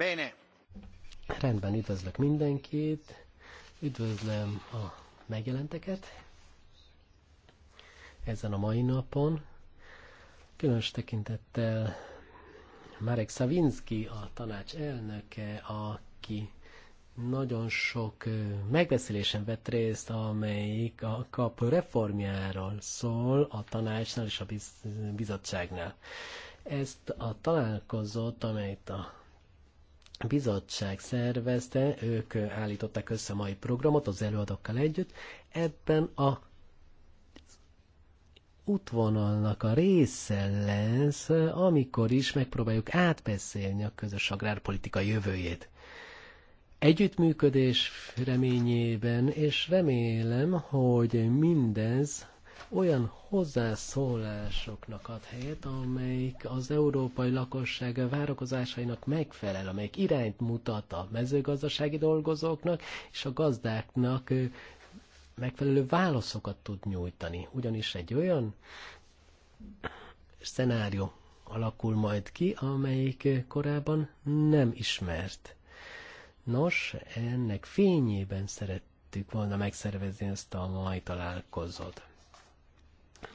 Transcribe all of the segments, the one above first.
Bene. Rendben, üdvözlök mindenkit. Üdvözlöm a megjelenteket ezen a mai napon. Különös tekintettel Marek Szavinski, a tanács elnöke, aki nagyon sok megbeszélésen vett részt, amelyik a kap reformjáról szól a tanácsnál és a bizottságnál. Ezt a találkozót, amelyet a bizottság szervezte, ők állították össze a mai programot az előadókkal együtt. Ebben a útvonalnak a része lesz, amikor is megpróbáljuk átbeszélni a közös agrárpolitika jövőjét. Együttműködés reményében, és remélem, hogy mindez olyan hozzászólásoknak ad helyet, amelyik az európai lakosság várakozásainak megfelel, amelyik irányt mutat a mezőgazdasági dolgozóknak és a gazdáknak megfelelő válaszokat tud nyújtani. Ugyanis egy olyan szenárió alakul majd ki, amelyik korábban nem ismert. Nos, ennek fényében szerettük volna megszervezni ezt a mai találkozót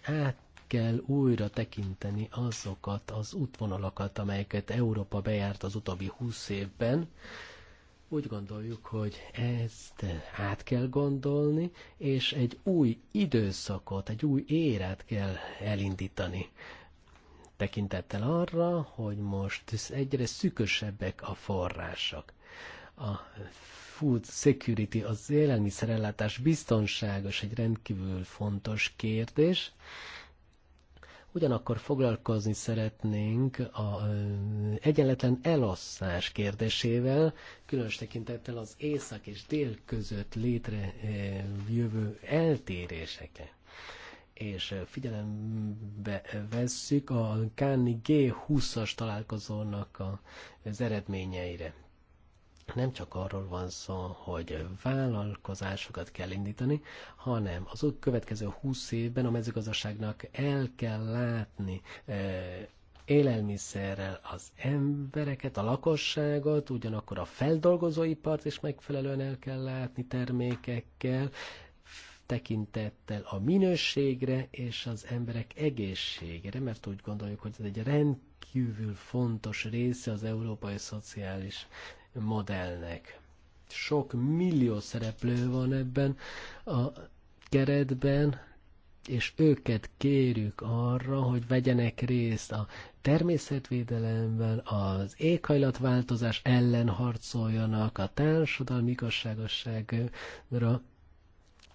át kell újra tekinteni azokat az útvonalakat, amelyeket Európa bejárt az utóbbi húsz évben. Úgy gondoljuk, hogy ezt át kell gondolni, és egy új időszakot, egy új érát kell elindítani. Tekintettel arra, hogy most egyre szükösebbek a források. A food security, az élelmiszerellátás biztonságos egy rendkívül fontos kérdés. Ugyanakkor foglalkozni szeretnénk az egyenletlen elosztás kérdésével, különös tekintettel az észak és dél között létre jövő eltéréseket és figyelembe vesszük a Káni G20-as találkozónak az eredményeire nem csak arról van szó, hogy vállalkozásokat kell indítani, hanem az következő 20 évben a mezőgazdaságnak el kell látni e, élelmiszerrel az embereket, a lakosságot, ugyanakkor a feldolgozóipart is megfelelően el kell látni termékekkel, tekintettel a minőségre és az emberek egészségére, mert úgy gondoljuk, hogy ez egy rendkívül fontos része az európai szociális modellnek. Sok millió szereplő van ebben a keretben, és őket kérjük arra, hogy vegyenek részt a természetvédelemben, az éghajlatváltozás ellen harcoljanak, a társadalmi igazságosságra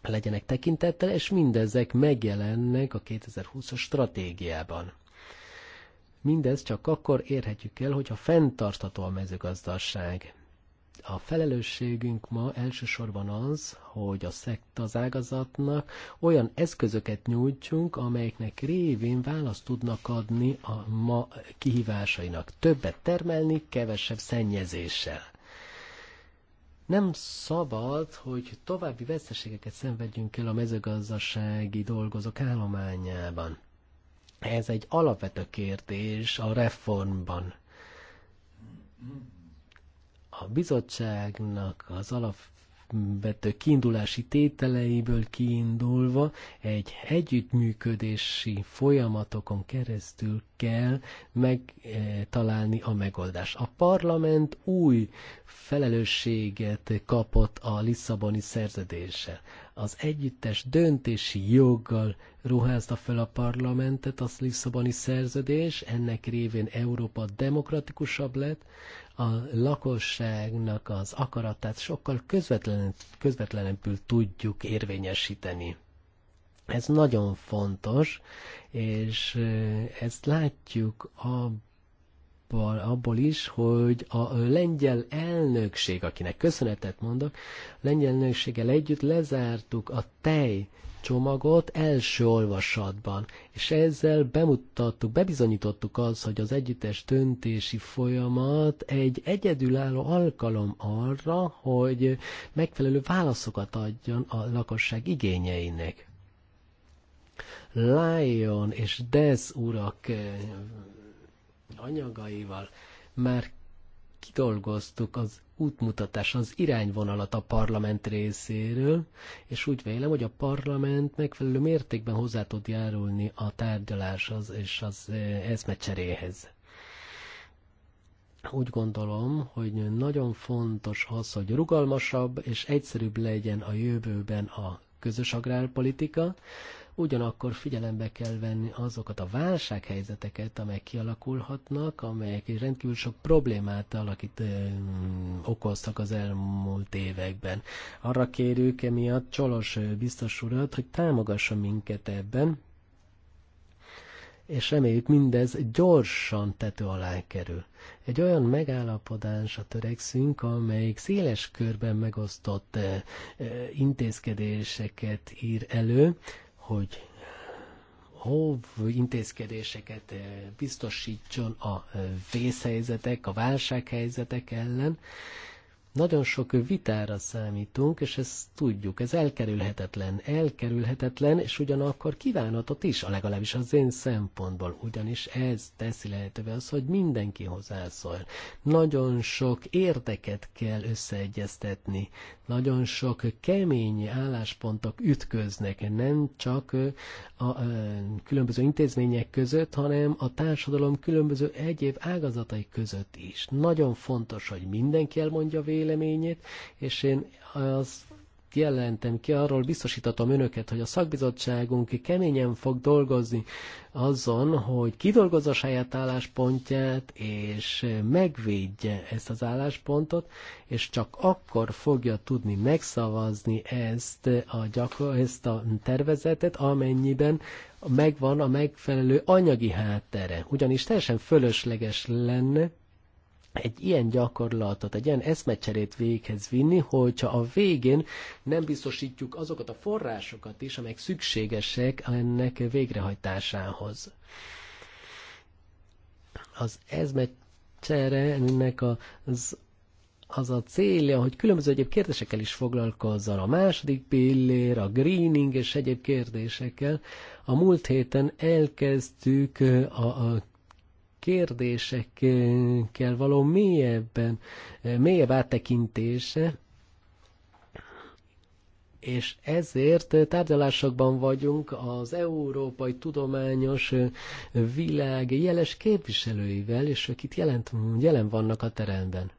legyenek tekintettel, és mindezek megjelennek a 2020-as stratégiában. Mindez csak akkor érhetjük el, hogyha fenntartható a mezőgazdaság. A felelősségünk ma elsősorban az, hogy a szekt az ágazatnak olyan eszközöket nyújtsunk, amelyeknek révén választ tudnak adni a ma kihívásainak. Többet termelni, kevesebb szennyezéssel. Nem szabad, hogy további veszteségeket szenvedjünk el a mezőgazdasági dolgozók állományában ez egy alapvető kérdés a reformban. A bizottságnak az alap vető kiindulási tételeiből kiindulva egy együttműködési folyamatokon keresztül kell megtalálni eh, a megoldást. A parlament új felelősséget kapott a Lisszaboni szerződése. Az együttes döntési joggal ruházta fel a parlamentet a Lisszaboni szerződés, ennek révén Európa demokratikusabb lett, a lakosságnak az akaratát sokkal közvetlenül, közvetlenebbül tudjuk érvényesíteni. Ez nagyon fontos, és ezt látjuk abban, abból, abból is, hogy a lengyel elnökség, akinek köszönetet mondok, lengyel elnökséggel együtt lezártuk a tej csomagot első olvasatban, és ezzel bemutattuk, bebizonyítottuk azt, hogy az együttes döntési folyamat egy egyedülálló alkalom arra, hogy megfelelő válaszokat adjon a lakosság igényeinek. Lion és Des urak anyagaival már kidolgoztuk az útmutatás, az irányvonalat a parlament részéről, és úgy vélem, hogy a parlament megfelelő mértékben hozzá tud járulni a tárgyaláshoz és az eh, eszmecseréhez. Úgy gondolom, hogy nagyon fontos az, hogy rugalmasabb és egyszerűbb legyen a jövőben a közös agrárpolitika, ugyanakkor figyelembe kell venni azokat a válsághelyzeteket, amelyek kialakulhatnak, amelyek rendkívül sok problémát alakít, ö, okoztak az elmúlt években. Arra kérjük emiatt Csolos biztos urat, hogy támogassa minket ebben, és reméljük mindez gyorsan tető alá kerül. Egy olyan megállapodásra törekszünk, amelyik széles körben megosztott intézkedéseket ír elő, hogy hov intézkedéseket eh, biztosítson a eh, vészhelyzetek, a válsághelyzetek ellen. Nagyon sok vitára számítunk, és ezt tudjuk, ez elkerülhetetlen, elkerülhetetlen, és ugyanakkor kívánatot is, a legalábbis az én szempontból, ugyanis ez teszi lehetővé az, hogy mindenki hozzászól. Nagyon sok érdeket kell összeegyeztetni, nagyon sok kemény álláspontok ütköznek, nem csak a különböző intézmények között, hanem a társadalom különböző egyéb ágazatai között is. Nagyon fontos, hogy mindenki elmondja véleményét, és én az jelentem ki, arról biztosítatom önöket, hogy a szakbizottságunk keményen fog dolgozni azon, hogy kidolgozza saját álláspontját, és megvédje ezt az álláspontot, és csak akkor fogja tudni megszavazni ezt a, gyakor- ezt a tervezetet, amennyiben megvan a megfelelő anyagi háttere. Ugyanis teljesen fölösleges lenne, egy ilyen gyakorlatot, egy ilyen eszmecserét véghez vinni, hogyha a végén nem biztosítjuk azokat a forrásokat is, amelyek szükségesek ennek végrehajtásához. Az eszmecsere ennek az az a célja, hogy különböző egyéb kérdésekkel is foglalkozzal, A második pillér, a greening és egyéb kérdésekkel. A múlt héten elkezdtük a, a kérdésekkel való mélyebben, eh, mélyebb áttekintése, és ezért tárgyalásokban vagyunk az Európai Tudományos eh, Világ jeles képviselőivel, és akik itt jelen, jelen vannak a teremben.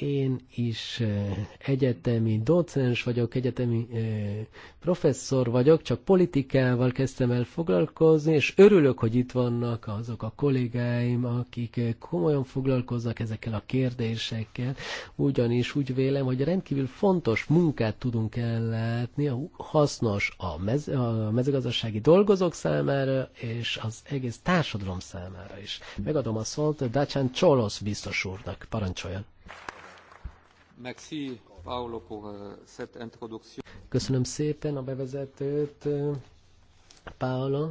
én is eh, egyetemi docens vagyok, egyetemi eh, professzor vagyok, csak politikával kezdtem el foglalkozni, és örülök, hogy itt vannak azok a kollégáim, akik eh, komolyan foglalkoznak ezekkel a kérdésekkel, ugyanis úgy vélem, hogy rendkívül fontos munkát tudunk ellátni, hasznos a, mez- a mezőgazdasági dolgozók számára, és az egész társadalom számára is. Megadom a szót Dacian Csolosz biztos úrnak, parancsoljon! Euh, Köszönöm szépen a bevezetőt, Paolo.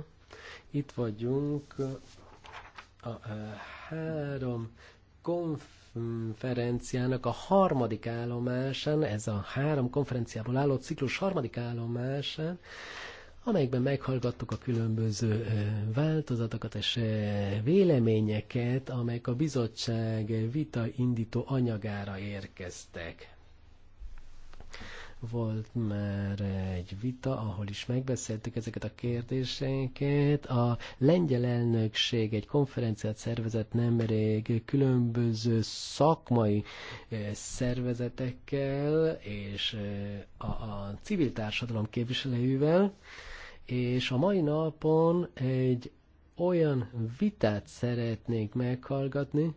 Itt vagyunk a, a eh, három konferenciának a harmadik állomásán, ez a három konferenciából álló ciklus harmadik állomásán, amelyekben meghallgattuk a különböző változatokat és véleményeket, amelyek a bizottság vita indító anyagára érkeztek. Volt már egy vita, ahol is megbeszéltük ezeket a kérdéseket. A lengyel elnökség egy konferenciát szervezett nemrég különböző szakmai szervezetekkel és a, a civil társadalom képviselőivel, és a mai napon egy olyan vitát szeretnék meghallgatni,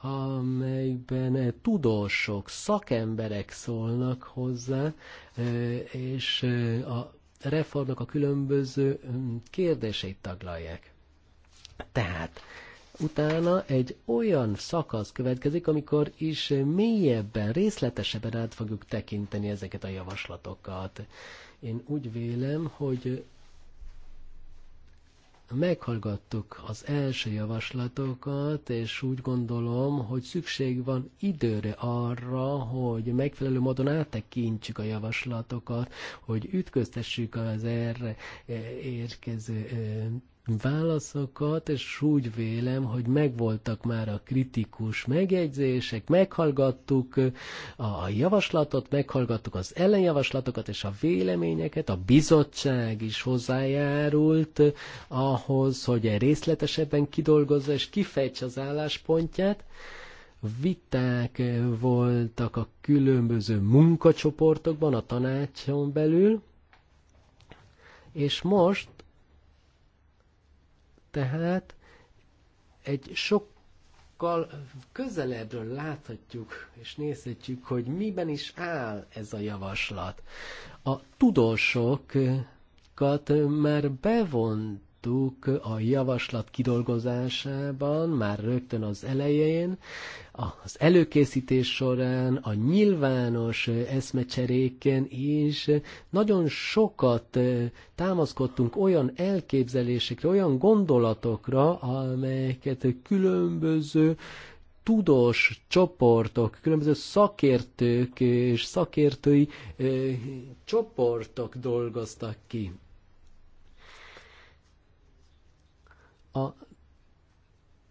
amelyben tudósok, szakemberek szólnak hozzá, eh, és eh, a reformnak a különböző hm, kérdéseit taglalják. Tehát utána egy olyan szakasz következik, amikor is mélyebben, részletesebben át fogjuk tekinteni ezeket a javaslatokat. Én úgy vélem, hogy meghallgattuk az első javaslatokat, és úgy gondolom, hogy szükség van időre arra, hogy megfelelő módon áttekintsük a javaslatokat, hogy ütköztessük az erre eh, érkező eh, válaszokat, és úgy vélem, hogy megvoltak már a kritikus megjegyzések, meghallgattuk a javaslatot, meghallgattuk az ellenjavaslatokat és a véleményeket, a bizottság is hozzájárult ahhoz, hogy részletesebben kidolgozza és kifejtse az álláspontját, viták voltak a különböző munkacsoportokban, a tanácson belül, és most tehát egy sokkal közelebbről láthatjuk és nézhetjük, hogy miben is áll ez a javaslat. A tudósokat már bevont láttuk a javaslat kidolgozásában, már rögtön az elején, az előkészítés során, a nyilvános eszmecseréken is nagyon sokat támaszkodtunk olyan elképzelésekre, olyan gondolatokra, amelyeket különböző tudós csoportok, különböző szakértők és szakértői ö, csoportok dolgoztak ki. a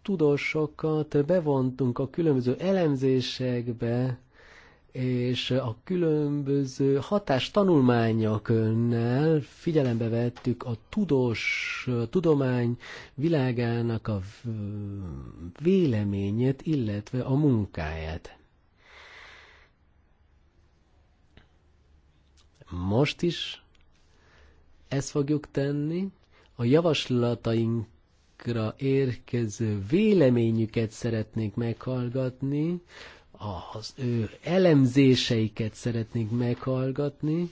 tudósokat bevontunk a különböző elemzésekbe, és a különböző hatás tanulmányoknál figyelembe vettük a tudós a tudomány világának a véleményét, illetve a munkáját. Most is ezt fogjuk tenni, a javaslataink országokra érkező véleményüket szeretnék meghallgatni, az ő elemzéseiket szeretnék meghallgatni.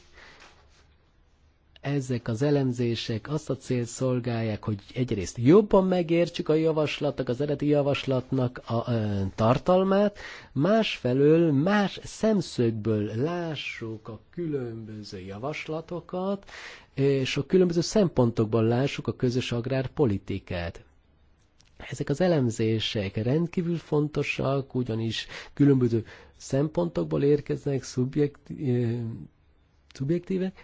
Ezek az elemzések azt a célt szolgálják, hogy egyrészt jobban megértsük a javaslatok az eredeti javaslatnak a ö, tartalmát, másfelől más szemszögből lássuk a különböző javaslatokat, és a különböző szempontokban lássuk a közös agrárpolitikát. Ezek az elemzések rendkívül fontosak, ugyanis különböző szempontokból érkeznek, szubjektív, szubjektívek,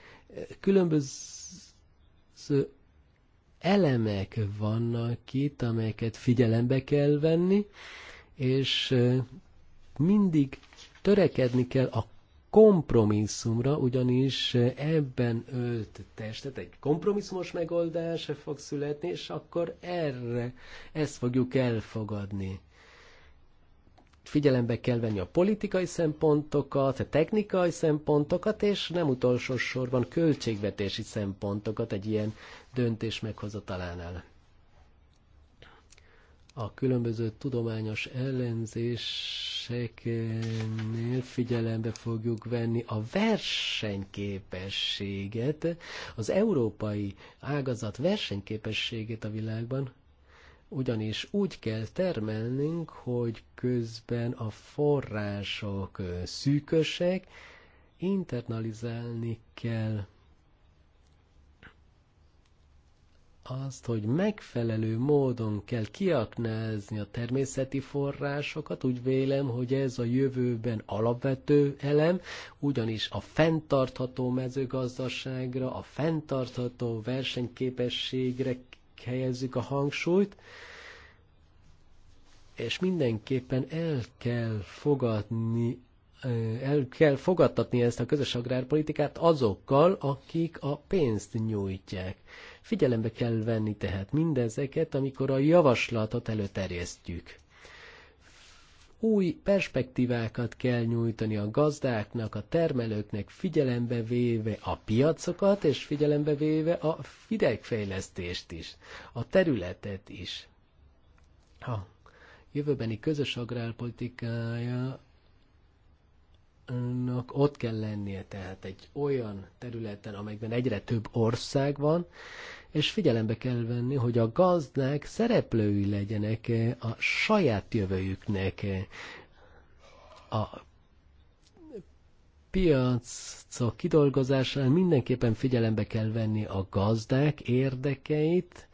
különböző elemek vannak itt, amelyeket figyelembe kell venni, és mindig törekedni kell a kompromisszumra, ugyanis ebben ölt testet egy kompromisszumos megoldás fog születni, és akkor erre ezt fogjuk elfogadni. Figyelembe kell venni a politikai szempontokat, a technikai szempontokat, és nem utolsó sorban költségvetési szempontokat egy ilyen döntés meghozatalánál a különböző tudományos ellenzéseknél figyelembe fogjuk venni a versenyképességet, az európai ágazat versenyképességét a világban, ugyanis úgy kell termelnünk, hogy közben a források szűkösek, internalizálni kell azt, hogy megfelelő módon kell kiaknázni a természeti forrásokat, úgy vélem, hogy ez a jövőben alapvető elem, ugyanis a fenntartható mezőgazdaságra, a fenntartható versenyképességre helyezzük a hangsúlyt, és mindenképpen el kell fogadni eh, el kell fogadtatni ezt a közös agrárpolitikát azokkal, akik a pénzt nyújtják. Figyelembe kell venni tehát mindezeket, amikor a javaslatot előterjesztjük. Új perspektívákat kell nyújtani a gazdáknak, a termelőknek, figyelembe véve a piacokat, és figyelembe véve a fidegfejlesztést is, a területet is. A jövőbeni közös agrárpolitikája nak ott kell lennie, tehát egy olyan területen, amelyben egyre több ország van, és figyelembe kell venni, hogy a gazdák szereplői legyenek a saját jövőjüknek, a piacok kidolgozásán mindenképpen figyelembe kell venni a gazdák érdekeit,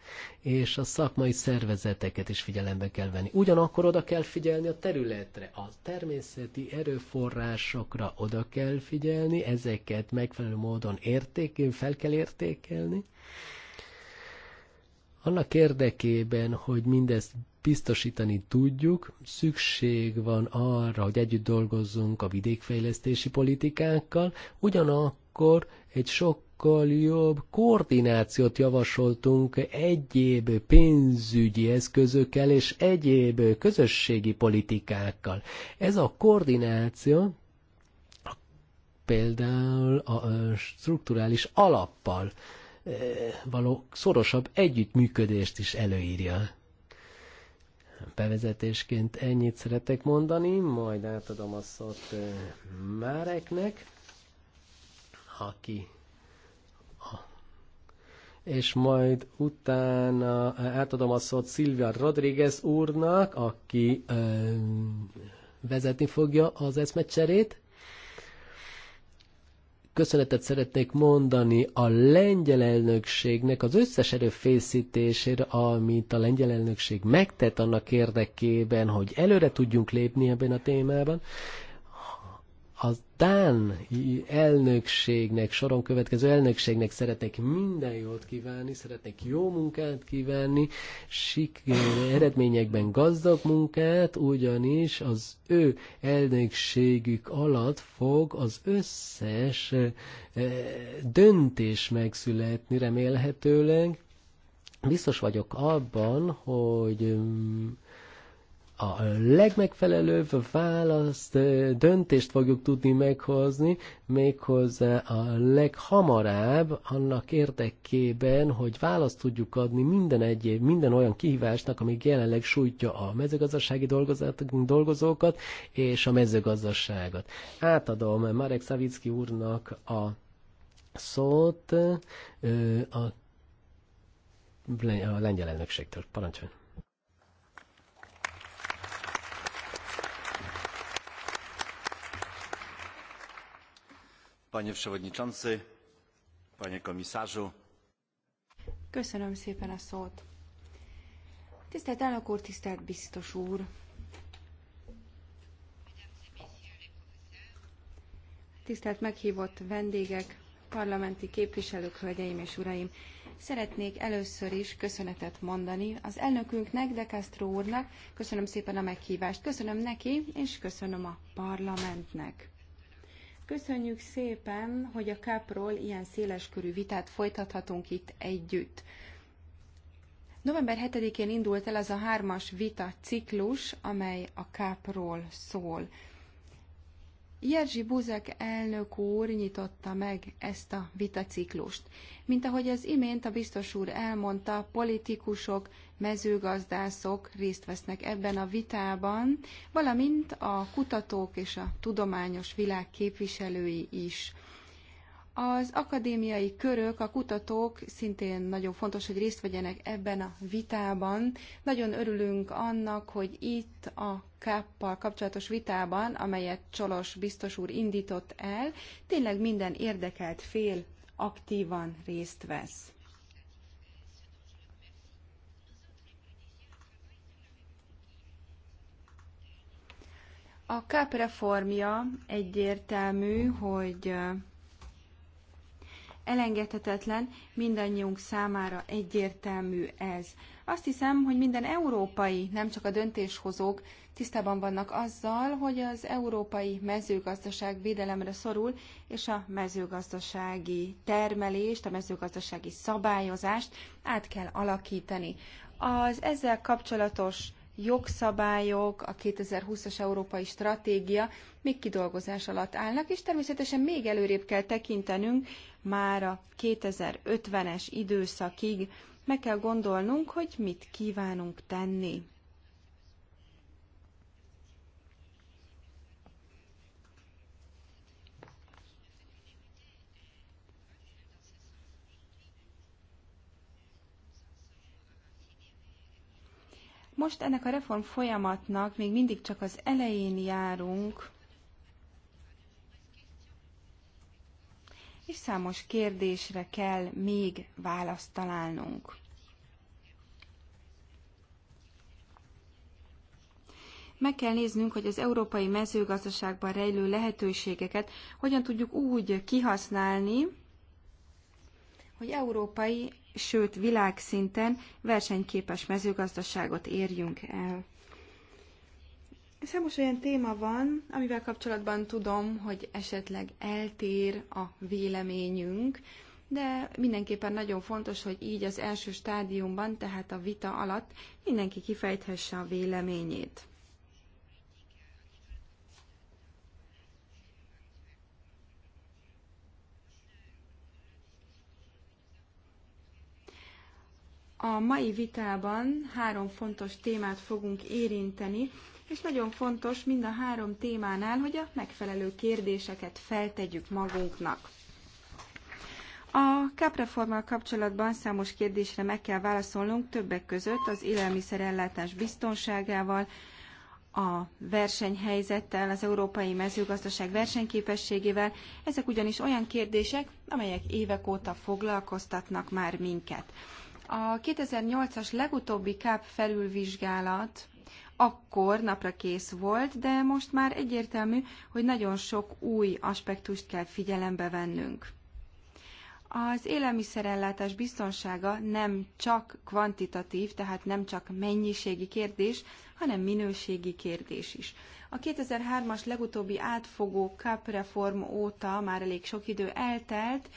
és a szakmai szervezeteket is figyelembe kell venni. Ugyanakkor oda kell figyelni a területre, a természeti erőforrásokra oda kell figyelni, ezeket megfelelő módon értékén fel kell értékelni. Annak érdekében, hogy mindezt biztosítani tudjuk, szükség van arra, hogy együtt dolgozzunk a vidékfejlesztési politikákkal, ugyanakkor egy sok sokkal jobb koordinációt javasoltunk egyéb pénzügyi eszközökkel és egyéb közösségi politikákkal. Ez a koordináció például a strukturális alappal való szorosabb együttműködést is előírja. Bevezetésként ennyit szeretek mondani, majd átadom a szót Máreknek, aki és majd utána eh, átadom a szót Szilvia Rodriguez úrnak, aki ö, eh, vezetni fogja az eszmecserét. Köszönetet szeretnék mondani a lengyel elnökségnek az összes erőfészítésére, amit a lengyel elnökség megtett annak érdekében, hogy előre tudjunk lépni ebben a témában. Dán elnökségnek, soron következő elnökségnek szeretnék minden jót kívánni, szeretnék jó munkát kívánni, sik eredményekben gazdag munkát, ugyanis az ő elnökségük alatt fog az összes eh, döntés megszületni remélhetőleg. Biztos vagyok abban, hogy mm, a legmegfelelőbb választ, döntést fogjuk tudni meghozni, méghozzá a leghamarabb annak érdekében, hogy választ tudjuk adni minden egyéb, minden olyan kihívásnak, ami jelenleg sújtja a mezőgazdasági dolgozókat és a mezőgazdaságot. Átadom Marek Szavicki úrnak a szót a, a lengyel elnökségtől. Parancsoljon! Panie Przewodniczący, Panie Komisarzu. Köszönöm szépen a szót. Tisztelt elnök úr, tisztelt biztos úr! Tisztelt meghívott vendégek, parlamenti képviselők, hölgyeim és uraim! Szeretnék először is köszönetet mondani az elnökünknek, De Castro úrnak. Köszönöm szépen a meghívást, köszönöm neki, és köszönöm a parlamentnek. Köszönjük szépen, hogy a kápról ilyen széleskörű vitát folytathatunk itt együtt. November 7-én indult el az a hármas vita ciklus, amely a kápról szól. Jerzy Buzek elnök úr nyitotta meg ezt a vitaciklust. Mint ahogy az imént a biztos úr elmondta, politikusok, mezőgazdászok részt vesznek ebben a vitában, valamint a kutatók és a tudományos világ képviselői is. Az akadémiai körök, a kutatók szintén nagyon fontos, hogy részt vegyenek ebben a vitában. Nagyon örülünk annak, hogy itt a káppal kapcsolatos vitában, amelyet Csolos biztos úr indított el, tényleg minden érdekelt fél aktívan részt vesz. A KAP egyértelmű, hogy elengedhetetlen, mindannyiunk számára egyértelmű ez. Azt hiszem, hogy minden európai, nem csak a döntéshozók tisztában vannak azzal, hogy az európai mezőgazdaság védelemre szorul, és a mezőgazdasági termelést, a mezőgazdasági szabályozást át kell alakítani. Az ezzel kapcsolatos jogszabályok, a 2020-as európai stratégia még kidolgozás alatt állnak, és természetesen még előrébb kell tekintenünk már a 2050-es időszakig. Meg kell gondolnunk, hogy mit kívánunk tenni. Most ennek a reform folyamatnak még mindig csak az elején járunk, és számos kérdésre kell még választ találnunk. Meg kell néznünk, hogy az európai mezőgazdaságban rejlő lehetőségeket hogyan tudjuk úgy kihasználni, hogy európai sőt világszinten versenyképes mezőgazdaságot érjünk el. Számos olyan téma van, amivel kapcsolatban tudom, hogy esetleg eltér a véleményünk, de mindenképpen nagyon fontos, hogy így az első stádiumban, tehát a vita alatt mindenki kifejthesse a véleményét. A mai vitában három fontos témát fogunk érinteni, és nagyon fontos mind a három témánál, hogy a megfelelő kérdéseket feltegyük magunknak. A kapreformmal kapcsolatban számos kérdésre meg kell válaszolnunk többek között az élelmiszerellátás biztonságával, a versenyhelyzettel, az európai mezőgazdaság versenyképességével. Ezek ugyanis olyan kérdések, amelyek évek óta foglalkoztatnak már minket. A 2008-as legutóbbi káp felülvizsgálat akkor napra kész volt, de most már egyértelmű, hogy nagyon sok új aspektust kell figyelembe vennünk. Az élelmiszerellátás biztonsága nem csak kvantitatív, tehát nem csak mennyiségi kérdés, hanem minőségi kérdés is. A 2003-as legutóbbi átfogó CAP reform óta már elég sok idő eltelt,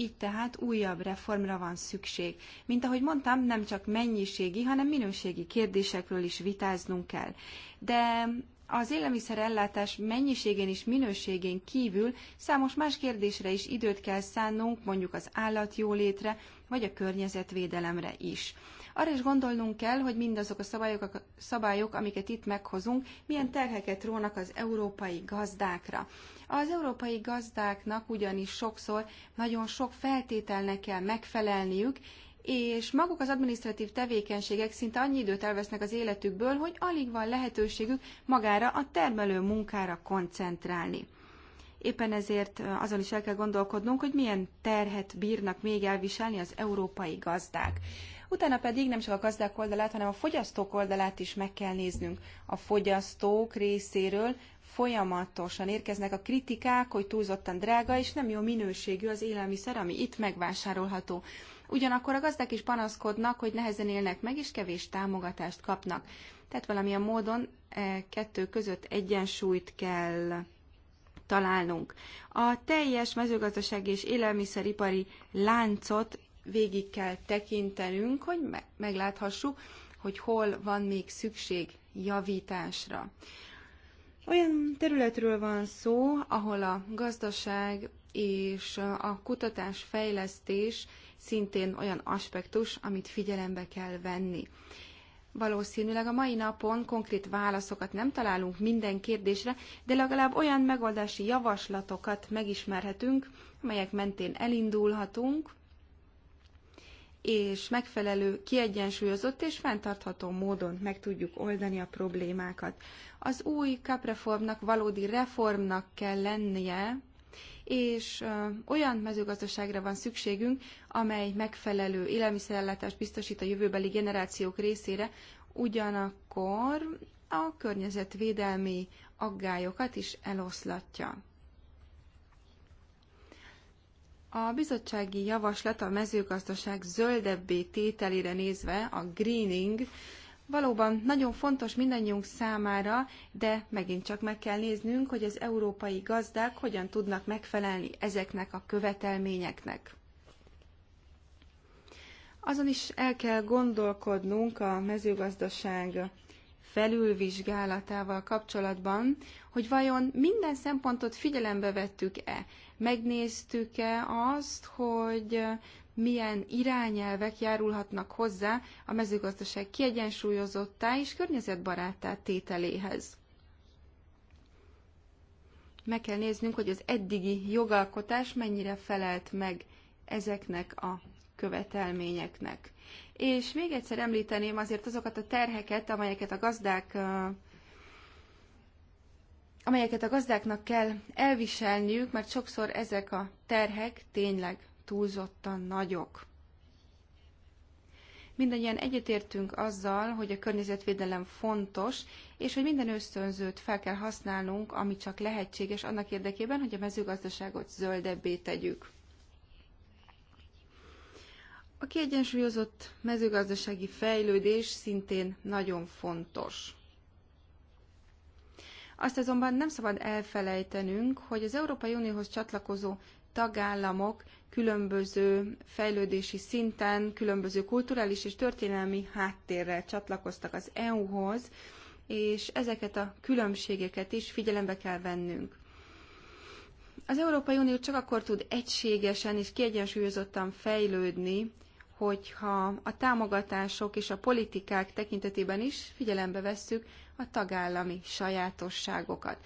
így tehát újabb reformra van szükség. Mint ahogy mondtam, nem csak mennyiségi, hanem minőségi kérdésekről is vitáznunk kell. De az élelmiszerellátás mennyiségén és minőségén kívül számos más kérdésre is időt kell szánnunk, mondjuk az állatjólétre, vagy a környezetvédelemre is. Arra is gondolnunk kell, hogy mindazok a szabályok, szabályok, amiket itt meghozunk, milyen terheket rónak az európai gazdákra. Az európai gazdáknak ugyanis sokszor nagyon sok feltételnek kell megfelelniük, és maguk az adminisztratív tevékenységek szinte annyi időt elvesznek az életükből, hogy alig van lehetőségük magára a termelő munkára koncentrálni. Éppen ezért azon is el kell gondolkodnunk, hogy milyen terhet bírnak még elviselni az európai gazdák utána pedig nem csak a gazdák oldalát, hanem a fogyasztók oldalát is meg kell néznünk. A fogyasztók részéről folyamatosan érkeznek a kritikák, hogy túlzottan drága és nem jó minőségű az élelmiszer, ami itt megvásárolható. Ugyanakkor a gazdák is panaszkodnak, hogy nehezen élnek meg, és kevés támogatást kapnak. Tehát valamilyen módon e, kettő között egyensúlyt kell találnunk. A teljes mezőgazdasági és élelmiszeripari láncot végig kell tekintenünk, hogy megláthassuk, hogy hol van még szükség javításra. Olyan területről van szó, ahol a gazdaság és a kutatás fejlesztés szintén olyan aspektus, amit figyelembe kell venni. Valószínűleg a mai napon konkrét válaszokat nem találunk minden kérdésre, de legalább olyan megoldási javaslatokat megismerhetünk, amelyek mentén elindulhatunk, és megfelelő, kiegyensúlyozott és fenntartható módon meg tudjuk oldani a problémákat. Az új kapreformnak valódi reformnak kell lennie, és olyan mezőgazdaságra van szükségünk, amely megfelelő élelmiszerellátást biztosít a jövőbeli generációk részére, ugyanakkor a környezetvédelmi aggályokat is eloszlatja. A bizottsági javaslat a mezőgazdaság zöldebbé tételére nézve, a greening, valóban nagyon fontos mindannyiunk számára, de megint csak meg kell néznünk, hogy az európai gazdák hogyan tudnak megfelelni ezeknek a követelményeknek. Azon is el kell gondolkodnunk a mezőgazdaság felülvizsgálatával kapcsolatban, hogy vajon minden szempontot figyelembe vettük-e, megnéztük-e azt, hogy milyen irányelvek járulhatnak hozzá a mezőgazdaság kiegyensúlyozottá és környezetbarátá tételéhez. Meg kell néznünk, hogy az eddigi jogalkotás mennyire felelt meg ezeknek a követelményeknek. És még egyszer említeném azért azokat a terheket, amelyeket a gazdák amelyeket a gazdáknak kell elviselniük, mert sokszor ezek a terhek tényleg túlzottan nagyok. Mindannyian egyetértünk azzal, hogy a környezetvédelem fontos, és hogy minden ösztönzőt fel kell használnunk, ami csak lehetséges annak érdekében, hogy a mezőgazdaságot zöldebbé tegyük. A kiegyensúlyozott mezőgazdasági fejlődés szintén nagyon fontos. Azt azonban nem szabad elfelejtenünk, hogy az Európai Unióhoz csatlakozó tagállamok különböző fejlődési szinten, különböző kulturális és történelmi háttérrel csatlakoztak az EU-hoz, és ezeket a különbségeket is figyelembe kell vennünk. Az Európai Unió csak akkor tud egységesen és kiegyensúlyozottan fejlődni, hogyha a támogatások és a politikák tekintetében is figyelembe vesszük a tagállami sajátosságokat.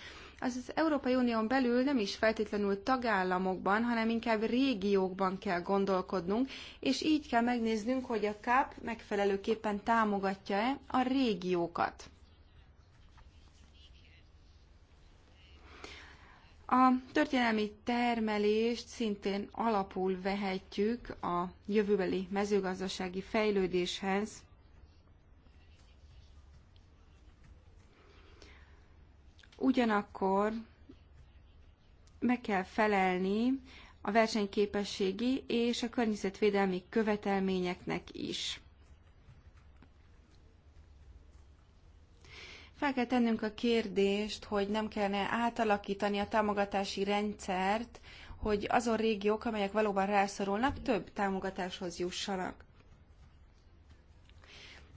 Az, az Európai Unión belül nem is feltétlenül tagállamokban, hanem inkább régiókban kell gondolkodnunk, és így kell megnéznünk, hogy a KAP megfelelőképpen támogatja-e a régiókat. A történelmi termelést szintén alapul vehetjük a jövőbeli mezőgazdasági fejlődéshez. Ugyanakkor meg kell felelni a versenyképességi és a környezetvédelmi követelményeknek is. Fel kell tennünk a kérdést, hogy nem kellene átalakítani a támogatási rendszert, hogy azon régiók, amelyek valóban rászorulnak, több támogatáshoz jussanak.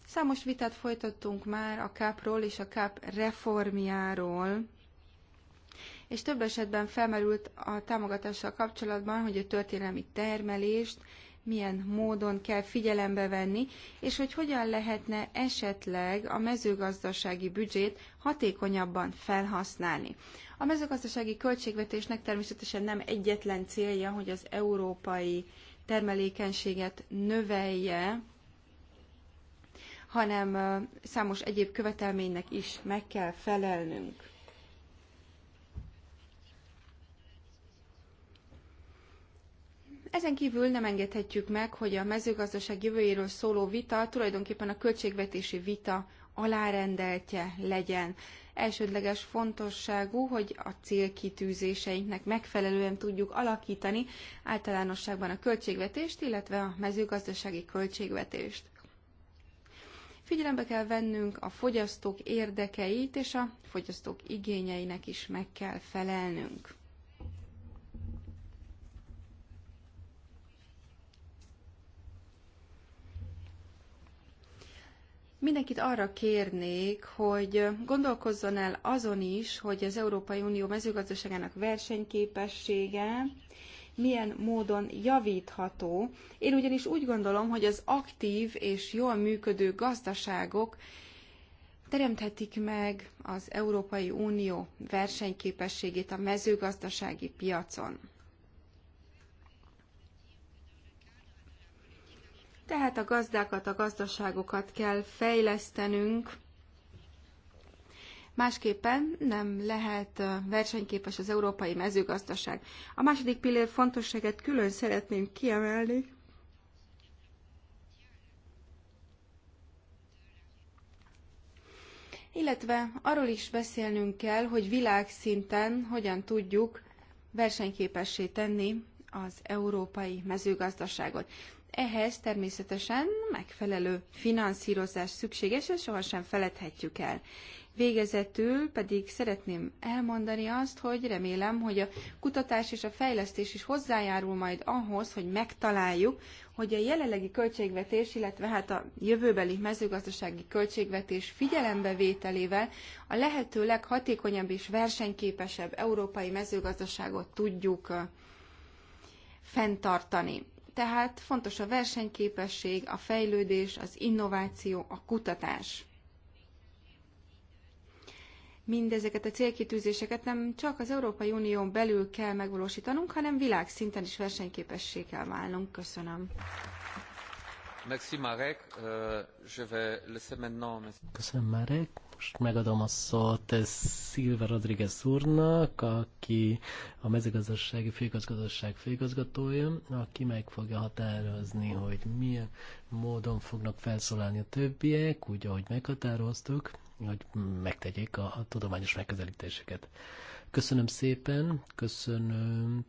Számos vitát folytattunk már a CAP-ról és a CAP reformjáról, és több esetben felmerült a támogatással kapcsolatban, hogy a történelmi termelést milyen módon kell figyelembe venni, és hogy hogyan lehetne esetleg a mezőgazdasági büdzsét hatékonyabban felhasználni. A mezőgazdasági költségvetésnek természetesen nem egyetlen célja, hogy az európai termelékenységet növelje, hanem számos egyéb követelménynek is meg kell felelnünk. Ezen kívül nem engedhetjük meg, hogy a mezőgazdaság jövőjéről szóló vita tulajdonképpen a költségvetési vita alárendeltje legyen. Elsődleges fontosságú, hogy a célkitűzéseinknek megfelelően tudjuk alakítani általánosságban a költségvetést, illetve a mezőgazdasági költségvetést. Figyelembe kell vennünk a fogyasztók érdekeit, és a fogyasztók igényeinek is meg kell felelnünk. Mindenkit arra kérnék, hogy gondolkozzon el azon is, hogy az Európai Unió mezőgazdaságának versenyképessége milyen módon javítható. Én ugyanis úgy gondolom, hogy az aktív és jól működő gazdaságok teremthetik meg az Európai Unió versenyképességét a mezőgazdasági piacon. Tehát a gazdákat, a gazdaságokat kell fejlesztenünk, Másképpen nem lehet versenyképes az európai mezőgazdaság. A második pillér fontosságát külön szeretném kiemelni. Illetve arról is beszélnünk kell, hogy világszinten hogyan tudjuk versenyképessé tenni az európai mezőgazdaságot. Ehhez természetesen megfelelő finanszírozás szükséges, és sohasem feledhetjük el. Végezetül pedig szeretném elmondani azt, hogy remélem, hogy a kutatás és a fejlesztés is hozzájárul majd ahhoz, hogy megtaláljuk, hogy a jelenlegi költségvetés, illetve hát a jövőbeli mezőgazdasági költségvetés figyelembevételével a lehető leghatékonyabb és versenyképesebb európai mezőgazdaságot tudjuk fenntartani. Tehát fontos a versenyképesség, a fejlődés, az innováció, a kutatás. Mindezeket a célkitűzéseket nem csak az Európai Unión belül kell megvalósítanunk, hanem világszinten is versenyképessé kell válnunk. Köszönöm. Merci Marek. Euh, Köszönöm Marek most megadom a szót Szilva Rodriguez úrnak, aki a mezőgazdasági főigazgatóság főigazgatója, aki meg fogja határozni, hogy milyen módon fognak felszólalni a többiek, úgy, ahogy meghatároztuk, hogy megtegyék a, a tudományos megközelítéseket. Köszönöm szépen, köszönöm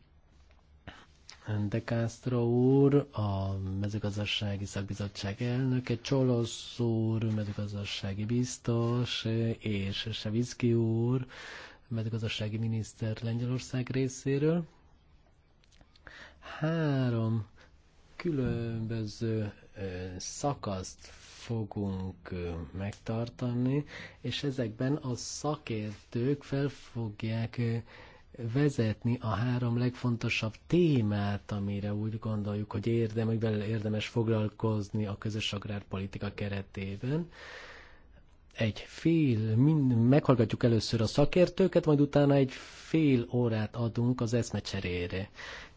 de Castro úr, a mezőgazdasági szakbizottság elnöke, Csolosz úr, mezőgazdasági biztos, és Sevicki úr, mezőgazdasági miniszter Lengyelország részéről. Három különböző szakaszt fogunk megtartani, és ezekben a szakértők fel fogják vezetni a három legfontosabb témát, amire úgy gondoljuk, hogy hogy érdemes foglalkozni a közös agrárpolitika keretében. Egy fél, mind, meghallgatjuk először a szakértőket, majd utána egy fél órát adunk az eszmecserére.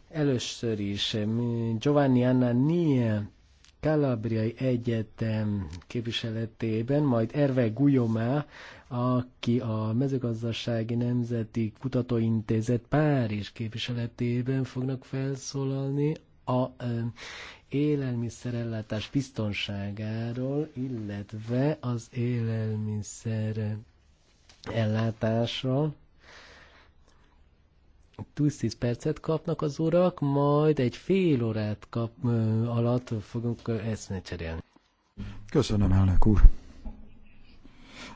Először is mm, Giovanni Anna Niemt Kalabriai Egyetem képviseletében, majd Erve Gujomá, aki a Mezőgazdasági Nemzeti Kutatóintézet Párizs képviseletében fognak felszólalni a élelmiszerellátás biztonságáról, illetve az élelmiszer ellátásról 10 percet kapnak az urak, majd egy fél órát kap, ö, alatt fogunk eszmét cserélni. Köszönöm, elnök úr.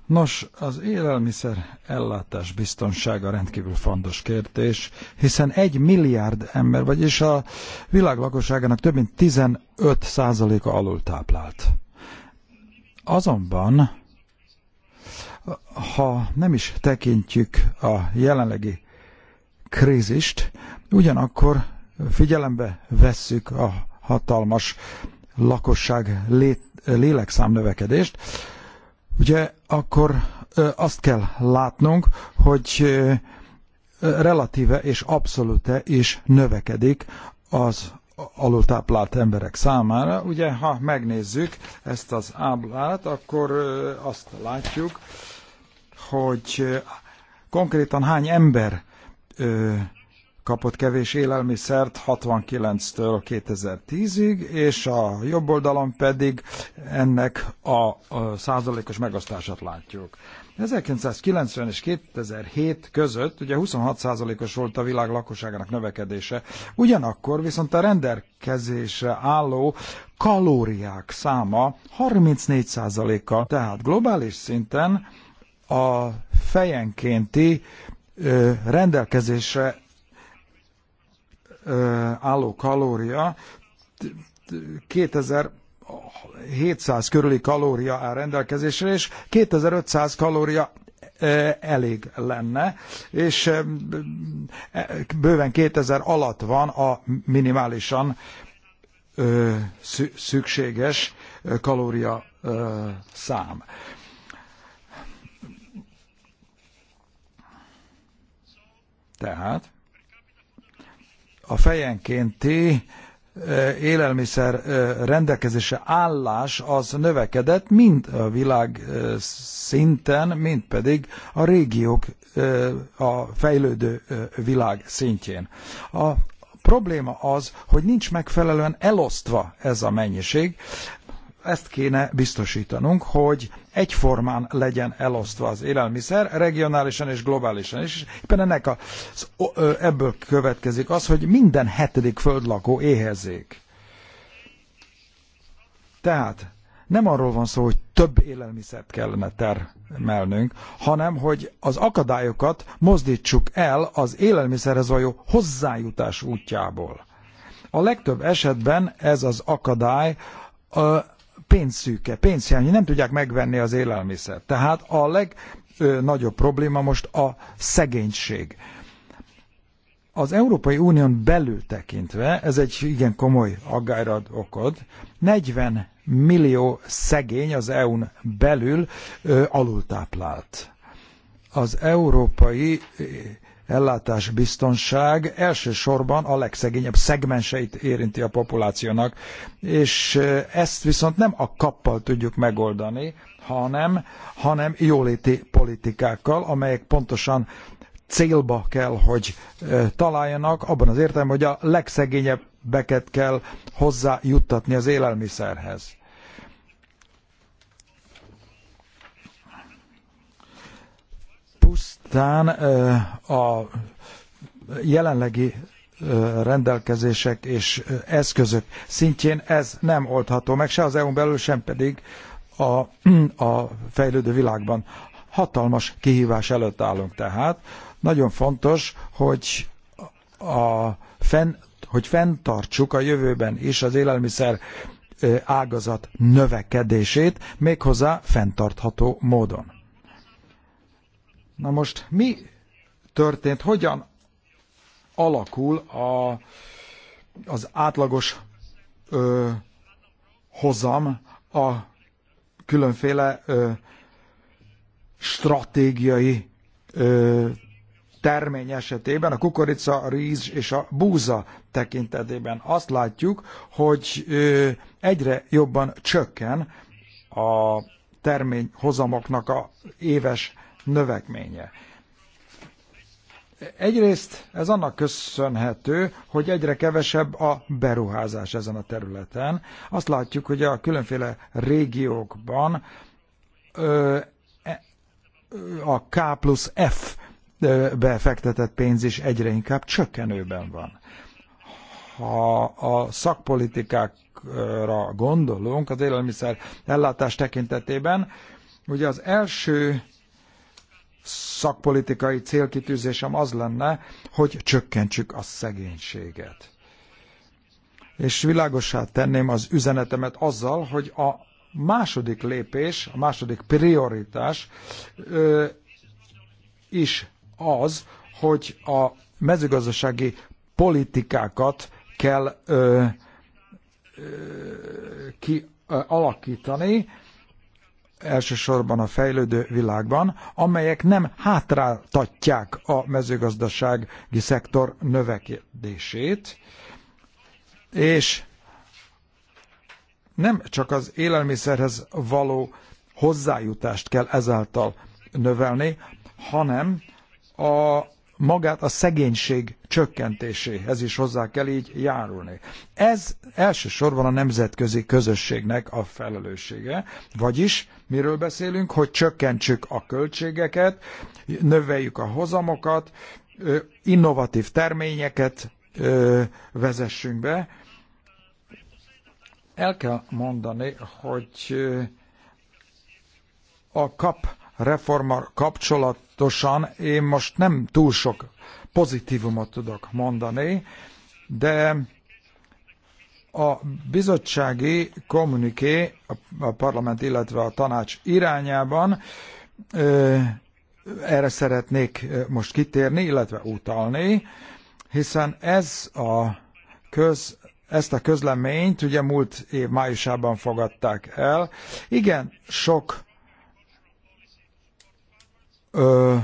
Nos, az élelmiszer ellátás biztonsága rendkívül fontos kérdés, hiszen egy milliárd ember, vagyis a világ lakosságának több mint 15 százaléka alultáplált. Azonban, ha nem is tekintjük a jelenlegi krízist, ugyanakkor figyelembe vesszük a hatalmas lakosság lét, lélekszám növekedést, ugye akkor azt kell látnunk, hogy relatíve és abszolúte is növekedik az alultáplált emberek számára. Ugye, ha megnézzük ezt az ábrát, akkor azt látjuk, hogy konkrétan hány ember ö, kapott kevés élelmiszert 69-től 2010-ig, és a jobb oldalon pedig ennek a, a százalékos megosztását látjuk. 1990 és 2007 között ugye 26%-os volt a világ lakosságának növekedése, ugyanakkor viszont a rendelkezésre álló kalóriák száma 34%-kal, tehát globális szinten a fejenkénti rendelkezésre álló kalória 2700 körüli kalória áll rendelkezésre, és 2500 kalória elég lenne, és bőven 2000 alatt van a minimálisan szükséges kalória szám. Tehát a fejenkénti élelmiszer rendelkezése állás az növekedett, mind a világ szinten, mind pedig a régiók a fejlődő világ szintjén. A probléma az, hogy nincs megfelelően elosztva ez a mennyiség, ezt kéne biztosítanunk, hogy egyformán legyen elosztva az élelmiszer, regionálisan és globálisan is. És éppen ennek a, ebből következik az, hogy minden hetedik földlakó éhezik. Tehát nem arról van szó, hogy több élelmiszert kellene termelnünk, hanem hogy az akadályokat mozdítsuk el az élelmiszerhez való hozzájutás útjából. A legtöbb esetben ez az akadály pénzszűke, pénzhiány, nem tudják megvenni az élelmiszert. Tehát a legnagyobb probléma most a szegénység. Az Európai Unión belül tekintve, ez egy igen komoly aggályra ad okod, 40 millió szegény az EU-n belül ö, alultáplált. Az európai ellátásbiztonság elsősorban a legszegényebb szegmenseit érinti a populációnak, és ezt viszont nem a kappal tudjuk megoldani, hanem, hanem jóléti politikákkal, amelyek pontosan célba kell, hogy találjanak, abban az értelemben, hogy a legszegényebbeket kell hozzájuttatni az élelmiszerhez. Pusz Tán a jelenlegi rendelkezések és eszközök szintjén ez nem oldható meg, se az EU-n belül, sem pedig a, a fejlődő világban. Hatalmas kihívás előtt állunk tehát. Nagyon fontos, hogy a fenn, hogy fenntartsuk a jövőben is az élelmiszer ágazat növekedését, méghozzá fenntartható módon. Na most mi történt, hogyan alakul a, az átlagos ö, hozam a különféle ö, stratégiai ö, termény esetében, a kukorica, a ríz és a búza tekintetében azt látjuk, hogy ö, egyre jobban csökken a terményhozamoknak a éves növekménye. Egyrészt ez annak köszönhető, hogy egyre kevesebb a beruházás ezen a területen. Azt látjuk, hogy a különféle régiókban e, a K plusz F befektetett pénz is egyre inkább csökkenőben van. Ha a szakpolitikákra gondolunk az élelmiszer ellátás tekintetében, ugye az első szakpolitikai célkitűzésem az lenne, hogy csökkentsük a szegénységet. És világosá tenném az üzenetemet azzal, hogy a második lépés, a második prioritás ö, is az, hogy a mezőgazdasági politikákat kell ö, ö, kialakítani, elsősorban a fejlődő világban, amelyek nem hátráltatják a mezőgazdasági szektor növekedését, és nem csak az élelmiszerhez való hozzájutást kell ezáltal növelni, hanem a magát a szegénység csökkentéséhez is hozzá kell így járulni. Ez elsősorban a nemzetközi közösségnek a felelőssége, vagyis Miről beszélünk? Hogy csökkentsük a költségeket, növeljük a hozamokat, innovatív terményeket vezessünk be. El kell mondani, hogy a kap reforma kapcsolatosan én most nem túl sok pozitívumot tudok mondani, de a bizottsági kommuniké a parlament, illetve a tanács irányában erre szeretnék most kitérni, illetve utalni, hiszen ez a köz, ezt a közleményt ugye múlt év májusában fogadták el. Igen, sok ö,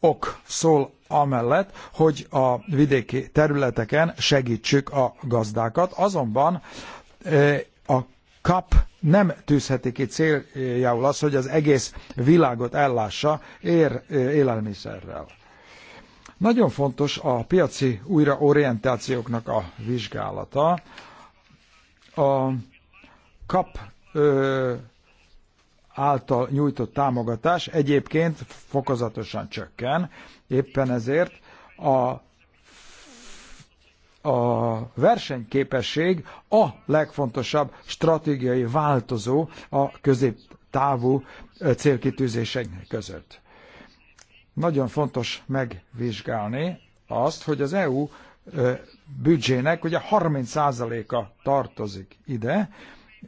ok szól amellett, hogy a vidéki területeken segítsük a gazdákat. Azonban a kap nem tűzheti ki céljául az, hogy az egész világot ellássa ér, élelmiszerrel. Nagyon fontos a piaci újraorientációknak a vizsgálata. A kap által nyújtott támogatás egyébként fokozatosan csökken, éppen ezért a a versenyképesség a legfontosabb stratégiai változó a középtávú célkitűzések között. Nagyon fontos megvizsgálni azt, hogy az EU büdzsének ugye 30%-a tartozik ide,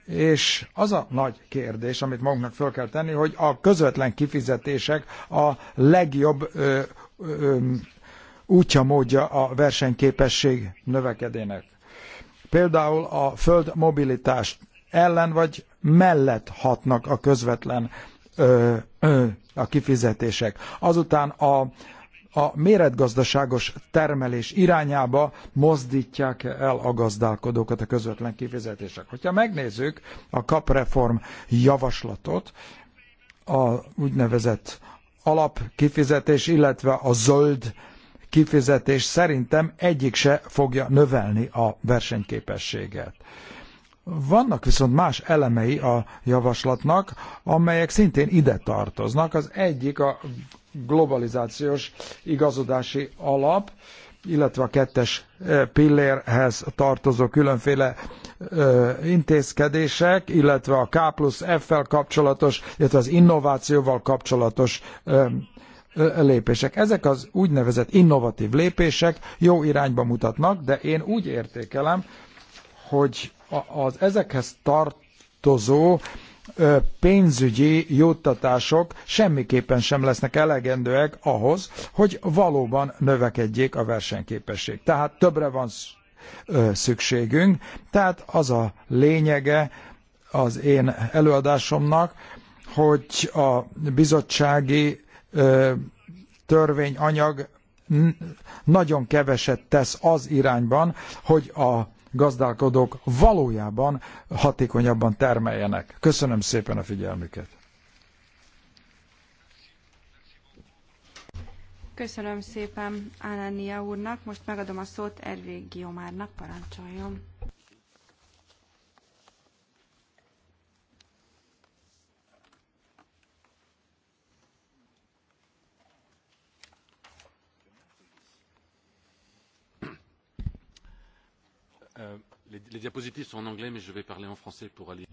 és az a nagy kérdés, amit magunknak föl kell tenni, hogy a közvetlen kifizetések a legjobb ö, ö, útja, módja a versenyképesség növekedének. Például a föld mobilitás ellen vagy mellett hatnak a közvetlen ö, ö, a kifizetések. Azután a a méretgazdaságos termelés irányába mozdítják el a gazdálkodókat a közvetlen kifizetések. Hogyha megnézzük a kapreform javaslatot, a úgynevezett alapkifizetés, illetve a zöld kifizetés szerintem egyik se fogja növelni a versenyképességet. Vannak viszont más elemei a javaslatnak, amelyek szintén ide tartoznak. Az egyik a globalizációs igazodási alap, illetve a kettes eh, pillérhez tartozó különféle eh, intézkedések, illetve a K plusz F-fel kapcsolatos, illetve az innovációval kapcsolatos eh, lépések. Ezek az úgynevezett innovatív lépések jó irányba mutatnak, de én úgy értékelem, hogy az ezekhez tartozó pénzügyi juttatások semmiképpen sem lesznek elegendőek ahhoz, hogy valóban növekedjék a versenyképesség. Tehát többre van szükségünk, tehát az a lényege az én előadásomnak, hogy a bizottsági törvényanyag nagyon keveset tesz az irányban, hogy a gazdálkodók valójában hatékonyabban termeljenek. Köszönöm szépen a figyelmüket! Köszönöm szépen Alania úrnak, most megadom a szót Ervég Giomárnak, parancsoljon. Euh, les, les diapositives sont en anglais, mais je vais parler en français pour aller.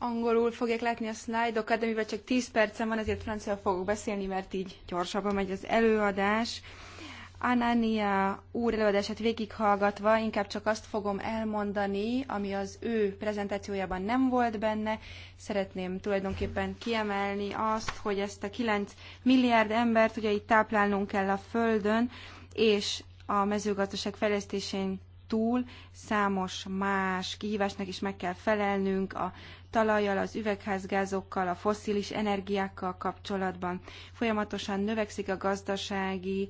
Angolul fogják látni a szlájdokat, de mivel csak 10 percem van, ezért francia fogok beszélni, mert így gyorsabban megy az előadás. Anania úr előadását végighallgatva inkább csak azt fogom elmondani, ami az ő prezentációjában nem volt benne. Szeretném tulajdonképpen kiemelni azt, hogy ezt a 9 milliárd embert ugye itt táplálnunk kell a Földön, és a mezőgazdaság fejlesztésén túl számos más kihívásnak is meg kell felelnünk a talajjal, az üvegházgázokkal, a fosszilis energiákkal kapcsolatban. Folyamatosan növekszik a gazdasági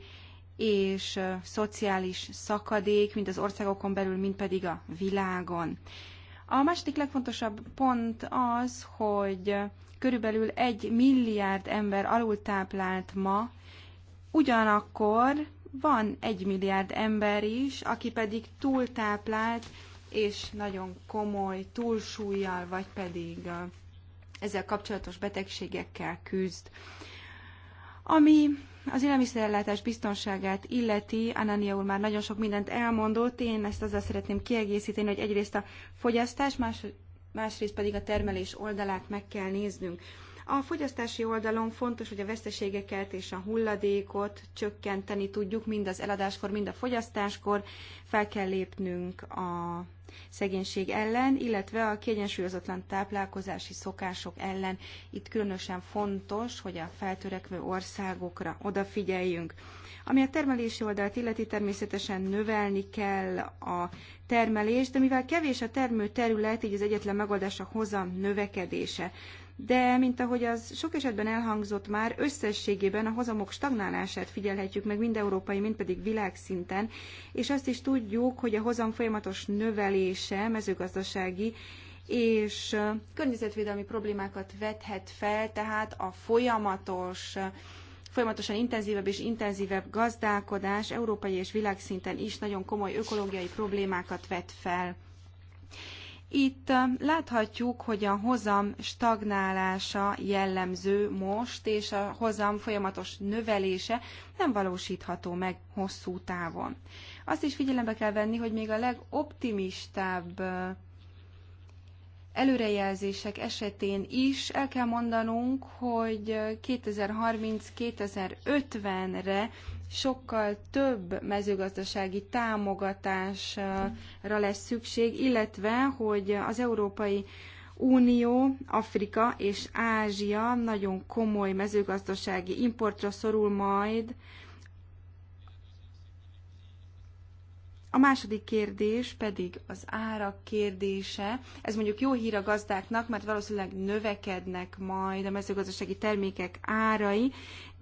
és szociális szakadék, mind az országokon belül, mind pedig a világon. A második legfontosabb pont az, hogy körülbelül egy milliárd ember alultáplált ma, ugyanakkor van egy milliárd ember is, aki pedig túltáplált, és nagyon komoly túlsúlyjal, vagy pedig ezzel kapcsolatos betegségekkel küzd. Ami az élelmiszerellátás biztonságát illeti, Anania úr már nagyon sok mindent elmondott, én ezt azzal szeretném kiegészíteni, hogy egyrészt a fogyasztás, más, másrészt pedig a termelés oldalát meg kell néznünk. A fogyasztási oldalon fontos, hogy a veszteségeket és a hulladékot csökkenteni tudjuk, mind az eladáskor, mind a fogyasztáskor. Fel kell lépnünk a szegénység ellen, illetve a kiegyensúlyozatlan táplálkozási szokások ellen. Itt különösen fontos, hogy a feltörekvő országokra odafigyeljünk. Ami a termelési oldalt illeti, természetesen növelni kell a termelést, de mivel kevés a terület, így az egyetlen megoldás a hozam növekedése de mint ahogy az sok esetben elhangzott már, összességében a hozamok stagnálását figyelhetjük meg mind európai, mind pedig világszinten, és azt is tudjuk, hogy a hozam folyamatos növelése mezőgazdasági és környezetvédelmi problémákat vethet fel, tehát a folyamatos folyamatosan intenzívebb és intenzívebb gazdálkodás európai és világszinten is nagyon komoly ökológiai problémákat vet fel. Itt um, láthatjuk, hogy a hozam stagnálása jellemző most, és a hozam folyamatos növelése nem valósítható meg hosszú távon. Azt is figyelembe kell venni, hogy még a legoptimistább uh, előrejelzések esetén is el kell mondanunk, hogy 2030-2050-re uh, sokkal több mezőgazdasági támogatásra lesz szükség, illetve hogy az Európai Unió, Afrika és Ázsia nagyon komoly mezőgazdasági importra szorul majd. A második kérdés pedig az árak kérdése. Ez mondjuk jó hír a gazdáknak, mert valószínűleg növekednek majd a mezőgazdasági termékek árai,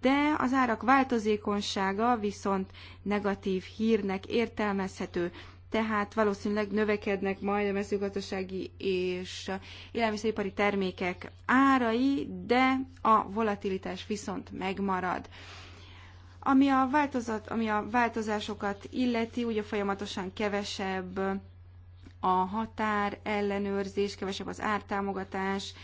de az árak változékonysága viszont negatív hírnek értelmezhető tehát valószínűleg növekednek majd a mezőgazdasági és élelmiszeripari termékek árai, de a volatilitás viszont megmarad. Ami a, változat, ami a változásokat illeti, ugye folyamatosan kevesebb a határ ellenőrzés, kevesebb az ártámogatás,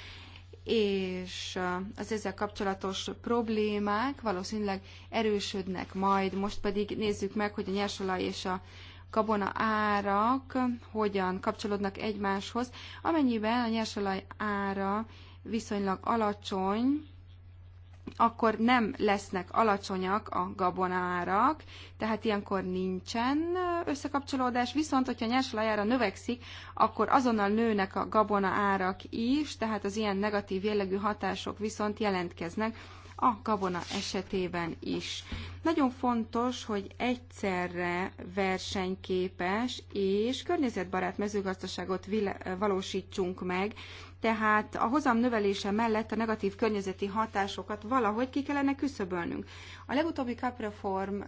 és az ezzel kapcsolatos problémák valószínűleg erősödnek majd. Most pedig nézzük meg, hogy a nyersolaj és a gabona árak hogyan kapcsolódnak egymáshoz. Amennyiben a nyersolaj ára viszonylag alacsony, akkor nem lesznek alacsonyak a gabonárak, tehát ilyenkor nincsen összekapcsolódás, viszont hogyha nyersolajára növekszik, akkor azonnal nőnek a gabona árak is, tehát az ilyen negatív jellegű hatások viszont jelentkeznek a gabona esetében is. Nagyon fontos, hogy egyszerre versenyképes és környezetbarát mezőgazdaságot valósítsunk meg, tehát a hozam növelése mellett a negatív környezeti hatásokat valahogy ki kellene küszöbölnünk. A legutóbbi kapreform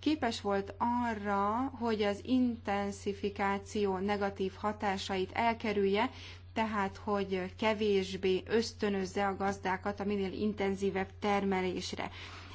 képes volt arra, hogy az intenzifikáció negatív hatásait elkerülje, tehát hogy kevésbé ösztönözze a gazdákat a minél intenzívebb termelésre.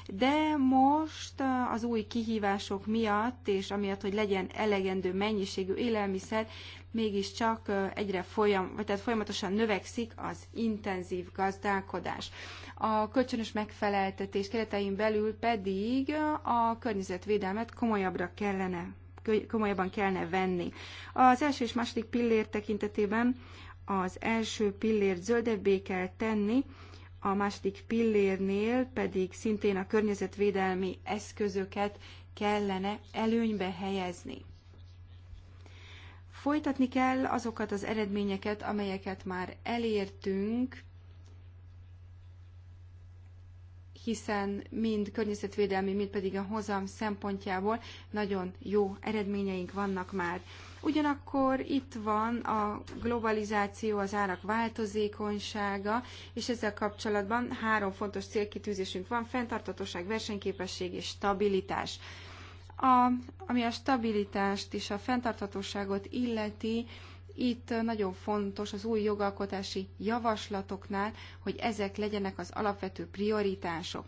De most az új kihívások miatt, és amiatt, hogy legyen elegendő mennyiségű élelmiszer, mégiscsak egyre folyam, tehát folyamatosan növekszik az intenzív gazdálkodás. A kölcsönös megfeleltetés keretein belül pedig a környezetvédelmet komolyabbra kellene komolyabban kellene venni. Az első és második pillér tekintetében az első pillért zöldebbé kell tenni, a második pillérnél pedig szintén a környezetvédelmi eszközöket kellene előnybe helyezni. Folytatni kell azokat az eredményeket, amelyeket már elértünk, hiszen mind környezetvédelmi, mind pedig a hozam szempontjából nagyon jó eredményeink vannak már. Ugyanakkor itt van a globalizáció, az árak változékonysága, és ezzel kapcsolatban három fontos célkitűzésünk van, fenntartatóság, versenyképesség és stabilitás. A, ami a stabilitást és a fenntartatóságot illeti, itt nagyon fontos az új jogalkotási javaslatoknál, hogy ezek legyenek az alapvető prioritások.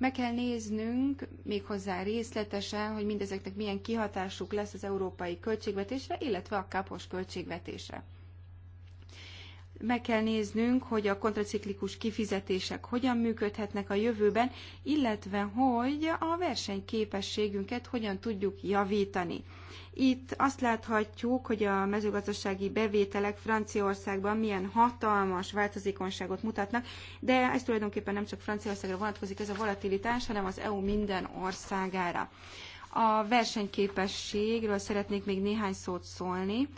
Meg kell néznünk méghozzá részletesen, hogy mindezeknek milyen kihatásuk lesz az európai költségvetésre, illetve a kapos költségvetésre meg kell néznünk, hogy a kontraciklikus kifizetések hogyan működhetnek a jövőben, illetve hogy a versenyképességünket hogyan tudjuk javítani. Itt azt láthatjuk, hogy a mezőgazdasági bevételek Franciaországban milyen hatalmas változékonyságot mutatnak, de ez tulajdonképpen nem csak Franciaországra vonatkozik ez a volatilitás, hanem az EU minden országára. A versenyképességről szeretnék még néhány szót szólni.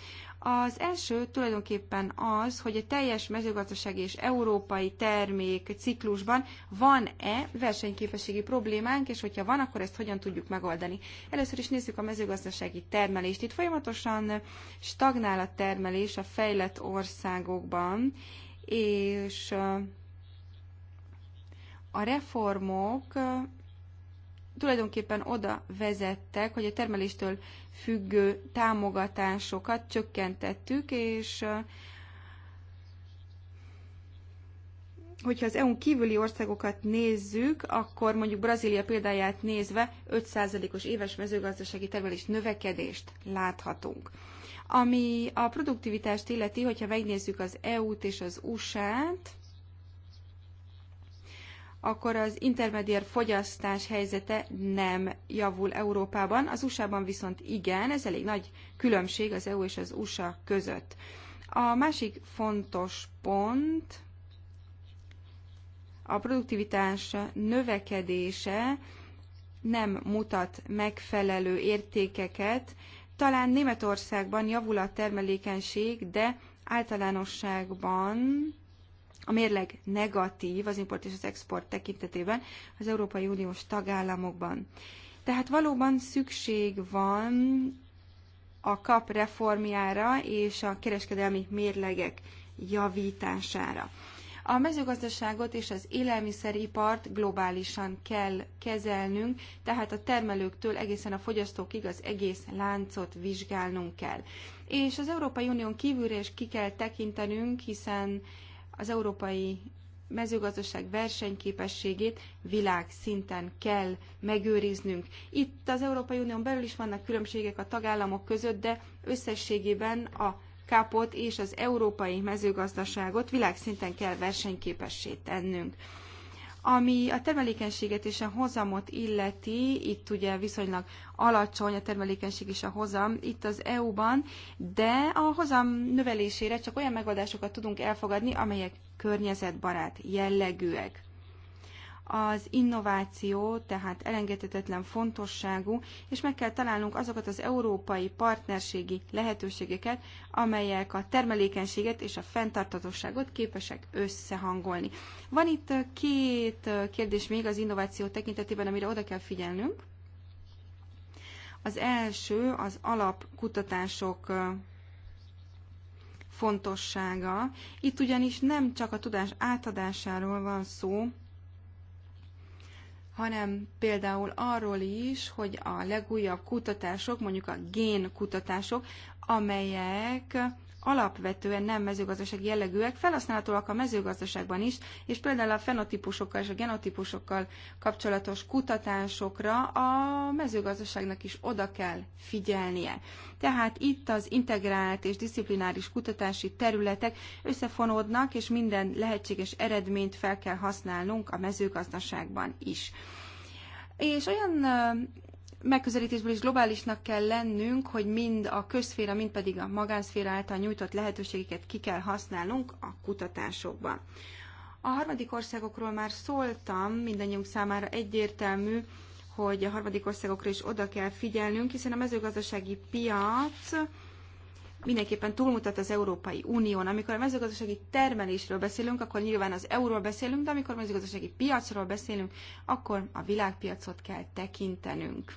Az első tulajdonképpen az, hogy a teljes mezőgazdasági és európai termék ciklusban van-e versenyképességi problémánk, és hogyha van, akkor ezt hogyan tudjuk megoldani. Először is nézzük a mezőgazdasági termelést. Itt folyamatosan stagnál a termelés a fejlett országokban, és a reformok tulajdonképpen oda vezettek, hogy a termeléstől függő támogatásokat csökkentettük, és hogyha az EU-n kívüli országokat nézzük, akkor mondjuk Brazília példáját nézve 5%-os éves mezőgazdasági termelés növekedést láthatunk. Ami a produktivitást illeti, hogyha megnézzük az EU-t és az USA-t, akkor az intermediér fogyasztás helyzete nem javul Európában, az USA-ban viszont igen, ez elég nagy különbség az EU és az USA között. A másik fontos pont a produktivitás növekedése nem mutat megfelelő értékeket. Talán Németországban javul a termelékenység, de általánosságban a mérleg negatív az import és az export tekintetében az Európai Uniós tagállamokban. Tehát valóban szükség van a kap reformjára és a kereskedelmi mérlegek javítására. A mezőgazdaságot és az élelmiszeripart globálisan kell kezelnünk, tehát a termelőktől egészen a fogyasztókig az egész láncot vizsgálnunk kell. És az Európai Unión kívülre is ki kell tekintenünk, hiszen az európai mezőgazdaság versenyképességét világszinten kell megőriznünk. Itt az Európai Unión belül is vannak különbségek a tagállamok között, de összességében a kápot és az európai mezőgazdaságot világszinten kell versenyképessé tennünk. Ami a termelékenységet és a hozamot illeti, itt ugye viszonylag alacsony a termelékenység és a hozam itt az EU-ban, de a hozam növelésére csak olyan megoldásokat tudunk elfogadni, amelyek környezetbarát jellegűek. Az innováció tehát elengedhetetlen fontosságú, és meg kell találnunk azokat az európai partnerségi lehetőségeket, amelyek a termelékenységet és a fenntartatosságot képesek összehangolni. Van itt két kérdés még az innováció tekintetében, amire oda kell figyelnünk. Az első az alapkutatások fontossága. Itt ugyanis nem csak a tudás átadásáról van szó, hanem például arról is, hogy a legújabb kutatások, mondjuk a génkutatások, amelyek alapvetően nem mezőgazdasági jellegűek, felhasználhatóak a mezőgazdaságban is, és például a fenotípusokkal és a genotípusokkal kapcsolatos kutatásokra a mezőgazdaságnak is oda kell figyelnie. Tehát itt az integrált és disziplináris kutatási területek összefonódnak, és minden lehetséges eredményt fel kell használnunk a mezőgazdaságban is és olyan megközelítésből is globálisnak kell lennünk, hogy mind a közszféra, mind pedig a magánszféra által nyújtott lehetőségeket ki kell használnunk a kutatásokban. A harmadik országokról már szóltam, mindannyiunk számára egyértelmű, hogy a harmadik országokra is oda kell figyelnünk, hiszen a mezőgazdasági piac mindenképpen túlmutat az Európai Unión. Amikor a mezőgazdasági termelésről beszélünk, akkor nyilván az euróról beszélünk, de amikor a mezőgazdasági piacról beszélünk, akkor a világpiacot kell tekintenünk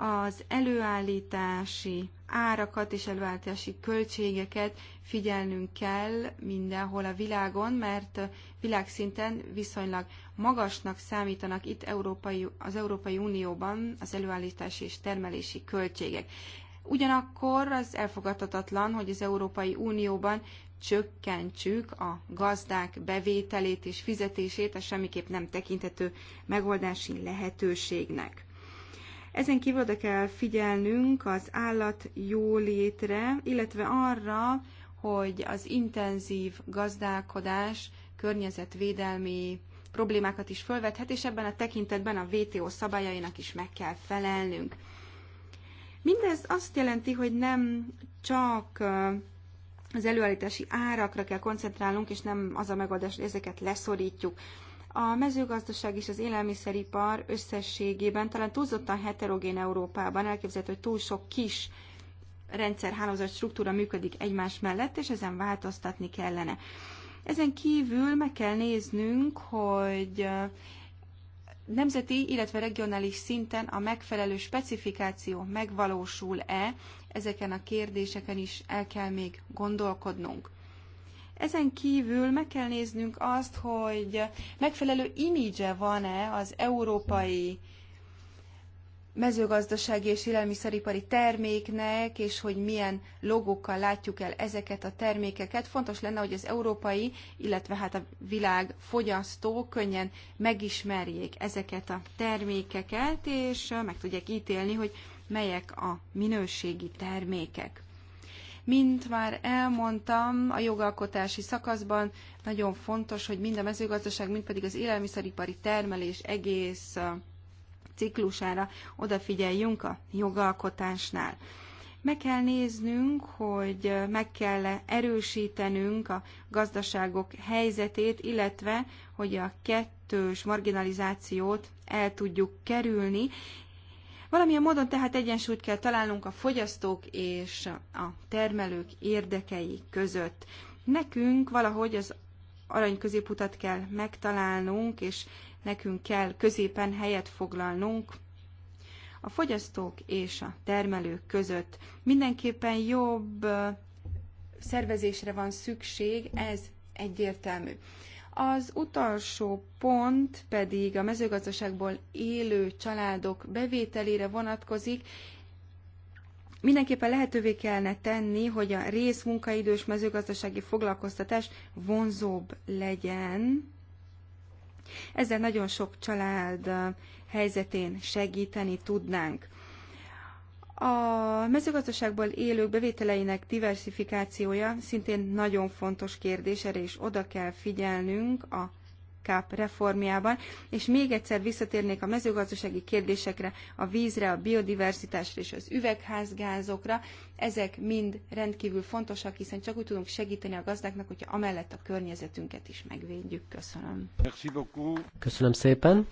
az előállítási árakat és előállítási költségeket figyelnünk kell mindenhol a világon, mert világszinten viszonylag magasnak számítanak itt Európai, az Európai Unióban az előállítási és termelési költségek. Ugyanakkor az elfogadhatatlan, hogy az Európai Unióban csökkentsük a gazdák bevételét és fizetését, ez semmiképp nem tekinthető megoldási lehetőségnek. Ezen kívül oda kell figyelnünk az állat jólétre, illetve arra, hogy az intenzív gazdálkodás környezetvédelmi problémákat is fölvethet, és ebben a tekintetben a WTO szabályainak is meg kell felelnünk. Mindez azt jelenti, hogy nem csak az előállítási árakra kell koncentrálnunk, és nem az a megoldás, hogy ezeket leszorítjuk a mezőgazdaság és az élelmiszeripar összességében talán túlzottan heterogén Európában elképzelhető, hogy túl sok kis rendszerhálózat struktúra működik egymás mellett, és ezen változtatni kellene. Ezen kívül meg kell néznünk, hogy nemzeti, illetve regionális szinten a megfelelő specifikáció megvalósul-e, ezeken a kérdéseken is el kell még gondolkodnunk. Ezen kívül meg kell néznünk azt, hogy megfelelő imidzse van-e az európai mezőgazdasági és élelmiszeripari terméknek, és hogy milyen logókkal látjuk el ezeket a termékeket. Fontos lenne, hogy az európai, illetve hát a világ fogyasztó könnyen megismerjék ezeket a termékeket, és meg tudják ítélni, hogy melyek a minőségi termékek. Mint már elmondtam, a jogalkotási szakaszban nagyon fontos, hogy mind a mezőgazdaság, mind pedig az élelmiszeripari termelés egész ciklusára odafigyeljünk a jogalkotásnál. Meg kell néznünk, hogy meg kell -e erősítenünk a gazdaságok helyzetét, illetve hogy a kettős marginalizációt el tudjuk kerülni, Valamilyen módon tehát egyensúlyt kell találnunk a fogyasztók és a termelők érdekei között. Nekünk valahogy az arany középutat kell megtalálnunk, és nekünk kell középen helyet foglalnunk a fogyasztók és a termelők között. Mindenképpen jobb szervezésre van szükség, ez egyértelmű. Az utolsó pont pedig a mezőgazdaságból élő családok bevételére vonatkozik. Mindenképpen lehetővé kellene tenni, hogy a részmunkaidős mezőgazdasági foglalkoztatás vonzóbb legyen. Ezzel nagyon sok család helyzetén segíteni tudnánk. A mezőgazdaságból élők bevételeinek diversifikációja szintén nagyon fontos kérdés, erre is oda kell figyelnünk a KAP reformjában. És még egyszer visszatérnék a mezőgazdasági kérdésekre, a vízre, a biodiverzitásra és az üvegházgázokra. Ezek mind rendkívül fontosak, hiszen csak úgy tudunk segíteni a gazdáknak, hogyha amellett a környezetünket is megvédjük. Köszönöm. Köszönöm szépen.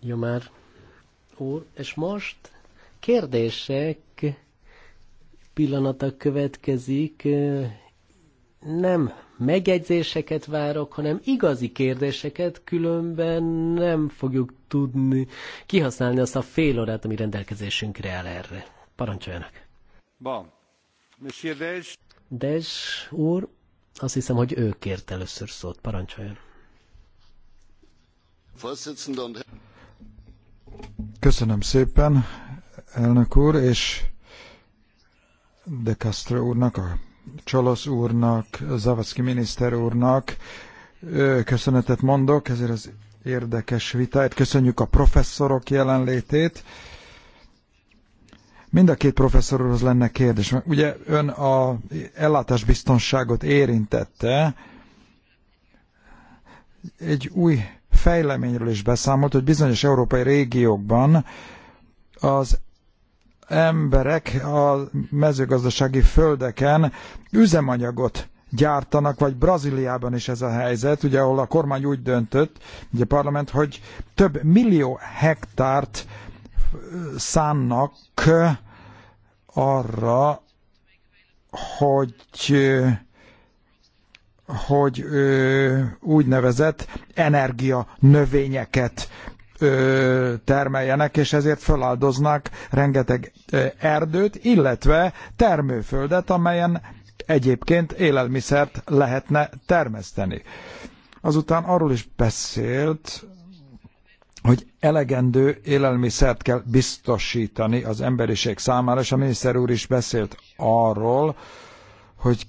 Jó már úr, és most kérdések pillanata következik. Nem megjegyzéseket várok, hanem igazi kérdéseket, különben nem fogjuk tudni kihasználni azt a fél órát, ami rendelkezésünkre áll erre. Parancsoljanak! Bon. Monsieur Des. Des úr, azt hiszem, hogy ő kért először szót. Parancsoljon! Köszönöm szépen, elnök úr, és De Castro úrnak, a Csolosz úrnak, zavadski miniszter úrnak köszönetet mondok ezért az érdekes vitáért. Köszönjük a professzorok jelenlétét. Mind a két professzorhoz lenne kérdés. Ugye ön a ellátásbiztonságot érintette, egy új fejleményről is beszámolt, hogy bizonyos európai régiókban az emberek a mezőgazdasági földeken üzemanyagot gyártanak, vagy Brazíliában is ez a helyzet, ugye ahol a kormány úgy döntött, ugye a parlament, hogy több millió hektárt szánnak arra, hogy hogy ö, úgynevezett energia növényeket ö, termeljenek, és ezért feláldoznak rengeteg ö, erdőt, illetve termőföldet, amelyen egyébként élelmiszert lehetne termeszteni. Azután arról is beszélt, hogy elegendő élelmiszert kell biztosítani az emberiség számára, és a miniszter úr is beszélt arról, hogy,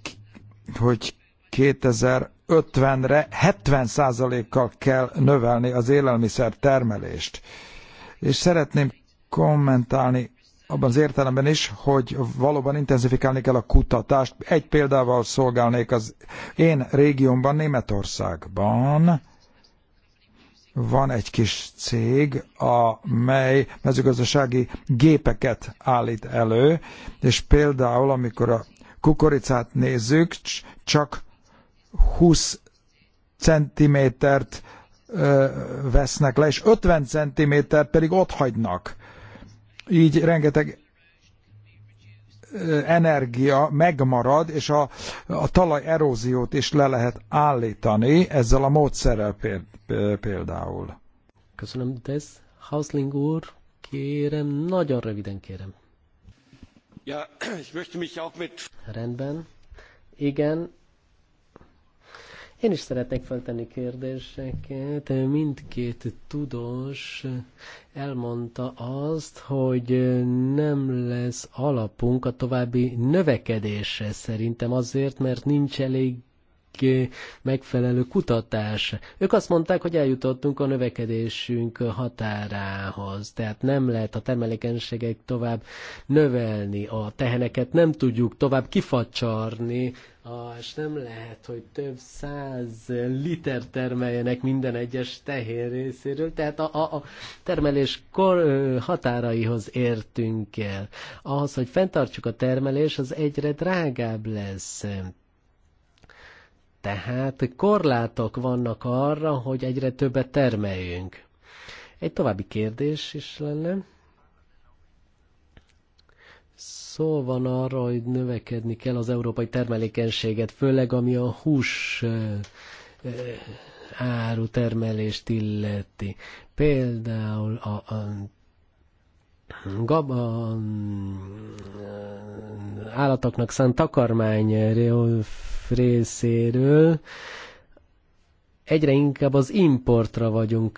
hogy 2050-re 70%-kal kell növelni az élelmiszer termelést. És szeretném kommentálni abban az értelemben is, hogy valóban intenzifikálni kell a kutatást. Egy példával szolgálnék az én régiómban, Németországban van egy kis cég, amely mezőgazdasági gépeket állít elő, és például, amikor a kukoricát nézzük, csak 20 centimétert vesznek le, és 50 centimétert pedig ott hagynak. Így rengeteg energia megmarad, és a, a talaj eróziót is le lehet állítani ezzel a módszerrel például. Köszönöm, Dez. Hausling úr, kérem, nagyon röviden kérem. Ja, ich möchte mich auch mit... Rendben. Igen, én is szeretnék feltenni kérdéseket. Mindkét tudós elmondta azt, hogy nem lesz alapunk a további növekedésre szerintem azért, mert nincs elég megfelelő kutatás. Ők azt mondták, hogy eljutottunk a növekedésünk határához, tehát nem lehet a termelékenységek tovább növelni, a teheneket nem tudjuk tovább kifacsarni, és nem lehet, hogy több száz liter termeljenek minden egyes tehén részéről, tehát a, a, a termelés kor, határaihoz értünk el. Ahhoz, hogy fenntartsuk a termelés, az egyre drágább lesz. Tehát korlátok vannak arra, hogy egyre többet termeljünk. Egy további kérdés is lenne. Szó van arra, hogy növekedni kell az európai termelékenységet, főleg ami a hús áru termelést illeti. Például a, a gab, a, állatoknak szánt takarmány részéről egyre inkább az importra vagyunk,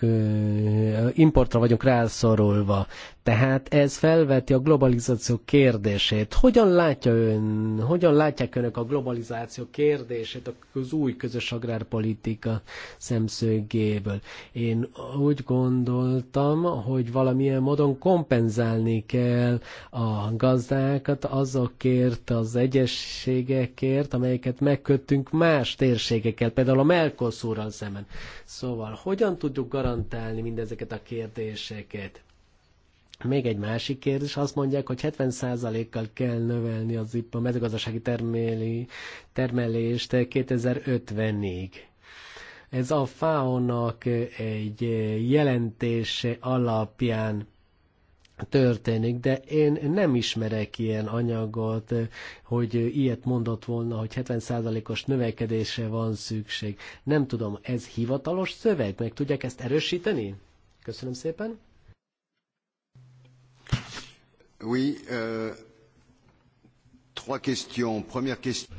importra vagyunk rászorulva. Tehát ez felveti a globalizáció kérdését. Hogyan, látja ön, hogyan látják önök a globalizáció kérdését az új közös agrárpolitika szemszögéből? Én úgy gondoltam, hogy valamilyen módon kompenzálni kell a gazdákat azokért az egyességekért, amelyeket megköttünk más térségekkel, például a Melkoszúrral szemben. Szóval hogyan tudjuk garantálni mindezeket a kérdéseket? Még egy másik kérdés, azt mondják, hogy 70%-kal kell növelni az IP a mezőgazdasági termeli, termelést 2050-ig. Ez a FAO-nak egy jelentése alapján történik, de én nem ismerek ilyen anyagot, hogy ilyet mondott volna, hogy 70%-os növekedésre van szükség. Nem tudom, ez hivatalos szöveg? Meg tudják ezt erősíteni? Köszönöm szépen. Oui, euh, trois questions. Première question.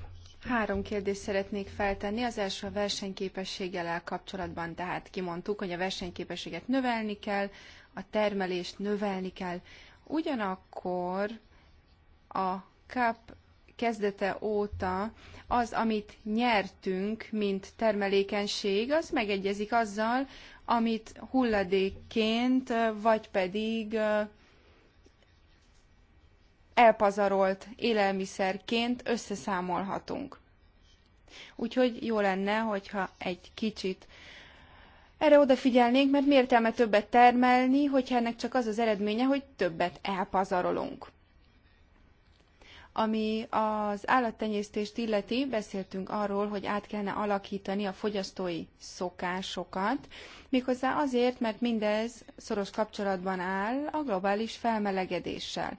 Három kérdést szeretnék feltenni. Az első a versenyképességgel kapcsolatban, tehát kimondtuk, hogy a versenyképességet növelni kell, a termelést növelni kell. Ugyanakkor a CAP kezdete óta az, amit nyertünk, mint termelékenység, az megegyezik azzal, amit hulladékként, vagy pedig elpazarolt élelmiszerként összeszámolhatunk. Úgyhogy jó lenne, hogyha egy kicsit erre odafigyelnénk, mert mi értelme többet termelni, hogyha ennek csak az az eredménye, hogy többet elpazarolunk. Ami az állattenyésztést illeti, beszéltünk arról, hogy át kellene alakítani a fogyasztói szokásokat, méghozzá azért, mert mindez szoros kapcsolatban áll a globális felmelegedéssel.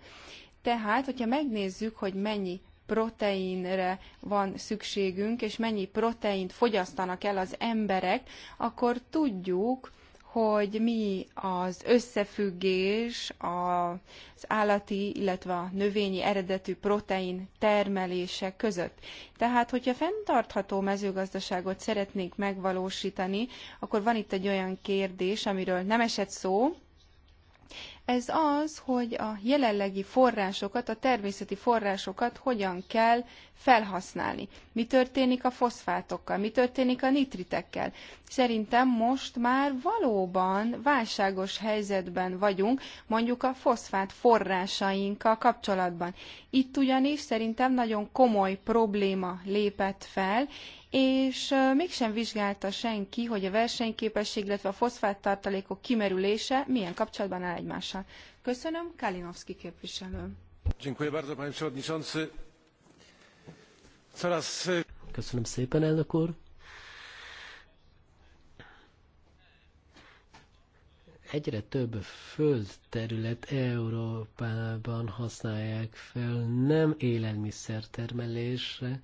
Tehát, hogyha megnézzük, hogy mennyi proteinre van szükségünk, és mennyi proteint fogyasztanak el az emberek, akkor tudjuk, hogy mi az összefüggés az állati, illetve a növényi eredetű protein termelése között. Tehát, hogyha fenntartható mezőgazdaságot szeretnénk megvalósítani, akkor van itt egy olyan kérdés, amiről nem esett szó, ez az, hogy a jelenlegi forrásokat, a természeti forrásokat hogyan kell felhasználni. Mi történik a foszfátokkal, mi történik a nitritekkel. Szerintem most már valóban válságos helyzetben vagyunk, mondjuk a foszfát forrásainkkal kapcsolatban. Itt ugyanis szerintem nagyon komoly probléma lépett fel, és mégsem vizsgálta senki, hogy a versenyképesség, illetve a foszfáttartalékok kimerülése milyen kapcsolatban áll egymással. Köszönöm, Kalinowski képviselő. Köszönöm szépen, elnök úr. egyre több földterület Európában használják fel nem élelmiszertermelésre,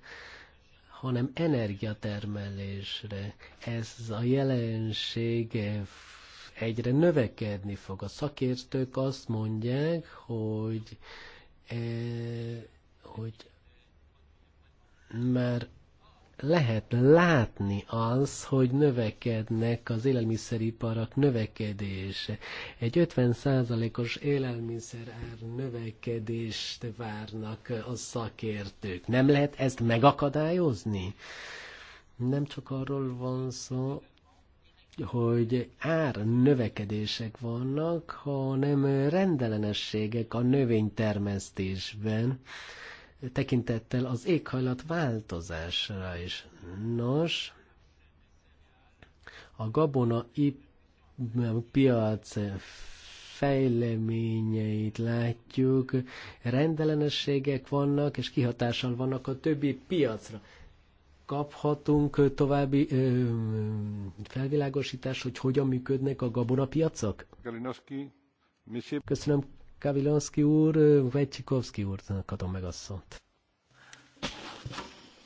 hanem energiatermelésre. Ez a jelenség egyre növekedni fog. A szakértők azt mondják, hogy, eh, hogy már lehet látni az, hogy növekednek az élelmiszeriparak növekedése. Egy 50%-os élelmiszerár növekedést várnak a szakértők. Nem lehet ezt megakadályozni? Nem csak arról van szó, hogy ár növekedések vannak, hanem rendellenességek a növénytermesztésben tekintettel az éghajlat változásra is. Nos, a gabona piac fejleményeit látjuk, rendellenességek vannak, és kihatással vannak a többi piacra. Kaphatunk további ö, felvilágosítást, hogy hogyan működnek a gabonapiacok? Köszönöm, Kavilonszki úr, vagy úr, úrnak adom meg a szót.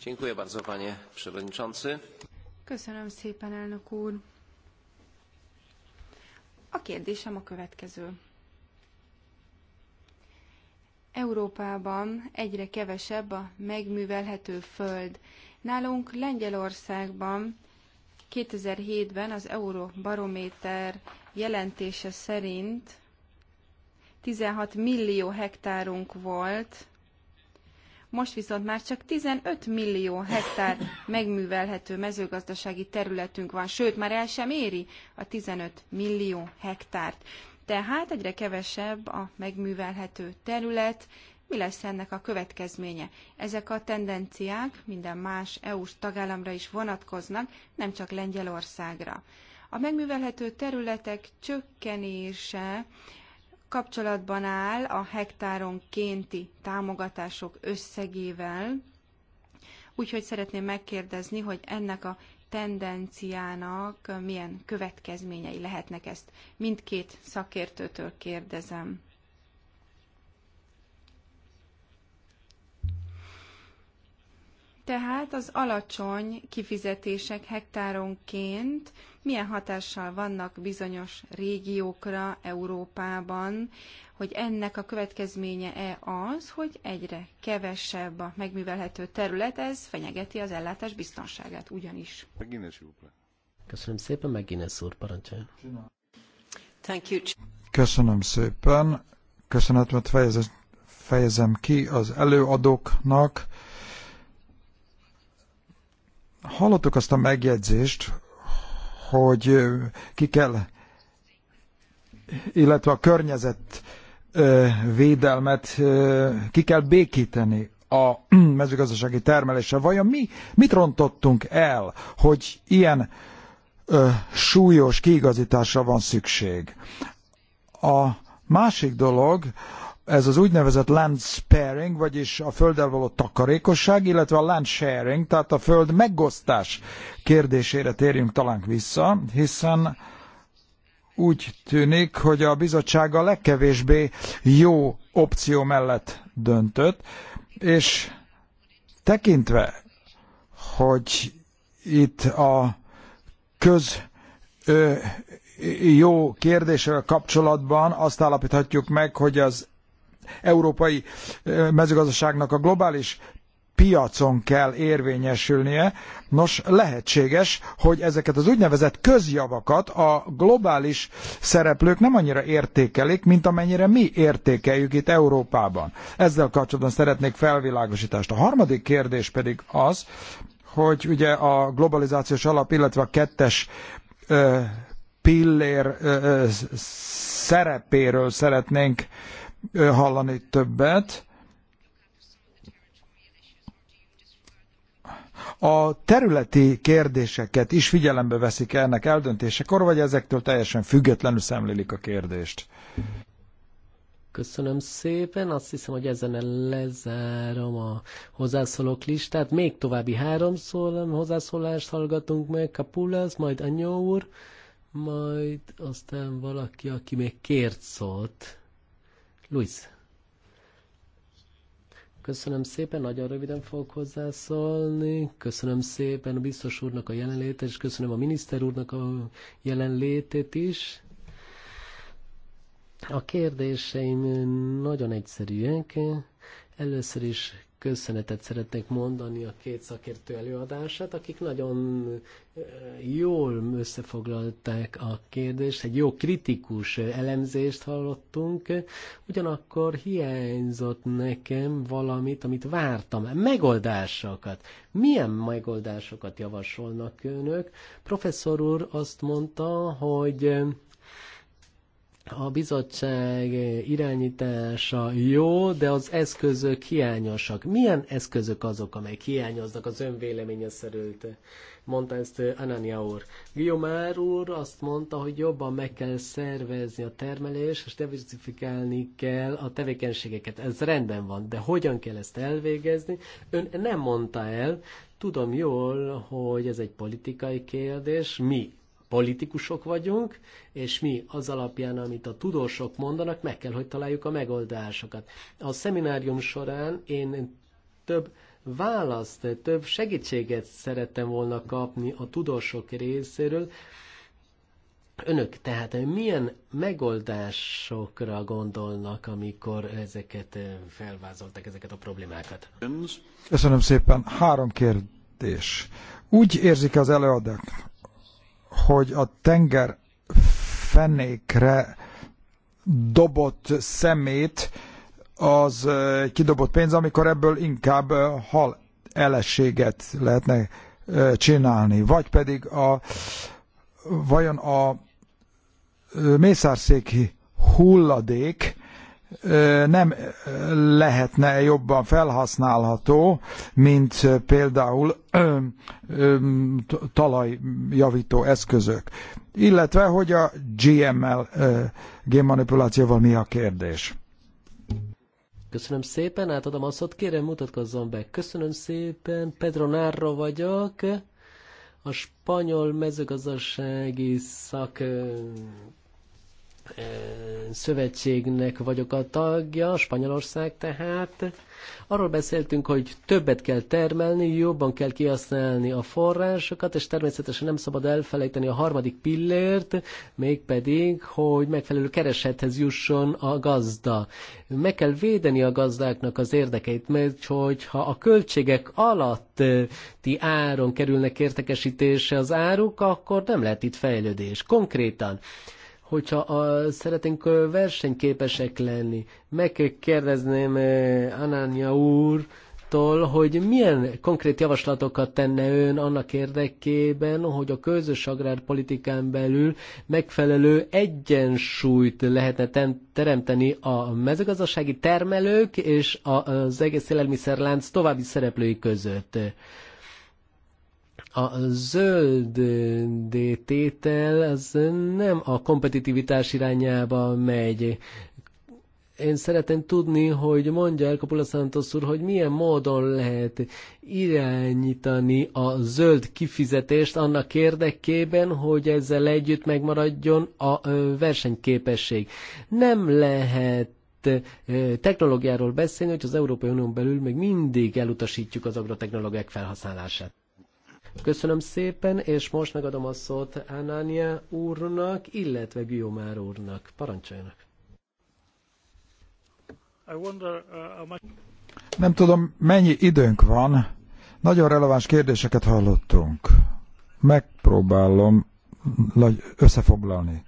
Dziękuję bardzo, panie przewodniczący. Köszönöm szépen, elnök úr. A kérdésem a következő. Európában egyre kevesebb a megművelhető föld. Nálunk Lengyelországban 2007-ben az Euróbarométer jelentése szerint 16 millió hektárunk volt, most viszont már csak 15 millió hektár megművelhető mezőgazdasági területünk van, sőt, már el sem éri a 15 millió hektárt. Tehát egyre kevesebb a megművelhető terület, mi lesz ennek a következménye? Ezek a tendenciák minden más EU-s tagállamra is vonatkoznak, nem csak Lengyelországra. A megművelhető területek csökkenése kapcsolatban áll a hektáronkénti támogatások összegével, úgyhogy szeretném megkérdezni, hogy ennek a tendenciának milyen következményei lehetnek ezt. Mindkét szakértőtől kérdezem. Tehát az alacsony kifizetések hektáronként milyen hatással vannak bizonyos régiókra Európában, hogy ennek a következménye-e az, hogy egyre kevesebb a megművelhető terület, ez fenyegeti az ellátás biztonságát ugyanis. Köszönöm szépen, meg Guinness úr parancsolja. Köszönöm szépen. Köszönetet fejezem ki az előadóknak Hallottuk azt a megjegyzést, hogy ki kell, illetve a környezet védelmet ki kell békíteni a mezőgazdasági termeléssel. Vajon mi, mit rontottunk el, hogy ilyen súlyos kiigazításra van szükség? A másik dolog ez az úgynevezett land sparing, vagyis a földdel való takarékosság, illetve a land sharing, tehát a föld megosztás kérdésére térjünk talán vissza, hiszen úgy tűnik, hogy a bizottság a legkevésbé jó opció mellett döntött, és tekintve, hogy itt a köz ö, jó kérdésével kapcsolatban azt állapíthatjuk meg, hogy az európai mezőgazdaságnak a globális piacon kell érvényesülnie. Nos, lehetséges, hogy ezeket az úgynevezett közjavakat a globális szereplők nem annyira értékelik, mint amennyire mi értékeljük itt Európában. Ezzel kapcsolatban szeretnék felvilágosítást. A harmadik kérdés pedig az, hogy ugye a globalizációs alap, illetve a kettes pillér szerepéről szeretnénk hallani többet. A területi kérdéseket is figyelembe veszik ennek eldöntésekor, vagy ezektől teljesen függetlenül szemlélik a kérdést? Köszönöm szépen, azt hiszem, hogy ezen lezárom a hozzászólók listát. Még további három szólom, hozzászólást hallgatunk meg, Kapulász, majd Anyó úr, majd aztán valaki, aki még kért szólt. Luis. Köszönöm szépen, nagyon röviden fogok hozzászólni. Köszönöm szépen a biztos úrnak a jelenlétet, és köszönöm a miniszter úrnak a jelenlétét is. A kérdéseim nagyon egyszerűek. Először is köszönetet szeretnék mondani a két szakértő előadását, akik nagyon eh, jól összefoglalták a kérdést, egy jó kritikus elemzést hallottunk, ugyanakkor hiányzott nekem valamit, amit vártam, megoldásokat. Milyen megoldásokat javasolnak önök? Professzor úr azt mondta, hogy eh, a bizottság irányítása jó, de az eszközök hiányosak. Milyen eszközök azok, amelyek hiányoznak az önvéleménye szerint? Mondta ezt Anania úr. Guillaumár úr azt mondta, hogy jobban meg kell szervezni a termelést, és diversifikálni kell a tevékenységeket. Ez rendben van, de hogyan kell ezt elvégezni? Ön nem mondta el, Tudom jól, hogy ez egy politikai kérdés. Mi politikusok vagyunk, és mi az alapján, amit a tudósok mondanak, meg kell, hogy találjuk a megoldásokat. A szeminárium során én több választ, több segítséget szerettem volna kapni a tudósok részéről. Önök tehát milyen megoldásokra gondolnak, amikor ezeket eh, felvázolták, ezeket a problémákat? Köszönöm szépen. Három kérdés. Úgy érzik az előadók, hogy a tenger fenékre dobott szemét az kidobott pénz, amikor ebből inkább hal eleséget lehetne csinálni. Vagy pedig a, vajon a mészárszéki hulladék nem lehetne jobban felhasználható, mint például ö, ö, talajjavító eszközök. Illetve, hogy a GML génmanipulációval mi a kérdés. Köszönöm szépen, átadom a szót, kérem mutatkozzon be. Köszönöm szépen, Pedro Narro vagyok, a spanyol mezőgazdasági szak szövetségnek vagyok a tagja, Spanyolország tehát. Arról beszéltünk, hogy többet kell termelni, jobban kell kihasználni a forrásokat, és természetesen nem szabad elfelejteni a harmadik pillért, mégpedig, hogy megfelelő keresethez jusson a gazda. Meg kell védeni a gazdáknak az érdekeit, mert hogyha a költségek alatti áron kerülnek értekesítése az áruk, akkor nem lehet itt fejlődés. Konkrétan hogyha a, szeretnénk versenyképesek lenni. Megkérdezném úr úrtól, hogy milyen konkrét javaslatokat tenne ön annak érdekében, hogy a közös agrárpolitikán belül megfelelő egyensúlyt lehetne teremteni a mezőgazdasági termelők és az egész élelmiszerlánc további szereplői között. A zöld eh, tétel az nem a kompetitivitás irányába megy. Én szeretném tudni, hogy mondja el Kapula Santos úr, hogy milyen módon lehet irányítani a zöld kifizetést annak érdekében, hogy ezzel együtt megmaradjon a versenyképesség. Nem lehet technológiáról beszélni, hogy az Európai Unión belül még mindig elutasítjuk az agrotechnológiák felhasználását. Köszönöm szépen, és most megadom a szót Anania úrnak, illetve Guillaumár úrnak. Parancsoljanak. Uh, nem tudom, mennyi időnk van. Nagyon releváns kérdéseket hallottunk. Megpróbálom összefoglalni.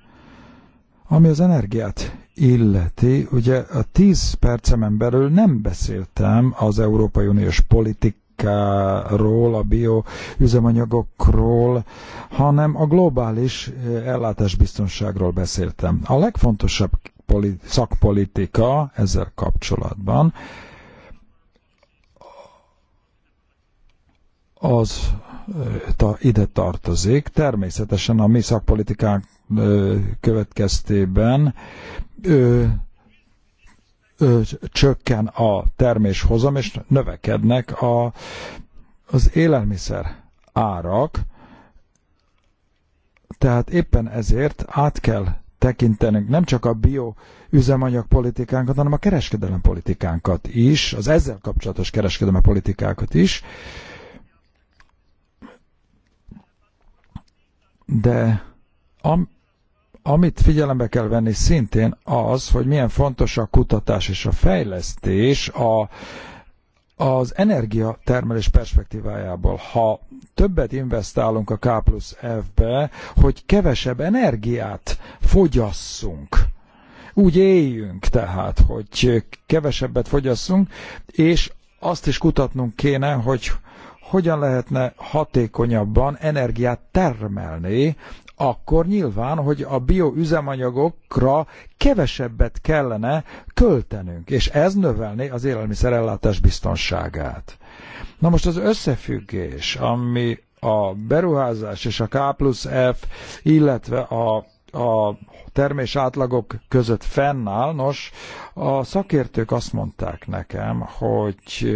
Ami az energiát illeti, ugye a 10 percemen belül nem beszéltem az Európai Uniós politik energetikáról, a bioüzemanyagokról, hanem a globális eh, ellátásbiztonságról beszéltem. A legfontosabb szakpolitika ezzel kapcsolatban az eh, ide tartozik. Természetesen a mi szakpolitikánk eh, következtében csökken a terméshozam, és növekednek a, az élelmiszer árak, tehát éppen ezért át kell tekintenünk nem csak a bio üzemanyag politikánkat, hanem a kereskedelem politikánkat is, az ezzel kapcsolatos kereskedelem politikákat is. De amit figyelembe kell venni szintén az, hogy milyen fontos a kutatás és a fejlesztés a, az energiatermelés perspektívájából. Ha többet investálunk a K plusz F-be, hogy kevesebb energiát fogyasszunk, úgy éljünk tehát, hogy kevesebbet fogyasszunk, és azt is kutatnunk kéne, hogy hogyan lehetne hatékonyabban energiát termelni akkor nyilván, hogy a bioüzemanyagokra kevesebbet kellene költenünk, és ez növelné az élelmiszerellátás biztonságát. Na most az összefüggés, ami a beruházás és a K plusz F, illetve a a termés átlagok között fennáll. Nos, a szakértők azt mondták nekem, hogy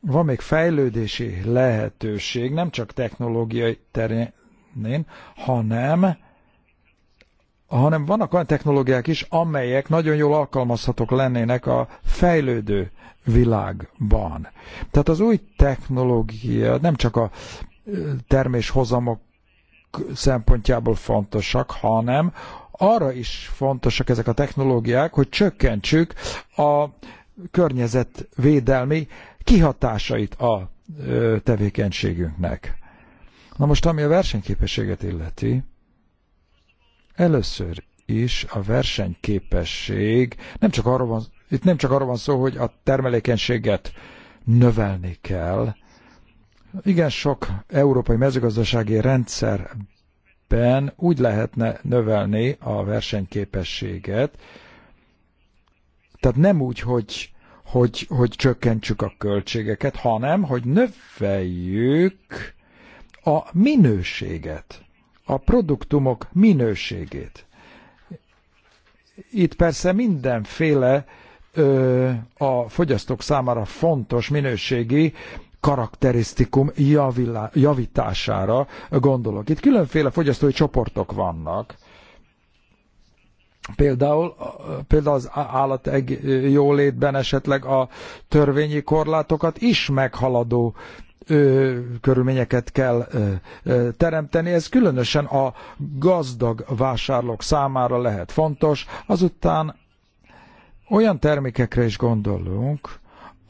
van még fejlődési lehetőség, nem csak technológiai terén, szeretnén, hanem hanem vannak olyan technológiák is, amelyek nagyon jól alkalmazhatók lennének a fejlődő világban. Tehát az új technológia nem csak a terméshozamok szempontjából fontosak, hanem arra is fontosak ezek a technológiák, hogy csökkentsük a környezetvédelmi kihatásait a tevékenységünknek. Na most, ami a versenyképességet illeti, először is a versenyképesség, nem csak arról van, itt nem csak arról van szó, hogy a termelékenységet növelni kell. Igen, sok európai mezőgazdasági rendszerben úgy lehetne növelni a versenyképességet, tehát nem úgy, hogy, hogy, hogy csökkentsük a költségeket, hanem, hogy növeljük a minőséget, a produktumok minőségét. Itt persze mindenféle ö, a fogyasztók számára fontos minőségi karakterisztikum javilá, javítására gondolok. Itt különféle fogyasztói csoportok vannak. Például, például az állat jólétben esetleg a törvényi korlátokat is meghaladó ö, körülményeket kell ö, ö, teremteni. Ez különösen a gazdag vásárlók számára lehet fontos. Azután olyan termékekre is gondolunk,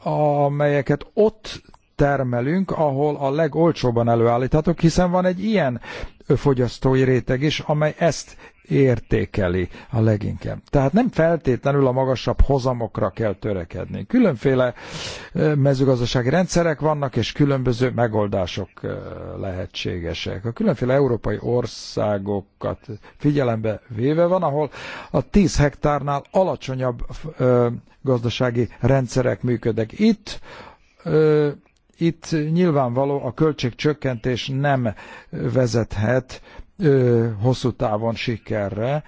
amelyeket ott termelünk, ahol a legolcsóban előállíthatók, hiszen van egy ilyen fogyasztói réteg is, amely ezt értékeli a leginkább. Tehát nem feltétlenül a magasabb hozamokra kell törekedni. Különféle mezőgazdasági rendszerek vannak, és különböző megoldások lehetségesek. A különféle európai országokat figyelembe véve van, ahol a 10 hektárnál alacsonyabb gazdasági rendszerek működnek. Itt itt nyilvánvaló a költségcsökkentés nem vezethet ö, hosszú távon sikerre.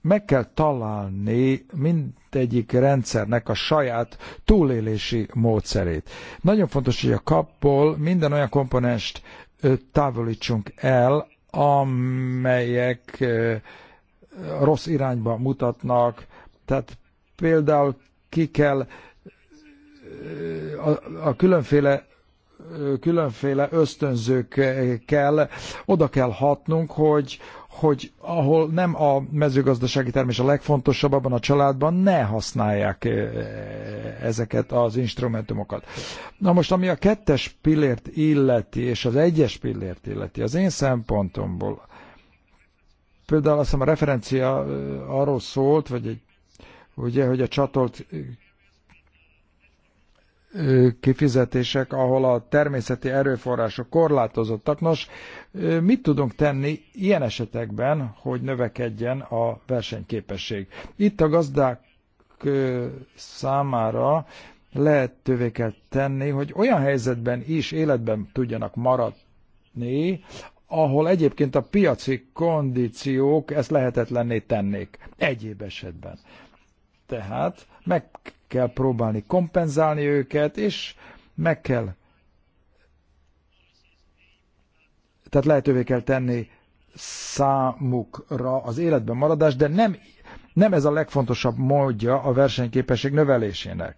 Meg kell találni mindegyik rendszernek a saját túlélési módszerét. Nagyon fontos, hogy a kapból minden olyan komponest ö, távolítsunk el, amelyek ö, rossz irányba mutatnak. Tehát például ki kell a, a különféle különféle ösztönzőkkel oda kell hatnunk, hogy, hogy ahol nem a mezőgazdasági termés a legfontosabb, abban a családban ne használják e, ezeket az instrumentumokat. Na most, ami a kettes pillért illeti, és az egyes pillért illeti, az én szempontomból, például azt hiszem a referencia e, arról szólt, vagy egy, ugye, hogy a csatolt kifizetések, ahol a természeti erőforrások korlátozottak. Nos, mit tudunk tenni ilyen esetekben, hogy növekedjen a versenyképesség? Itt a gazdák számára lehetővé kell tenni, hogy olyan helyzetben is életben tudjanak maradni, ahol egyébként a piaci kondíciók ezt lehetetlenné tennék egyéb esetben. Tehát meg kell próbálni kompenzálni őket, és meg kell, tehát lehetővé kell tenni számukra az életben maradás, de nem, nem ez a legfontosabb módja a versenyképesség növelésének.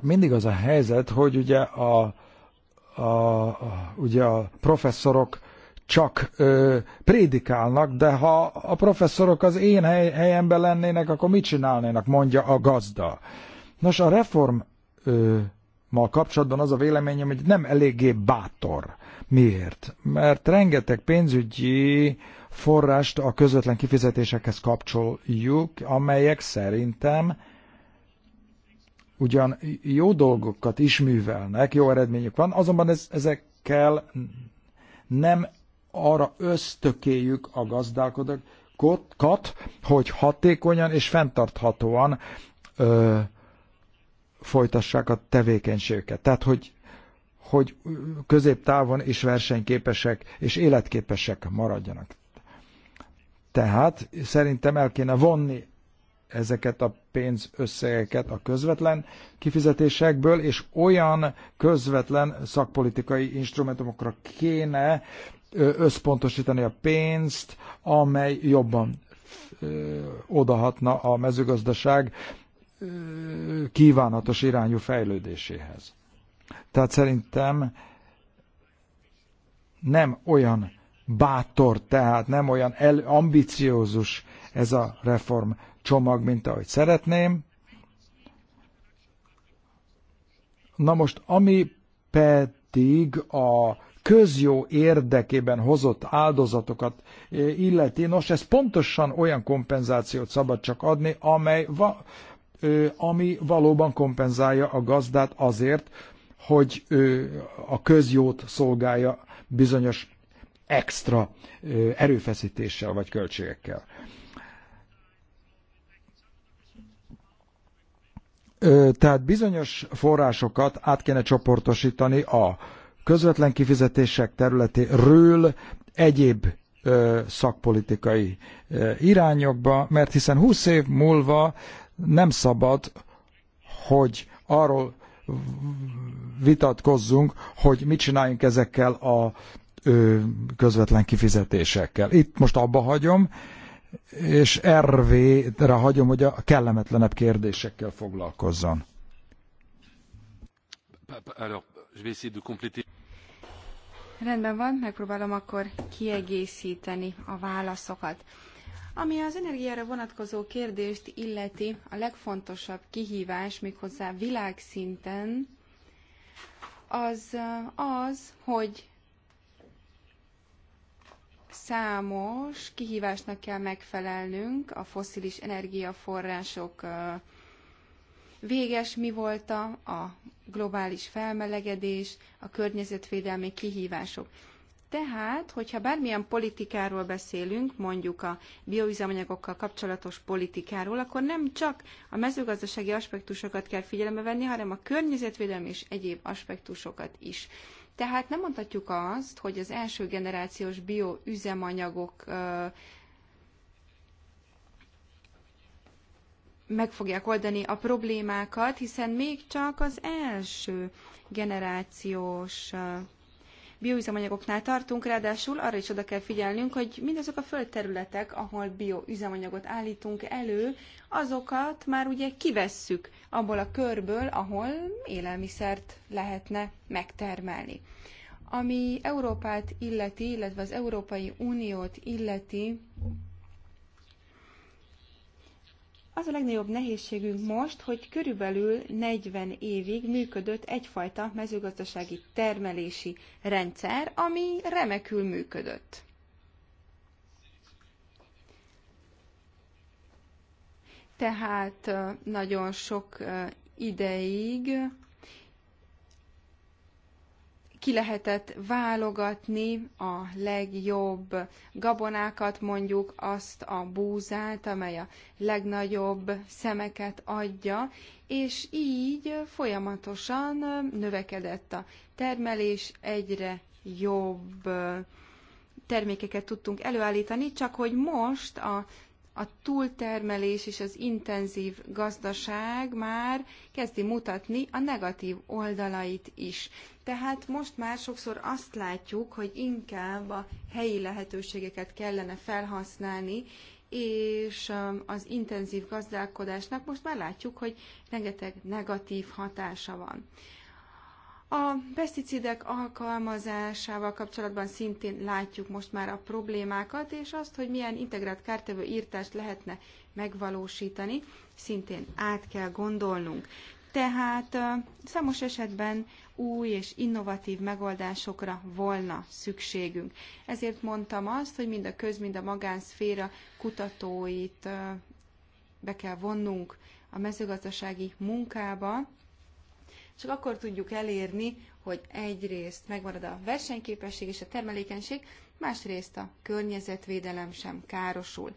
Mindig az a helyzet, hogy ugye a, a, a, ugye a professzorok csak ö, prédikálnak, de ha a professzorok az én hely, helyemben lennének, akkor mit csinálnénak, mondja a gazda. Nos, a reformmal kapcsolatban az a véleményem, hogy nem eléggé bátor. Miért? Mert rengeteg pénzügyi forrást a közvetlen kifizetésekhez kapcsoljuk, amelyek szerintem ugyan jó dolgokat is művelnek, jó eredményük van, azonban ez, ezekkel nem arra ösztökéljük a gazdálkodókat, hogy hatékonyan és fenntarthatóan ö, folytassák a tevékenységüket. Tehát, hogy, hogy középtávon is versenyképesek és életképesek maradjanak. Tehát szerintem el kéne vonni ezeket a pénzösszegeket a közvetlen kifizetésekből, és olyan közvetlen szakpolitikai instrumentumokra kéne összpontosítani a pénzt, amely jobban odahatna a mezőgazdaság kívánatos irányú fejlődéséhez. Tehát szerintem nem olyan bátor, tehát nem olyan el, ambiciózus ez a reform csomag, mint ahogy szeretném. Na most, ami pedig a közjó érdekében hozott áldozatokat eh, illeti. Nos, ez pontosan olyan kompenzációt szabad csak adni, amely va, ami valóban kompenzálja a gazdát azért, hogy a közjót szolgálja bizonyos extra erőfeszítéssel vagy költségekkel. Tehát bizonyos forrásokat át kéne csoportosítani a közvetlen kifizetések területéről egyéb szakpolitikai irányokba, mert hiszen 20 év múlva nem szabad, hogy arról vitatkozzunk, hogy mit csináljunk ezekkel a közvetlen kifizetésekkel. Itt most abba hagyom, és RV-re hagyom, hogy a kellemetlenebb kérdésekkel foglalkozzon. Alors, je vais essayer de compléter. Rendben van, megpróbálom akkor kiegészíteni a válaszokat. Ami az energiára vonatkozó kérdést illeti, a legfontosabb kihívás méghozzá világszinten az az, hogy számos kihívásnak kell megfelelnünk a foszilis energiaforrások véges, mi volt a, a globális felmelegedés, a környezetvédelmi kihívások. Tehát, hogyha bármilyen politikáról beszélünk, mondjuk a bioüzemanyagokkal kapcsolatos politikáról, akkor nem csak a mezőgazdasági aspektusokat kell figyelembe venni, hanem a környezetvédelmi és egyéb aspektusokat is. Tehát nem mondhatjuk azt, hogy az első generációs bioüzemanyagok meg fogják oldani a problémákat, hiszen még csak az első generációs bioüzemanyagoknál tartunk, ráadásul arra is oda kell figyelnünk, hogy mindazok a földterületek, ahol bioüzemanyagot állítunk elő, azokat már ugye kivesszük abból a körből, ahol élelmiszert lehetne megtermelni. Ami Európát illeti, illetve az Európai Uniót illeti, az a legnagyobb nehézségünk most, hogy körülbelül 40 évig működött egyfajta mezőgazdasági termelési rendszer, ami remekül működött. Tehát nagyon sok ideig ki lehetett válogatni a legjobb gabonákat, mondjuk azt a búzát, amely a legnagyobb szemeket adja, és így folyamatosan növekedett a termelés, egyre jobb termékeket tudtunk előállítani, csak hogy most a a túltermelés és az intenzív gazdaság már kezdi mutatni a negatív oldalait is. Tehát most már sokszor azt látjuk, hogy inkább a helyi lehetőségeket kellene felhasználni, és um, az intenzív gazdálkodásnak most már látjuk, hogy rengeteg negatív hatása van. A peszticidek alkalmazásával kapcsolatban szintén látjuk most már a problémákat, és azt, hogy milyen integrált kártevő írtást lehetne megvalósítani, szintén át kell gondolnunk. Tehát számos esetben új és innovatív megoldásokra volna szükségünk. Ezért mondtam azt, hogy mind a köz, mind a magánszféra kutatóit be kell vonnunk a mezőgazdasági munkába, csak akkor tudjuk elérni, hogy egyrészt megmarad a versenyképesség és a termelékenység, másrészt a környezetvédelem sem károsul.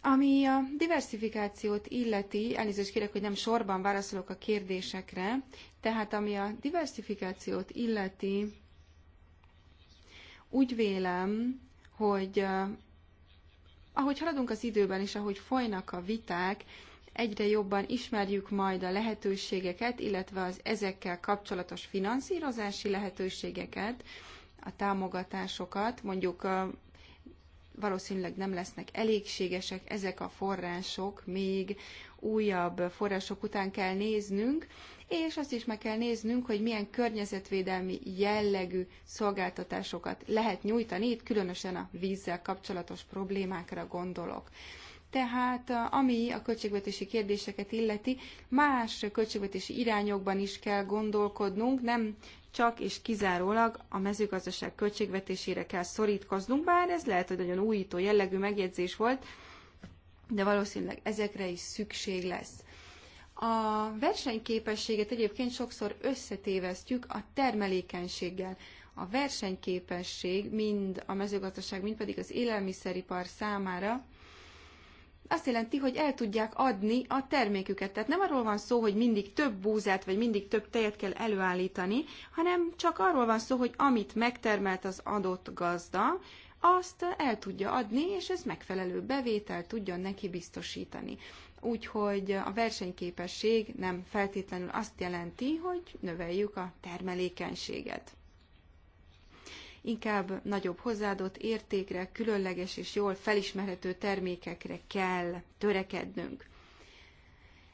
Ami a diversifikációt illeti, elnézést kérek, hogy nem sorban válaszolok a kérdésekre, tehát ami a diversifikációt illeti, úgy vélem, hogy eh, ahogy haladunk az időben és ahogy folynak a viták, egyre jobban ismerjük majd a lehetőségeket, illetve az ezekkel kapcsolatos finanszírozási lehetőségeket, a támogatásokat, mondjuk valószínűleg nem lesznek elégségesek ezek a források, még újabb források után kell néznünk, és azt is meg kell néznünk, hogy milyen környezetvédelmi jellegű szolgáltatásokat lehet nyújtani, itt különösen a vízzel kapcsolatos problémákra gondolok tehát ami a költségvetési kérdéseket illeti, más költségvetési irányokban is kell gondolkodnunk, nem csak és kizárólag a mezőgazdaság költségvetésére kell szorítkoznunk, bár ez lehet, hogy nagyon újító jellegű megjegyzés volt, de valószínűleg ezekre is szükség lesz. A versenyképességet egyébként sokszor összetévesztjük a termelékenységgel. A versenyképesség mind a mezőgazdaság, mind pedig az élelmiszeripar számára azt jelenti, hogy el tudják adni a terméküket. Tehát nem arról van szó, hogy mindig több búzát, vagy mindig több tejet kell előállítani, hanem csak arról van szó, hogy amit megtermelt az adott gazda, azt el tudja adni, és ez megfelelő bevétel tudjon neki biztosítani. Úgyhogy a versenyképesség nem feltétlenül azt jelenti, hogy növeljük a termelékenységet inkább nagyobb hozzáadott értékre, különleges és jól felismerhető termékekre kell törekednünk.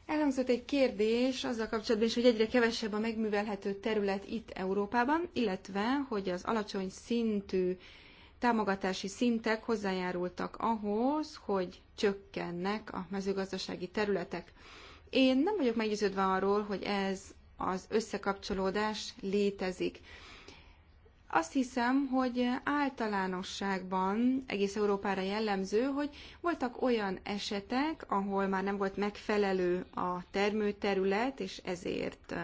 Elhangzott egy kérdés azzal kapcsolatban is, hogy egyre kevesebb a megművelhető terület itt Európában, illetve hogy az alacsony szintű támogatási szintek hozzájárultak ahhoz, hogy csökkennek a mezőgazdasági területek. Én nem vagyok meggyőződve arról, hogy ez az összekapcsolódás létezik. Azt hiszem, hogy általánosságban egész Európára jellemző, hogy voltak olyan esetek, ahol már nem volt megfelelő a termőterület, és ezért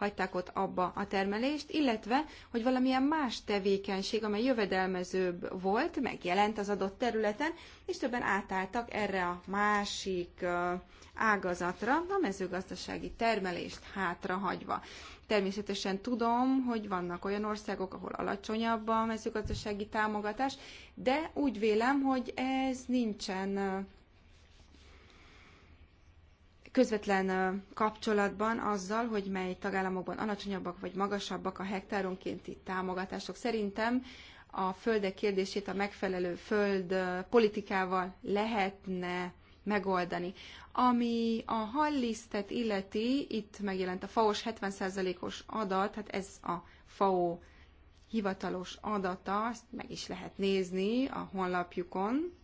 hagyták ott abba a termelést, illetve, hogy valamilyen más tevékenység, amely jövedelmezőbb volt, megjelent az adott területen, és többen átálltak erre a másik ágazatra, a mezőgazdasági termelést hátrahagyva. Természetesen tudom, hogy vannak olyan országok, ahol alacsonyabb a mezőgazdasági támogatás, de úgy vélem, hogy ez nincsen közvetlen kapcsolatban azzal, hogy mely tagállamokban alacsonyabbak vagy magasabbak a hektáronkénti támogatások. Szerintem a földek kérdését a megfelelő föld politikával lehetne megoldani. Ami a hallisztet illeti, itt megjelent a FAO-s 70%-os adat, hát ez a FAO hivatalos adata, ezt meg is lehet nézni a honlapjukon.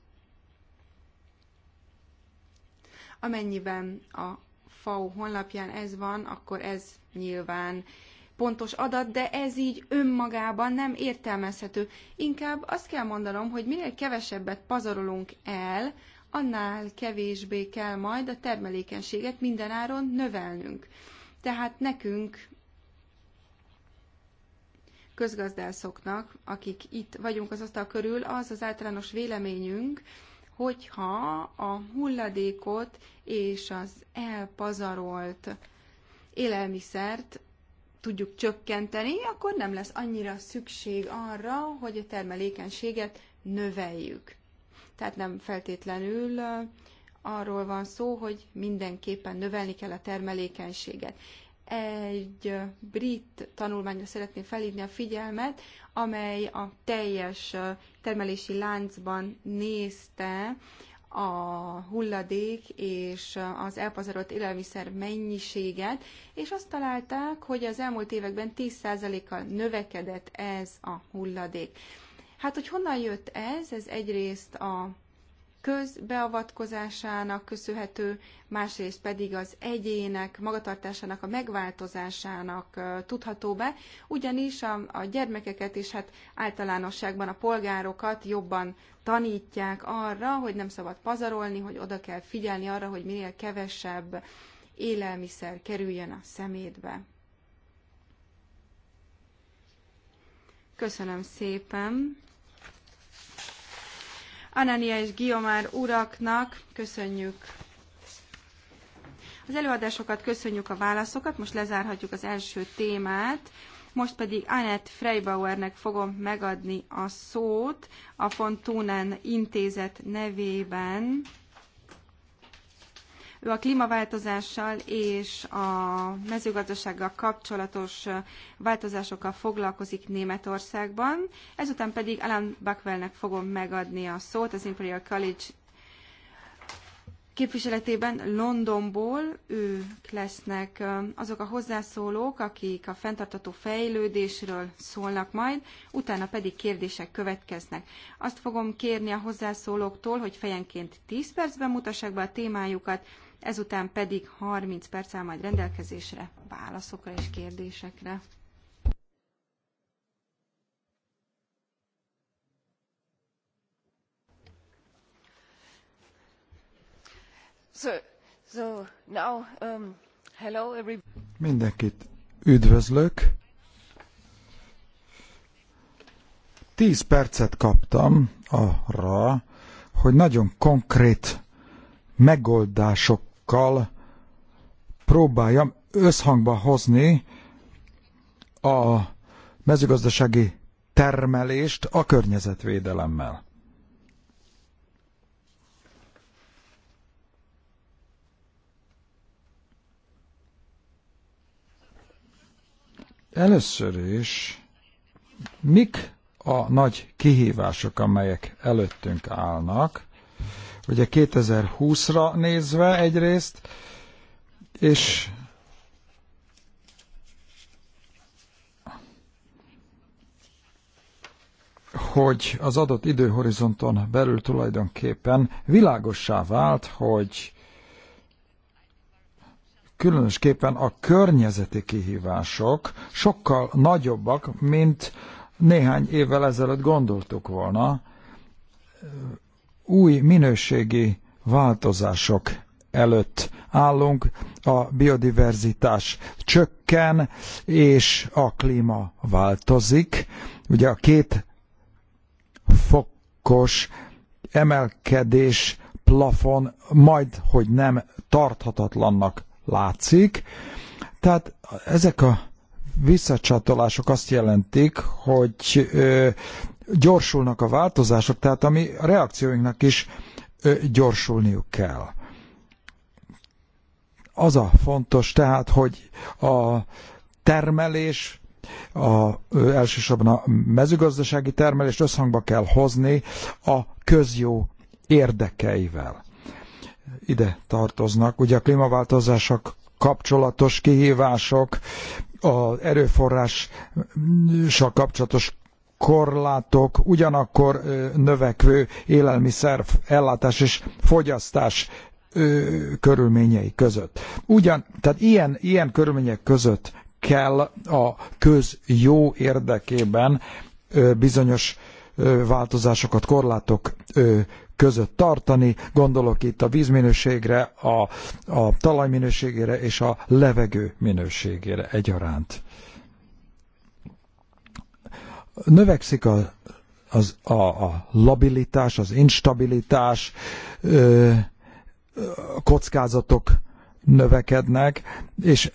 Amennyiben a FAO honlapján ez van, akkor ez nyilván pontos adat, de ez így önmagában nem értelmezhető. Inkább azt kell mondanom, hogy minél kevesebbet pazarolunk el, annál kevésbé kell majd a termelékenységet mindenáron növelnünk. Tehát nekünk közgazdászoknak, akik itt vagyunk az asztal körül, az az általános véleményünk, hogyha a hulladékot és az elpazarolt élelmiszert tudjuk csökkenteni, akkor nem lesz annyira szükség arra, hogy a termelékenységet növeljük. Tehát nem feltétlenül arról van szó, hogy mindenképpen növelni kell a termelékenységet. Egy brit tanulmányra szeretném felhívni a figyelmet, amely a teljes termelési láncban nézte a hulladék és az elpazarolt élelmiszer mennyiséget, és azt találták, hogy az elmúlt években 10%-kal növekedett ez a hulladék. Hát, hogy honnan jött ez? Ez egyrészt a közbeavatkozásának köszönhető, másrészt pedig az egyének magatartásának a megváltozásának tudható be, ugyanis a, a gyermekeket és hát általánosságban a polgárokat jobban tanítják arra, hogy nem szabad pazarolni, hogy oda kell figyelni arra, hogy minél kevesebb élelmiszer kerüljön a szemétbe. Köszönöm szépen! Anania és Giomár uraknak köszönjük az előadásokat, köszönjük a válaszokat, most lezárhatjuk az első témát, most pedig Annette Freibauernek fogom megadni a szót a Fontunen intézet nevében. Ő a klímaváltozással és a mezőgazdasággal kapcsolatos változásokkal foglalkozik Németországban. Ezután pedig Alan Buckwellnek fogom megadni a szót az Imperial College képviseletében Londonból ők lesznek azok a hozzászólók, akik a fenntartató fejlődésről szólnak majd, utána pedig kérdések következnek. Azt fogom kérni a hozzászólóktól, hogy fejenként 10 percben mutassák be a témájukat, ezután pedig 30 perc áll majd rendelkezésre válaszokra és kérdésekre. So, so now, um, hello everybody. Mindenkit üdvözlök. Tíz percet kaptam arra, hogy nagyon konkrét megoldások azokkal próbáljam összhangba hozni a mezőgazdasági termelést a környezetvédelemmel. Először is, mik a nagy kihívások, amelyek előttünk állnak, ugye 2020-ra nézve egyrészt, és hogy az adott időhorizonton belül tulajdonképpen világossá vált, hogy különösképpen a környezeti kihívások sokkal nagyobbak, mint néhány évvel ezelőtt gondoltuk volna, új minőségi változások előtt állunk, a biodiverzitás csökken, és a klíma változik. Ugye a két fokos emelkedés plafon majd, hogy nem tarthatatlannak látszik. Tehát ezek a visszacsatolások azt jelentik, hogy gyorsulnak a változások, tehát ami a reakcióinknak is gyorsulniuk kell. Az a fontos tehát, hogy a termelés, a, elsősorban a mezőgazdasági termelést összhangba kell hozni a közjó érdekeivel. Ide tartoznak ugye a klímaváltozások kapcsolatos kihívások, az erőforrással kapcsolatos korlátok, ugyanakkor növekvő élelmiszer ellátás és fogyasztás körülményei között. Ugyan, tehát ilyen, ilyen körülmények között kell a köz jó érdekében bizonyos változásokat, korlátok között tartani. Gondolok itt a vízminőségre, a, a talajminőségére és a levegő minőségére egyaránt növekszik a, az, a, a labilitás, az instabilitás, ö, kockázatok növekednek, és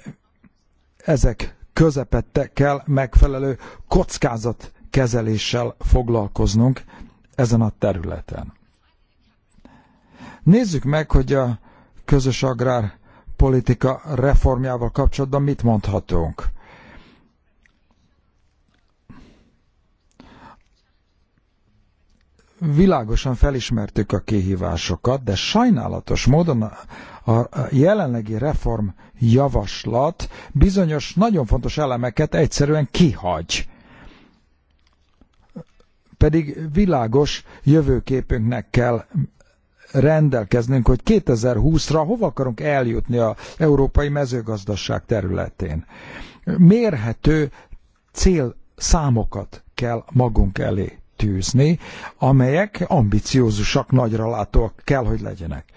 ezek közepette kell megfelelő kockázatkezeléssel foglalkoznunk ezen a területen. Nézzük meg, hogy a közös agrárpolitika reformjával kapcsolatban mit mondhatunk. világosan felismertük a kihívásokat, de sajnálatos módon a jelenlegi reform javaslat bizonyos nagyon fontos elemeket egyszerűen kihagy. Pedig világos jövőképünknek kell rendelkeznünk, hogy 2020-ra hova akarunk eljutni a európai mezőgazdaság területén. Mérhető cél számokat kell magunk elé kitűzni, amelyek ambiciózusak, látóak kell, hogy legyenek.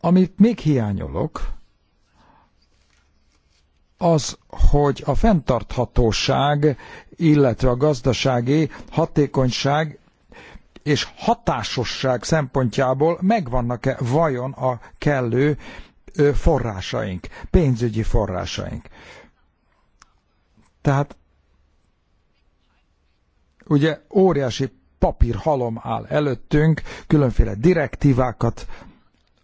Amit még hiányolok, az, hogy a fenntarthatóság, illetve a gazdasági hatékonyság és hatásosság szempontjából megvannak-e vajon a kellő forrásaink, pénzügyi forrásaink. Tehát ugye óriási papírhalom áll előttünk, különféle direktívákat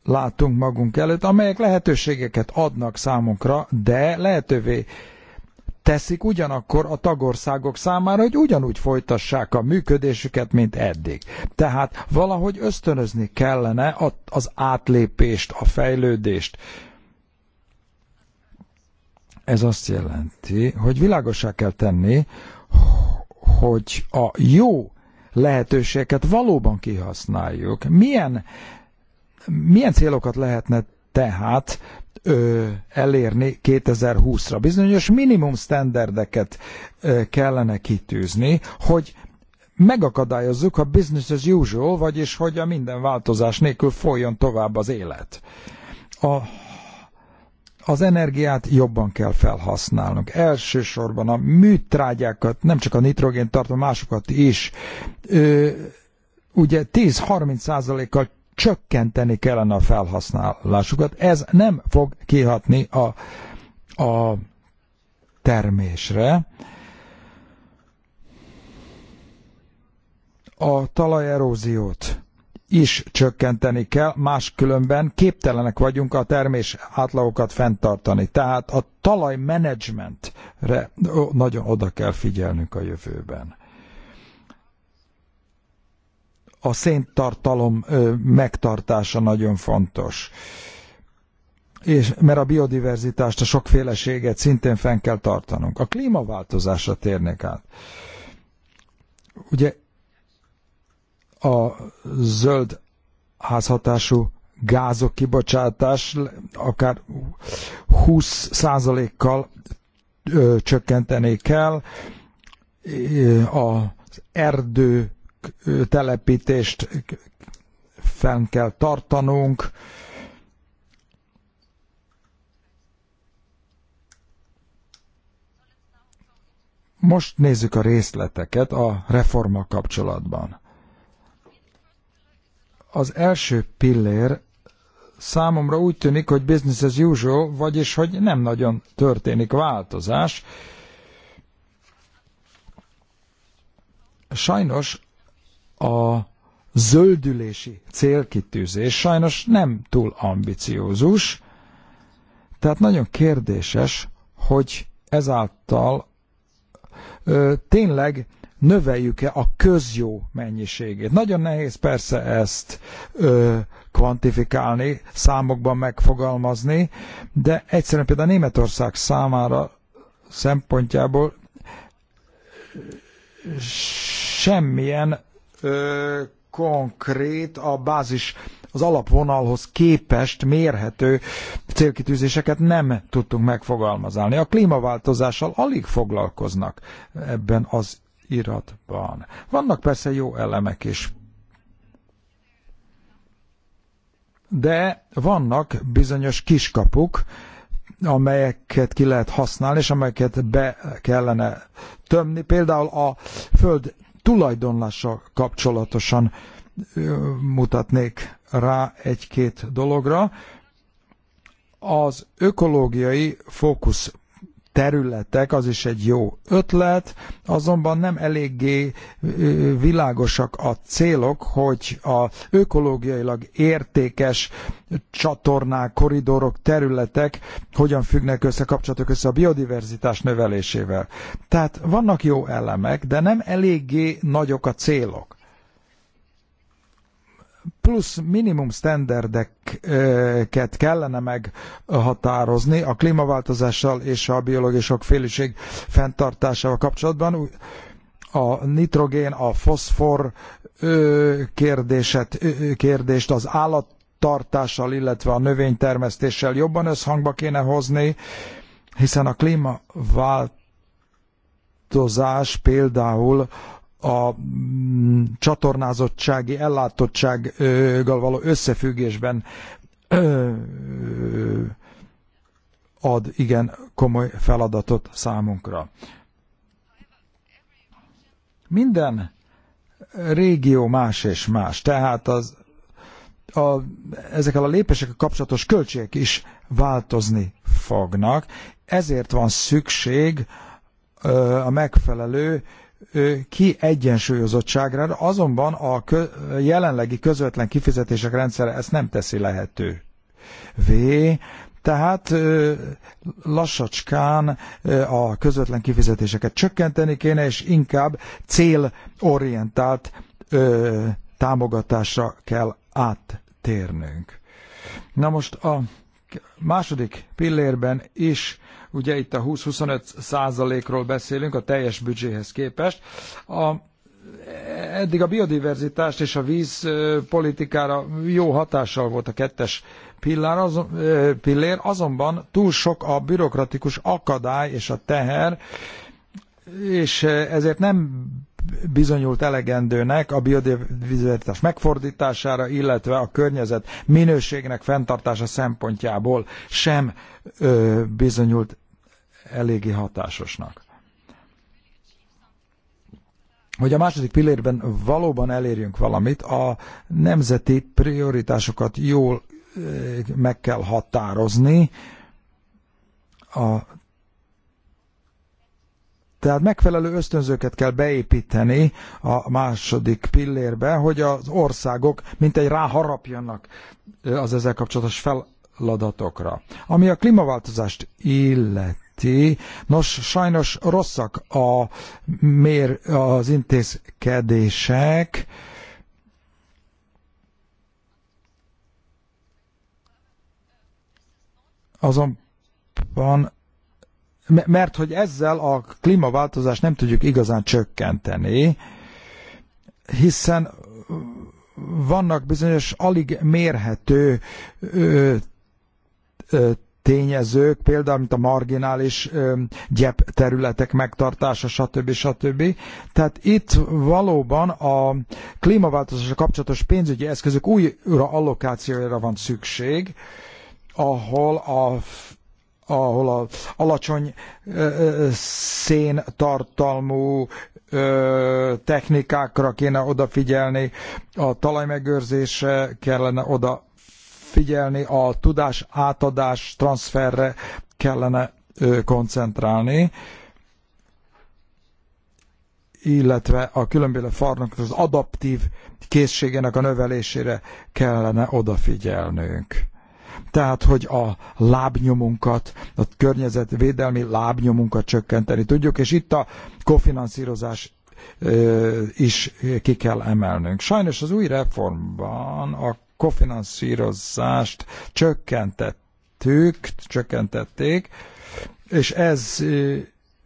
látunk magunk előtt, amelyek lehetőségeket adnak számunkra, de lehetővé teszik ugyanakkor a tagországok számára, hogy ugyanúgy folytassák a működésüket, mint eddig. Tehát valahogy ösztönözni kellene az átlépést, a fejlődést. Ez azt jelenti, hogy világosá kell tenni, hogy a jó lehetőségeket valóban kihasználjuk. Milyen, milyen célokat lehetne tehát ö, elérni 2020-ra? Bizonyos minimum standardeket ö, kellene kitűzni, hogy megakadályozzuk a business as usual, vagyis hogy a minden változás nélkül folyjon tovább az élet. A az energiát jobban kell felhasználnunk. Elsősorban a műtrágyákat, nem csak a nitrogén tartom, másokat is, ö, ugye 10-30%-kal csökkenteni kellene a felhasználásukat. Ez nem fog kihatni a, a termésre. A talajeróziót is csökkenteni kell, máskülönben képtelenek vagyunk a termés átlagokat fenntartani. Tehát a talajmenedzsmentre nagyon oda kell figyelnünk a jövőben. A széntartalom megtartása nagyon fontos. És, mert a biodiverzitást, a sokféleséget szintén fenn kell tartanunk. A klímaváltozásra térnek át. Ugye a zöld házhatású gázok kibocsátás akár 20%-kal csökkenteni kell. Az erdő telepítést fenn kell tartanunk. Most nézzük a részleteket a reforma kapcsolatban az első pillér számomra úgy tűnik, hogy business as usual, vagyis hogy nem nagyon történik változás. Sajnos a zöldülési célkitűzés sajnos nem túl ambiciózus, tehát nagyon kérdéses, hogy ezáltal ö, tényleg növeljük-e a közjó mennyiségét. Nagyon nehéz persze ezt ö, kvantifikálni, számokban megfogalmazni, de egyszerűen például Németország számára szempontjából semmilyen ö, konkrét a bázis az alapvonalhoz képest mérhető célkitűzéseket nem tudtunk megfogalmazni. A klímaváltozással alig foglalkoznak ebben az iratban. Vannak persze jó elemek is. De vannak bizonyos kiskapuk, amelyeket ki lehet használni, és amelyeket be kellene tömni. Például a föld tulajdonlása kapcsolatosan mutatnék rá egy-két dologra. Az ökológiai fókusz területek, az is egy jó ötlet, azonban nem eléggé világosak a célok, hogy a ökológiailag értékes csatornák, koridorok, területek hogyan függnek össze, kapcsolatok össze a biodiverzitás növelésével. Tehát vannak jó elemek, de nem eléggé nagyok a célok plusz minimum standardeket kellene meghatározni a klímaváltozással és a biológiai sokféliség fenntartásával kapcsolatban. A nitrogén, a foszfor kérdéset, kérdést az állattartással, illetve a növénytermesztéssel jobban összhangba kéne hozni, hiszen a klímaváltozás például a mm, csatornázottsági ellátottsággal való összefüggésben ad igen komoly feladatot számunkra. Minden régió más és más, tehát az, a, ezekkel a lépésekkel kapcsolatos költségek is változni fognak, ezért van szükség a megfelelő kiegyensúlyozottságra, azonban a jelenlegi közvetlen kifizetések rendszere ezt nem teszi lehető. V. Tehát lassacskán a közvetlen kifizetéseket csökkenteni kéne, és inkább célorientált támogatásra kell áttérnünk. Na most a második pillérben is ugye itt a 20-25 százalékról beszélünk a teljes büdzséhez képest. A, eddig a biodiverzitást és a vízpolitikára jó hatással volt a kettes pillár, azon, pillér, azonban túl sok a bürokratikus akadály és a teher, és ezért nem bizonyult elegendőnek a biodiverzitás megfordítására, illetve a környezet minőségnek fenntartása szempontjából sem ö, bizonyult eléggé hatásosnak. Hogy a második pillérben valóban elérjünk valamit, a nemzeti prioritásokat jól eh, meg kell határozni, a tehát megfelelő ösztönzőket kell beépíteni a második pillérbe, hogy az országok mintegy ráharapjanak eh, az ezzel kapcsolatos feladatokra. Ami a klímaváltozást illeti, illeti, nos, sajnos rosszak a mér az intézkedések, azonban mert hogy ezzel a klímaváltozást nem tudjuk igazán csökkenteni, hiszen vannak bizonyos alig mérhető ö, ö, tényezők, például, mint a marginális gyep területek megtartása, stb. stb. Tehát itt valóban a klímaváltozásra kapcsolatos pénzügyi eszközök újra allokációjára van szükség, ahol a ahol a alacsony szén tartalmú technikákra kéne odafigyelni, a talajmegőrzésre kellene oda figyelni, a tudás átadás transferre kellene koncentrálni, illetve a különböző farnak az adaptív készségének a növelésére kellene odafigyelnünk. Tehát, hogy a lábnyomunkat, a környezetvédelmi lábnyomunkat csökkenteni tudjuk, és itt a kofinanszírozás is ki kell emelnünk. Sajnos az új reformban a kofinanszírozást csökkentettük, csökkentették, és ez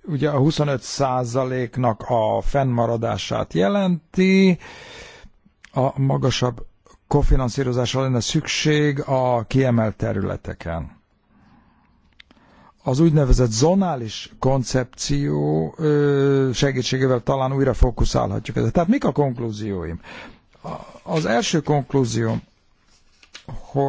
ugye a 25 százaléknak a fennmaradását jelenti, a magasabb kofinanszírozásra lenne szükség a kiemelt területeken. Az úgynevezett zonális koncepció segítségével talán újra fókuszálhatjuk ezt. Tehát mik a konklúzióim? Az első konklúzióm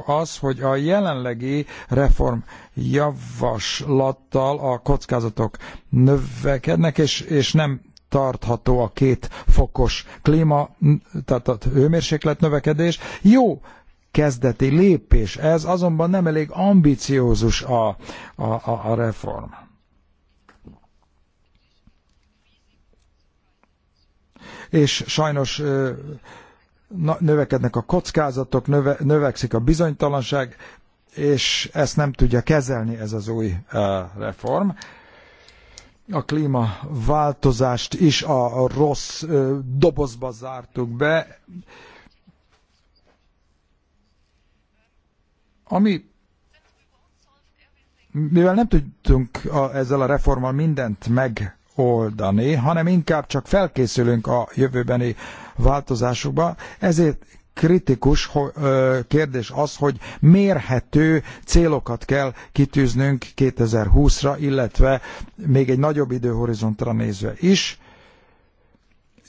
az, hogy a jelenlegi reform javaslattal a kockázatok növekednek, és, és nem tartható a két fokos klíma, tehát a hőmérséklet növekedés. Jó kezdeti lépés ez, azonban nem elég ambiciózus a, a, a, a reform. És sajnos növekednek a kockázatok, növe, növekszik a bizonytalanság, és ezt nem tudja kezelni ez az új eh, reform. A klímaváltozást is a rossz eh, dobozba zártuk be. Ami mivel nem tudtunk a, ezzel a reformmal mindent meg oldani, hanem inkább csak felkészülünk a jövőbeni változásokba. Ezért kritikus kérdés az, hogy mérhető célokat kell kitűznünk 2020-ra, illetve még egy nagyobb időhorizontra nézve is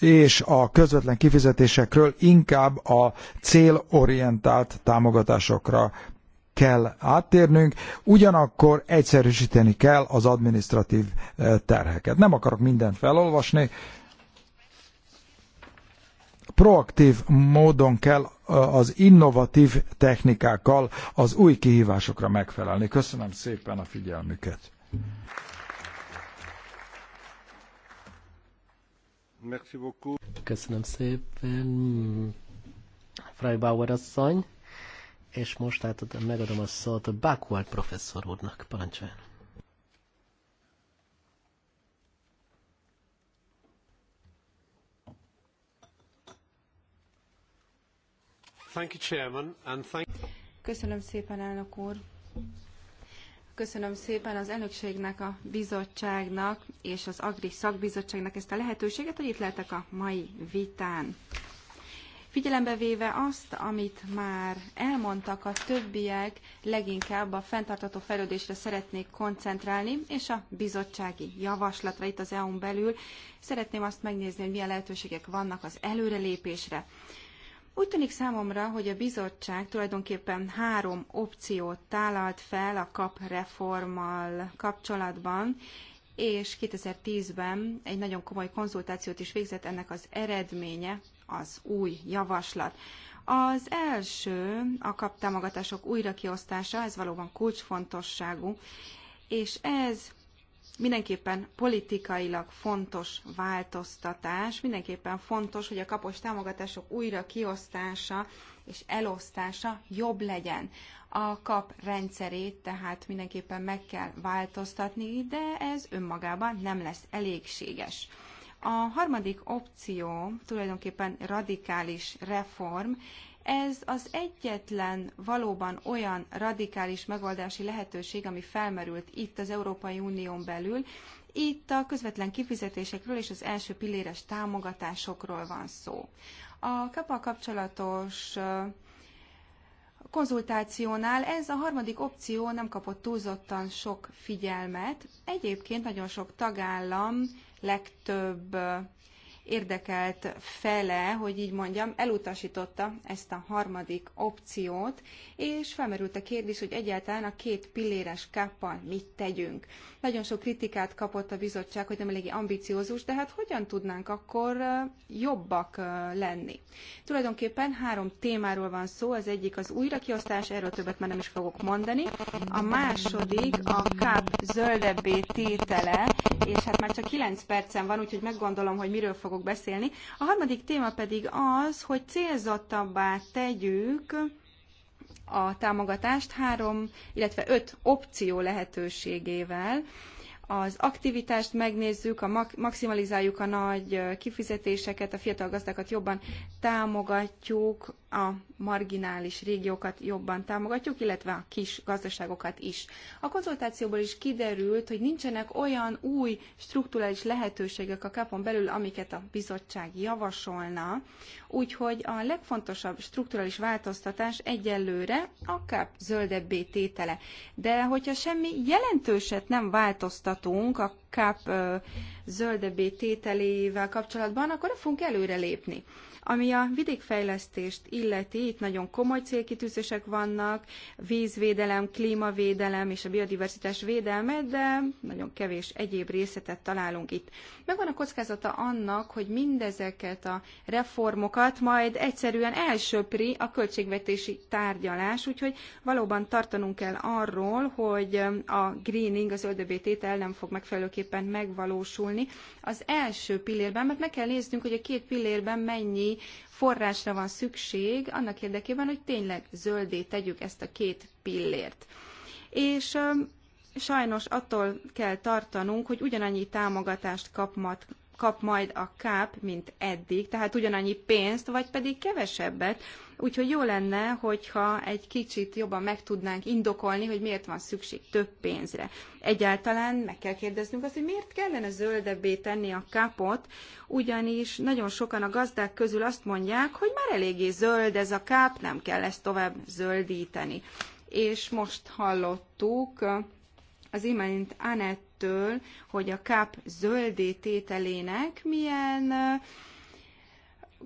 és a közvetlen kifizetésekről inkább a célorientált támogatásokra kell áttérnünk, ugyanakkor egyszerűsíteni kell az administratív eh, terheket. Nem akarok mindent felolvasni, proaktív módon kell eh, az innovatív technikákkal az új kihívásokra megfelelni. Köszönöm szépen a figyelmüket. Köszönöm szépen. Freibauer asszony és most átadom, megadom a szót a Bakual professzor úrnak. Parancsoljon! Köszönöm szépen, elnök úr! Köszönöm szépen az elnökségnek, a bizottságnak és az Agri szakbizottságnak ezt a lehetőséget, hogy itt lehetek a mai vitán. Figyelembe véve azt, amit már elmondtak a többiek, leginkább a fenntartató fejlődésre szeretnék koncentrálni, és a bizottsági javaslatra itt az EU-n belül szeretném azt megnézni, hogy milyen lehetőségek vannak az előrelépésre. Úgy tűnik számomra, hogy a bizottság tulajdonképpen három opciót tálalt fel a kap reformmal kapcsolatban, és 2010-ben egy nagyon komoly konzultációt is végzett ennek az eredménye az új javaslat. Az első a kaptámogatások újrakiosztása, ez valóban kulcsfontosságú, és ez mindenképpen politikailag fontos változtatás, mindenképpen fontos, hogy a kapos támogatások újra kiosztása és elosztása jobb legyen. A kap rendszerét tehát mindenképpen meg kell változtatni, de ez önmagában nem lesz elégséges. A harmadik opció tulajdonképpen radikális reform, ez az egyetlen valóban olyan radikális megoldási lehetőség, ami felmerült itt az Európai Unión belül. Itt a közvetlen kifizetésekről és az első pilléres támogatásokról van szó. A kapa kapcsolatos konzultációnál ez a harmadik opció nem kapott túlzottan sok figyelmet. Egyébként nagyon sok tagállam legtöbb érdekelt fele, hogy így mondjam, elutasította ezt a harmadik opciót, és felmerült a kérdés, hogy egyáltalán a két pilléres káppal mit tegyünk. Nagyon sok kritikát kapott a bizottság, hogy nem eléggé ambiciózus, de hát hogyan tudnánk akkor jobbak lenni? Tulajdonképpen három témáról van szó, az egyik az újrakiosztás, erről többet már nem is fogok mondani, a második a káp zöldebbé tétele, és hát már csak 9 percen van, úgyhogy meggondolom, hogy miről fogok fogok beszélni. A harmadik téma pedig az, hogy célzottabbá tegyük a támogatást három, illetve öt opció lehetőségével az aktivitást megnézzük, a maximalizáljuk a nagy kifizetéseket, a fiatal gazdákat jobban támogatjuk, a marginális régiókat jobban támogatjuk, illetve a kis gazdaságokat is. A konzultációból is kiderült, hogy nincsenek olyan új strukturális lehetőségek a kapon belül, amiket a bizottság javasolna, úgyhogy a legfontosabb strukturális változtatás egyelőre a kap zöldebbé tétele. De hogyha semmi jelentőset nem változtat, javaslatunk a KAP zöldebbé tételével kapcsolatban, akkor fogunk előrelépni. Ami a vidékfejlesztést illeti, itt nagyon komoly célkitűzések vannak, vízvédelem, klímavédelem és a biodiverzitás védelme, de nagyon kevés egyéb részletet találunk itt. Megvan a kockázata annak, hogy mindezeket a reformokat majd egyszerűen elsöpri a költségvetési tárgyalás, úgyhogy valóban tartanunk kell arról, hogy a greening, az öldöbététel nem fog megfelelőképpen megvalósulni az első pillérben, mert meg kell néznünk, hogy a két pillérben mennyi forrásra van szükség annak érdekében, hogy tényleg zöldé tegyük ezt a két pillért. És sajnos attól kell tartanunk, hogy ugyanannyi támogatást kap kap majd a káp, mint eddig, tehát ugyanannyi pénzt, vagy pedig kevesebbet. Úgyhogy jó lenne, hogyha egy kicsit jobban meg tudnánk indokolni, hogy miért van szükség több pénzre. Egyáltalán meg kell kérdeznünk azt, hogy miért kellene zöldebbé tenni a kápot, ugyanis nagyon sokan a gazdák közül azt mondják, hogy már eléggé zöld ez a káp, nem kell ezt tovább zöldíteni. És most hallottuk, az imént Anettől, hogy a káp zöldé tételének milyen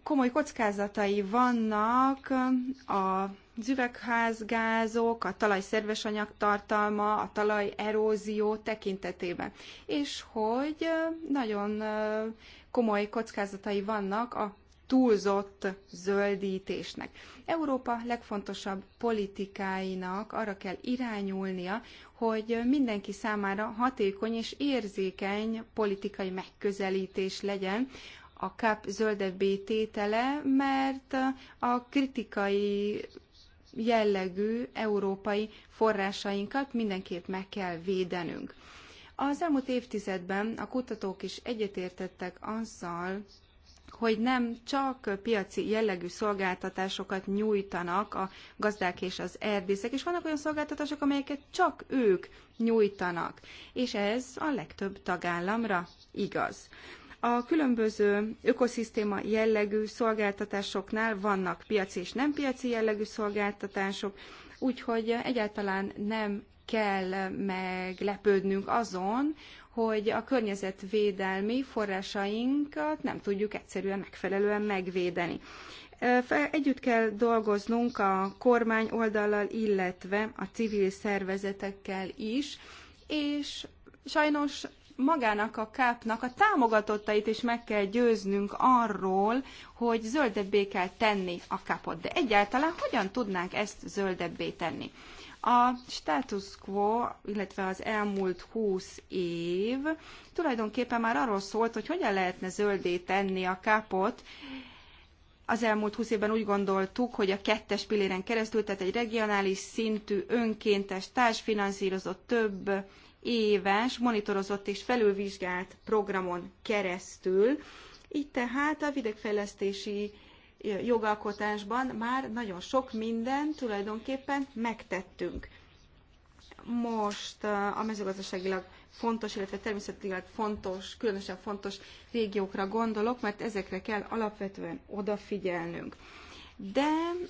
komoly kockázatai vannak a az üvegházgázok, a talaj szerves anyagtartalma, a talaj erózió tekintetében, és hogy nagyon komoly kockázatai vannak a túlzott zöldítésnek. Európa legfontosabb politikáinak arra kell irányulnia, hogy mindenki számára hatékony és érzékeny politikai megközelítés legyen a KAP zöldebbé tétele, mert a kritikai jellegű európai forrásainkat mindenképp meg kell védenünk. Az elmúlt évtizedben a kutatók is egyetértettek azzal, hogy nem csak piaci jellegű szolgáltatásokat nyújtanak a gazdák és az erdészek, és vannak olyan szolgáltatások, amelyeket csak ők nyújtanak, és ez a legtöbb tagállamra igaz. A különböző ökoszisztéma jellegű szolgáltatásoknál vannak piaci és nem piaci jellegű szolgáltatások, úgyhogy egyáltalán nem kell meglepődnünk azon, hogy a környezetvédelmi forrásainkat nem tudjuk egyszerűen megfelelően megvédeni. Együtt kell dolgoznunk a kormány oldallal, illetve a civil szervezetekkel is, és sajnos magának a kápnak a támogatottait is meg kell győznünk arról, hogy zöldebbé kell tenni a kápot. De egyáltalán hogyan tudnánk ezt zöldebbé tenni? A status quo, illetve az elmúlt 20 év tulajdonképpen már arról szólt, hogy hogyan lehetne zöldé tenni a kápot, az elmúlt húsz évben úgy gondoltuk, hogy a kettes pilléren keresztül, tehát egy regionális szintű, önkéntes, társfinanszírozott, több éves, monitorozott és felülvizsgált programon keresztül. Így tehát a vidékfejlesztési jogalkotásban már nagyon sok minden tulajdonképpen megtettünk. Most a mezőgazdaságilag fontos, illetve természetileg fontos, különösen fontos régiókra gondolok, mert ezekre kell alapvetően odafigyelnünk. De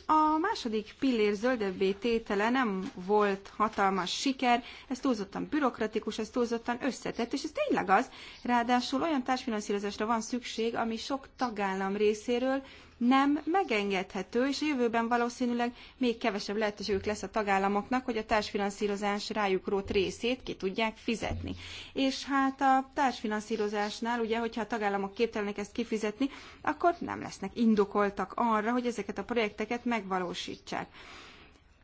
a második pillér zöldebbé tétele nem volt hatalmas siker, ez túlzottan bürokratikus, ez túlzottan összetett, és ez tényleg az. Ráadásul olyan társfinanszírozásra van szükség, ami sok tagállam részéről nem megengedhető, és a jövőben valószínűleg még kevesebb lehetőségük lesz a tagállamoknak, hogy a társfinanszírozás rájuk rót részét ki tudják fizetni. És hát a társfinanszírozásnál, ugye, hogyha a tagállamok képtelenek ezt kifizetni, akkor nem lesznek indokoltak arra, hogy ezeket a projekteket megvalósítsák.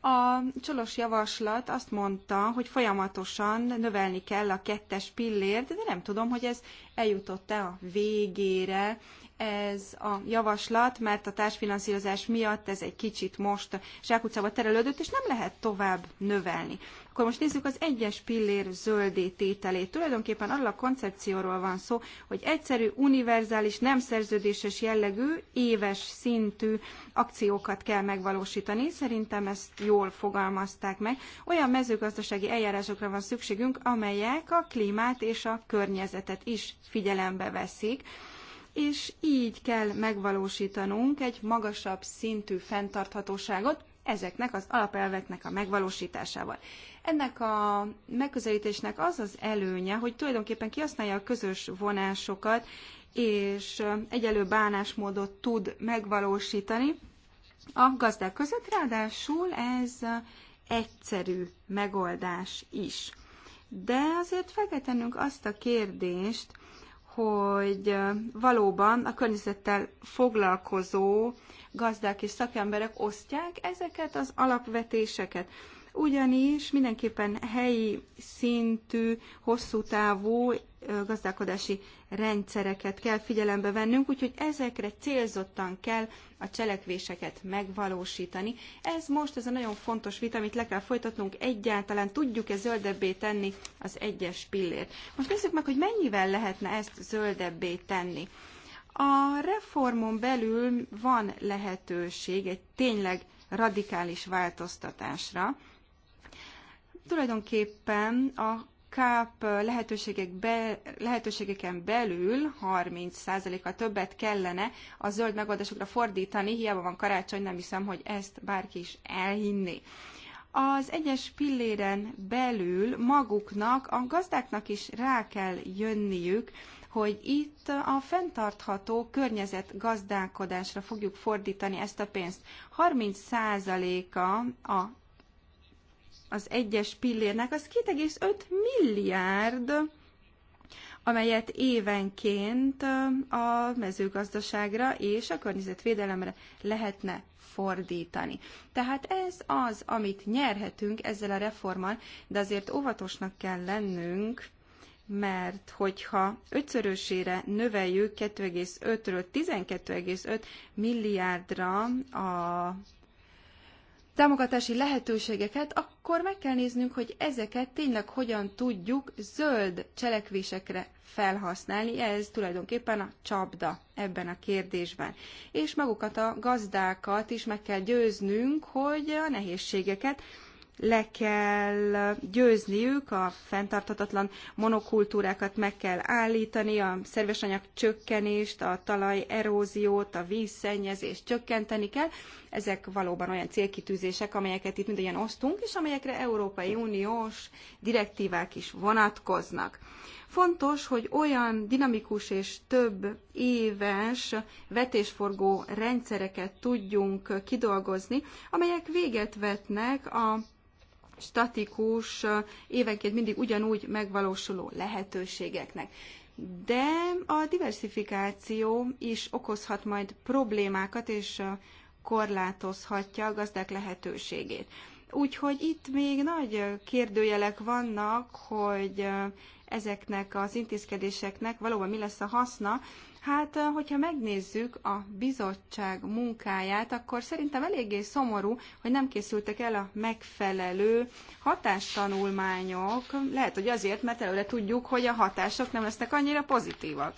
A csolos javaslat azt mondta, hogy folyamatosan növelni kell a kettes pillért, de nem tudom, hogy ez eljutott-e a végére, ez a javaslat, mert a társfinanszírozás miatt ez egy kicsit most zsákutcába terelődött, és nem lehet tovább növelni. Akkor most nézzük az egyes pillér zöldé tételét. Tulajdonképpen arról a koncepcióról van szó, hogy egyszerű, univerzális, nem szerződéses jellegű, éves szintű akciókat kell megvalósítani. Szerintem ezt jól fogalmazták meg. Olyan mezőgazdasági eljárásokra van szükségünk, amelyek a klímát és a környezetet is figyelembe veszik és így kell megvalósítanunk egy magasabb szintű fenntarthatóságot ezeknek az alapelveknek a megvalósításával. Ennek a megközelítésnek az az előnye, hogy tulajdonképpen kihasználja a közös vonásokat, és egyelő bánásmódot tud megvalósítani a gazdák között, ráadásul ez egyszerű megoldás is. De azért fel kell tennünk azt a kérdést, hogy valóban a környezettel foglalkozó gazdák és szakemberek osztják ezeket az alapvetéseket ugyanis mindenképpen helyi szintű, hosszú távú gazdálkodási rendszereket kell figyelembe vennünk, úgyhogy ezekre célzottan kell a cselekvéseket megvalósítani. Ez most ez a nagyon fontos vita, amit le kell folytatnunk, egyáltalán tudjuk-e zöldebbé tenni az egyes pillért. Most nézzük meg, hogy mennyivel lehetne ezt zöldebbé tenni. A reformon belül van lehetőség egy tényleg radikális változtatásra, Tulajdonképpen a KÁP lehetőségek be, lehetőségeken belül 30%-a többet kellene a zöld megoldásokra fordítani, hiába van karácsony, nem hiszem, hogy ezt bárki is elhinni. Az egyes pilléren belül maguknak, a gazdáknak is rá kell jönniük, hogy itt a fenntartható környezet gazdálkodásra fogjuk fordítani ezt a pénzt. 30%-a a az egyes pillérnek az 2,5 milliárd, amelyet évenként a mezőgazdaságra és a környezetvédelemre lehetne fordítani. Tehát ez az, amit nyerhetünk ezzel a reformmal, de azért óvatosnak kell lennünk, mert hogyha ötszörösére növeljük 2,5-ről 12,5 milliárdra a támogatási lehetőségeket, akkor meg kell néznünk, hogy ezeket tényleg hogyan tudjuk zöld cselekvésekre felhasználni. Ez tulajdonképpen a csapda ebben a kérdésben. És magukat a gazdákat is meg kell győznünk, hogy a nehézségeket le kell győzniük, a fenntarthatatlan monokultúrákat meg kell állítani, a szerves anyag csökkenést, a talaj eróziót, a vízszennyezést csökkenteni kell, ezek valóban olyan célkitűzések, amelyeket itt mindannyian osztunk, és amelyekre Európai Uniós direktívák is vonatkoznak. Fontos, hogy olyan dinamikus és több éves vetésforgó rendszereket tudjunk kidolgozni, amelyek véget vetnek a statikus, évenként mindig ugyanúgy megvalósuló lehetőségeknek. De a diversifikáció is okozhat majd problémákat, és korlátozhatja a gazdák lehetőségét. Úgyhogy itt még nagy kérdőjelek vannak, hogy ezeknek az intézkedéseknek valóban mi lesz a haszna. Hát, hogyha megnézzük a bizottság munkáját, akkor szerintem eléggé szomorú, hogy nem készültek el a megfelelő hatástanulmányok. Lehet, hogy azért, mert előre tudjuk, hogy a hatások nem lesznek annyira pozitívak.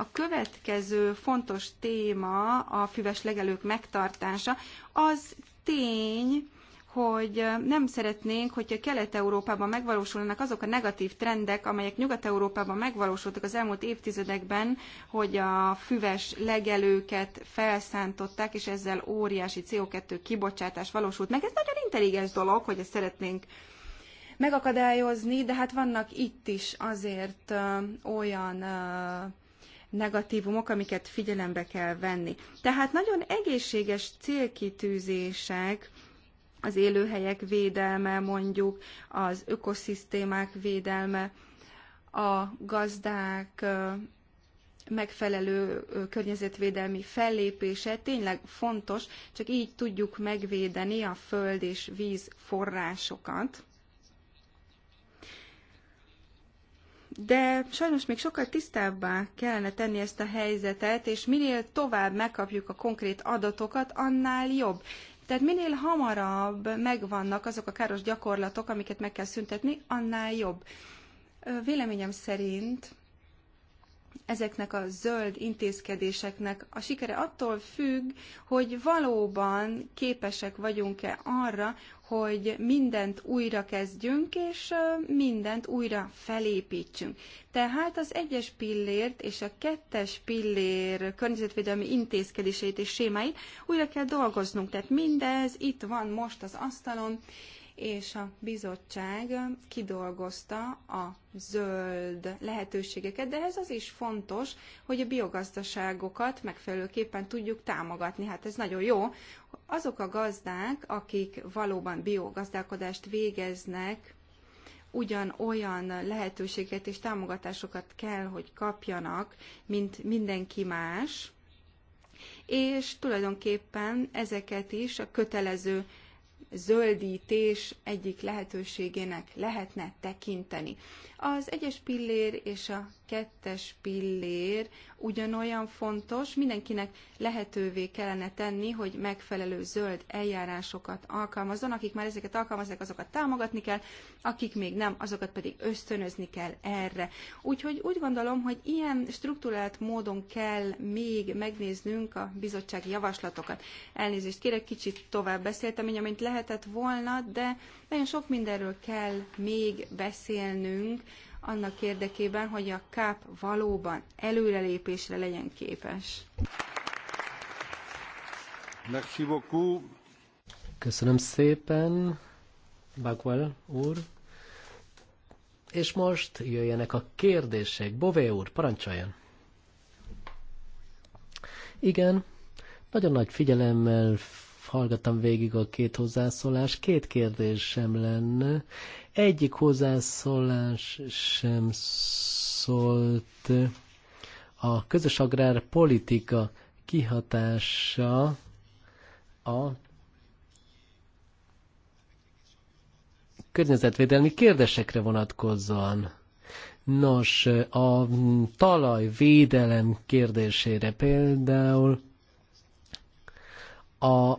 A következő fontos téma a füves legelők megtartása. Az tény, hogy nem szeretnénk, hogyha Kelet-Európában megvalósulnak azok a negatív trendek, amelyek Nyugat-Európában megvalósultak az elmúlt évtizedekben, hogy a füves legelőket felszántották, és ezzel óriási CO2 kibocsátás valósult meg. Ez nagyon intelligens dolog, hogy ezt szeretnénk megakadályozni, de hát vannak itt is azért olyan negatívumok, amiket figyelembe kell venni. Tehát nagyon egészséges célkitűzések, az élőhelyek védelme mondjuk, az ökoszisztémák védelme, a gazdák megfelelő környezetvédelmi fellépése tényleg fontos, csak így tudjuk megvédeni a föld és víz forrásokat. de sajnos még sokkal tisztábbá kellene tenni ezt a helyzetet, és minél tovább megkapjuk a konkrét adatokat, annál jobb. Tehát minél hamarabb megvannak azok a káros gyakorlatok, amiket meg kell szüntetni, annál jobb. Véleményem szerint ezeknek a zöld intézkedéseknek a sikere attól függ, hogy valóban képesek vagyunk-e arra, hogy mindent újra kezdjünk, és mindent újra felépítsünk. Tehát az egyes pillért és a kettes pillér környezetvédelmi intézkedéseit és sémáit újra kell dolgoznunk. Tehát mindez itt van most az asztalon, és a bizottság kidolgozta a zöld lehetőségeket, de ez az is fontos, hogy a biogazdaságokat megfelelőképpen tudjuk támogatni. Hát ez nagyon jó. Azok a gazdák, akik valóban biogazdálkodást végeznek, ugyan olyan lehetőséget és támogatásokat kell, hogy kapjanak, mint mindenki más, és tulajdonképpen ezeket is a kötelező zöldítés egyik lehetőségének lehetne tekinteni. Az egyes pillér és a kettes pillér ugyanolyan fontos, mindenkinek lehetővé kellene tenni, hogy megfelelő zöld eljárásokat alkalmazzon, akik már ezeket alkalmazzák, azokat támogatni kell, akik még nem, azokat pedig ösztönözni kell erre. Úgyhogy úgy gondolom, hogy ilyen struktúrált módon kell még megnéznünk a bizottsági javaslatokat. Elnézést kérek, kicsit tovább beszéltem, mint amint lehetett volna, de nagyon sok mindenről kell még beszélnünk annak érdekében, hogy a KÁP valóban előrelépésre legyen képes. Merci beaucoup. Köszönöm szépen, Bagwell úr. És most jöjjenek a kérdések. Bové úr, parancsoljon! Igen, nagyon nagy figyelemmel hallgattam végig a két hozzászólás, két kérdés sem lenne. Egyik hozzászólás sem szólt a közös agrárpolitika kihatása a környezetvédelmi kérdésekre vonatkozóan. Nos, a talajvédelem kérdésére például a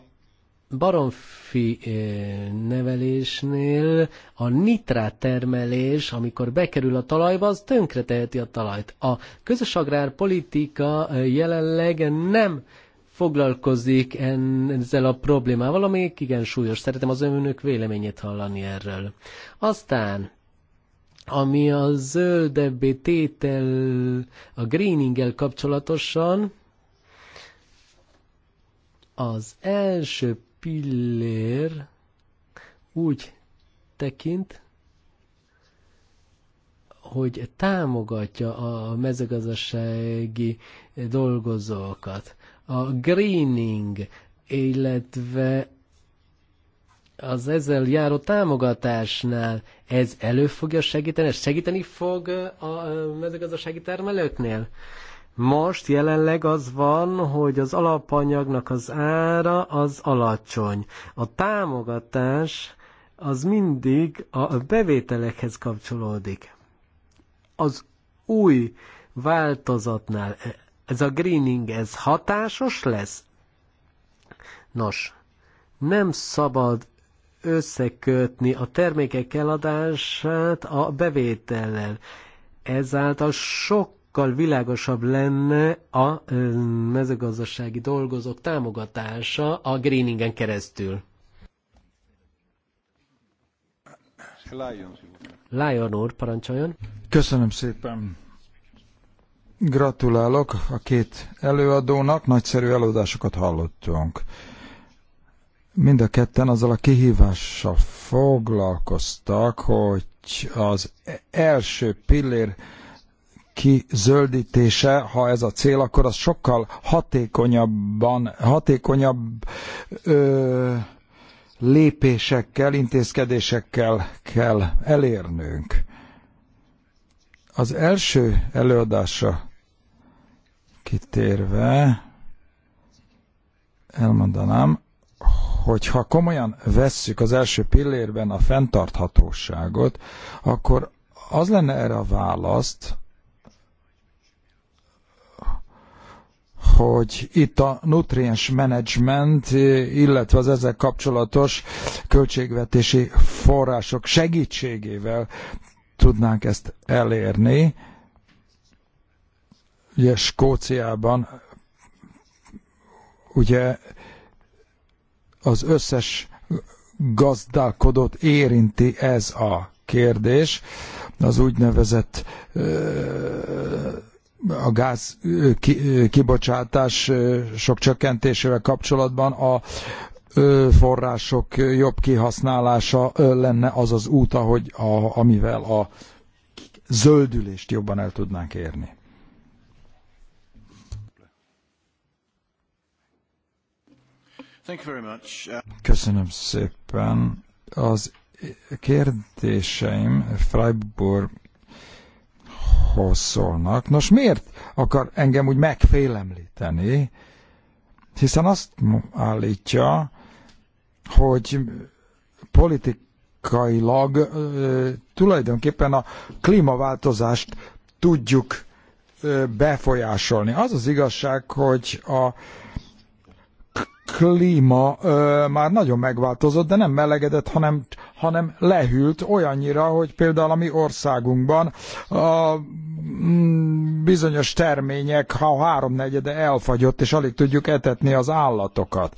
baromfi eh, nevelésnél a nitrát termelés, amikor bekerül a talajba, az teheti a talajt. A közös agrárpolitika eh, jelenleg nem foglalkozik ezzel a problémával, ami igen súlyos. Szeretem az önök véleményét hallani erről. Aztán ami a zöldebbé tétel, a greeninggel kapcsolatosan, az első pillér úgy tekint, hogy támogatja a mezőgazdasági dolgozókat. A greening, illetve az ezzel járó támogatásnál ez elő fogja segíteni, ez segíteni fog a mezőgazdasági termelőknél? Most jelenleg az van, hogy az alapanyagnak az ára az alacsony. A támogatás az mindig a bevételekhez kapcsolódik. Az új változatnál e, ez a greening, ez hatásos lesz? Nos, nem szabad összekötni a termékek eladását a bevétellel. Ezáltal sok sokkal világosabb lenne a mezőgazdasági dolgozók támogatása a greeningen keresztül. Lájon úr, parancsoljon. Köszönöm szépen. Gratulálok a két előadónak, nagyszerű előadásokat hallottunk. Mind a ketten azzal a kihívással foglalkoztak, hogy az e- első pillér kizöldítése, ha ez a cél, akkor az sokkal hatékonyabban, hatékonyabb ö, lépésekkel, intézkedésekkel kell elérnünk. Az első előadásra kitérve elmondanám, hogy ha komolyan vesszük az első pillérben a fenntarthatóságot, akkor az lenne erre a választ, hogy itt a nutriens menedzsment, illetve az ezzel kapcsolatos költségvetési források segítségével tudnánk ezt elérni. Ugye Skóciában ugye az összes gazdálkodót érinti ez a kérdés, az úgynevezett ö, a gáz kibocsátás sok csökkentésével kapcsolatban a források jobb kihasználása lenne az az út, ahogy a, amivel a zöldülést jobban el tudnánk érni. Köszönöm szépen. Az kérdéseim Freiburg Irákhoz szólnak. Nos, miért akar engem úgy megfélemlíteni? Hiszen azt állítja, hogy politikailag tulajdonképpen a klímaváltozást tudjuk befolyásolni. Az az igazság, hogy a klíma ö, már nagyon megváltozott, de nem melegedett, hanem, hanem lehűlt olyannyira, hogy például a mi országunkban a mm, bizonyos termények ha háromnegyede elfagyott, és alig tudjuk etetni az állatokat.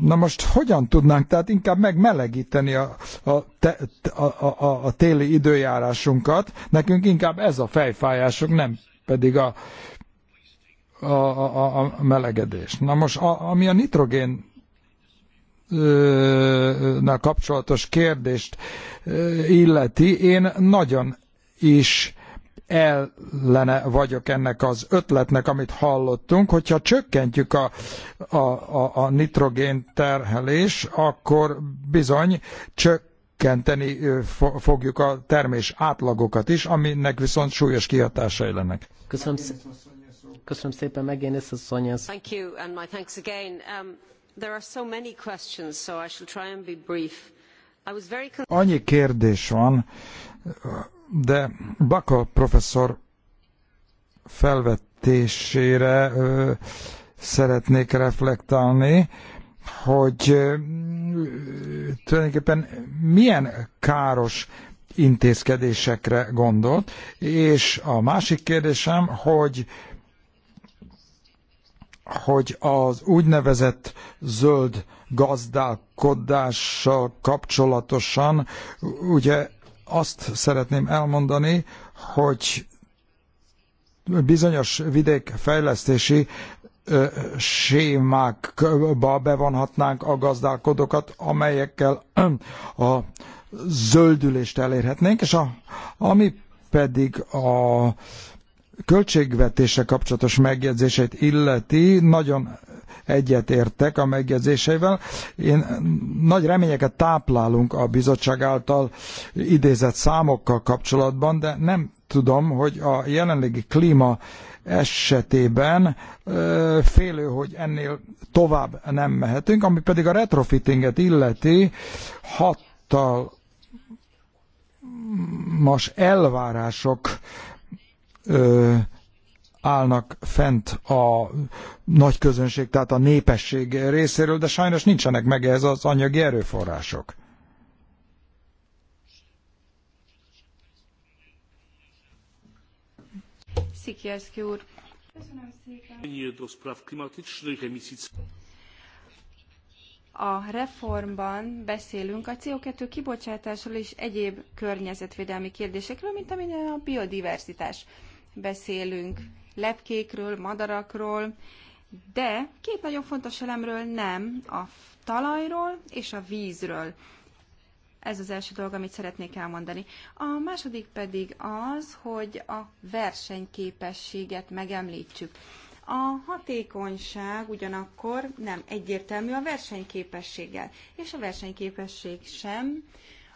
Na most hogyan tudnánk tehát inkább megmelegíteni a, a, te, a, a, a téli időjárásunkat? Nekünk inkább ez a fejfájásunk, nem pedig a a, a, a melegedés. Na most, a, ami a nitrogén nál kapcsolatos kérdést illeti, én nagyon is ellene vagyok ennek az ötletnek, amit hallottunk, hogyha csökkentjük a, a, a, a nitrogén terhelés, akkor bizony csökkenteni fogjuk a termés átlagokat is, aminek viszont súlyos kihatásai lennek. Köszönöm szépen. Köszönöm szépen megint, a Thank you and my thanks again. Um, there are so many questions, so I shall try and be brief. I was very Annyi kérdés van, de Baka professzor felvetésére ö, szeretnék reflektálni, hogy ö, tulajdonképpen milyen káros intézkedésekre gondolt, és a másik kérdésem, hogy hogy az úgynevezett zöld gazdálkodással kapcsolatosan ugye azt szeretném elmondani, hogy bizonyos vidékfejlesztési sémákba bevonhatnánk a gazdálkodókat, amelyekkel a zöldülést elérhetnénk, és a, ami pedig a költségvetése kapcsolatos megjegyzéseit illeti, nagyon egyetértek a megjegyzéseivel. Én nagy reményeket táplálunk a bizottság által idézett számokkal kapcsolatban, de nem tudom, hogy a jelenlegi klíma esetében félő, hogy ennél tovább nem mehetünk, ami pedig a retrofittinget illeti, hattal elvárások ö, állnak fent a nagy közönség, tehát a népesség részéről, de sajnos nincsenek meg ez az anyagi erőforrások. Szikierszki úr. Köszönöm szépen. A reformban beszélünk a CO2 kibocsátásról és egyéb környezetvédelmi kérdésekről, mint amilyen a biodiverzitás beszélünk lepkékről, madarakról, de két nagyon fontos elemről nem, a talajról és a vízről. Ez az első dolog, amit szeretnék elmondani. A második pedig az, hogy a versenyképességet megemlítsük. A hatékonyság ugyanakkor nem egyértelmű a versenyképességgel, és a versenyképesség sem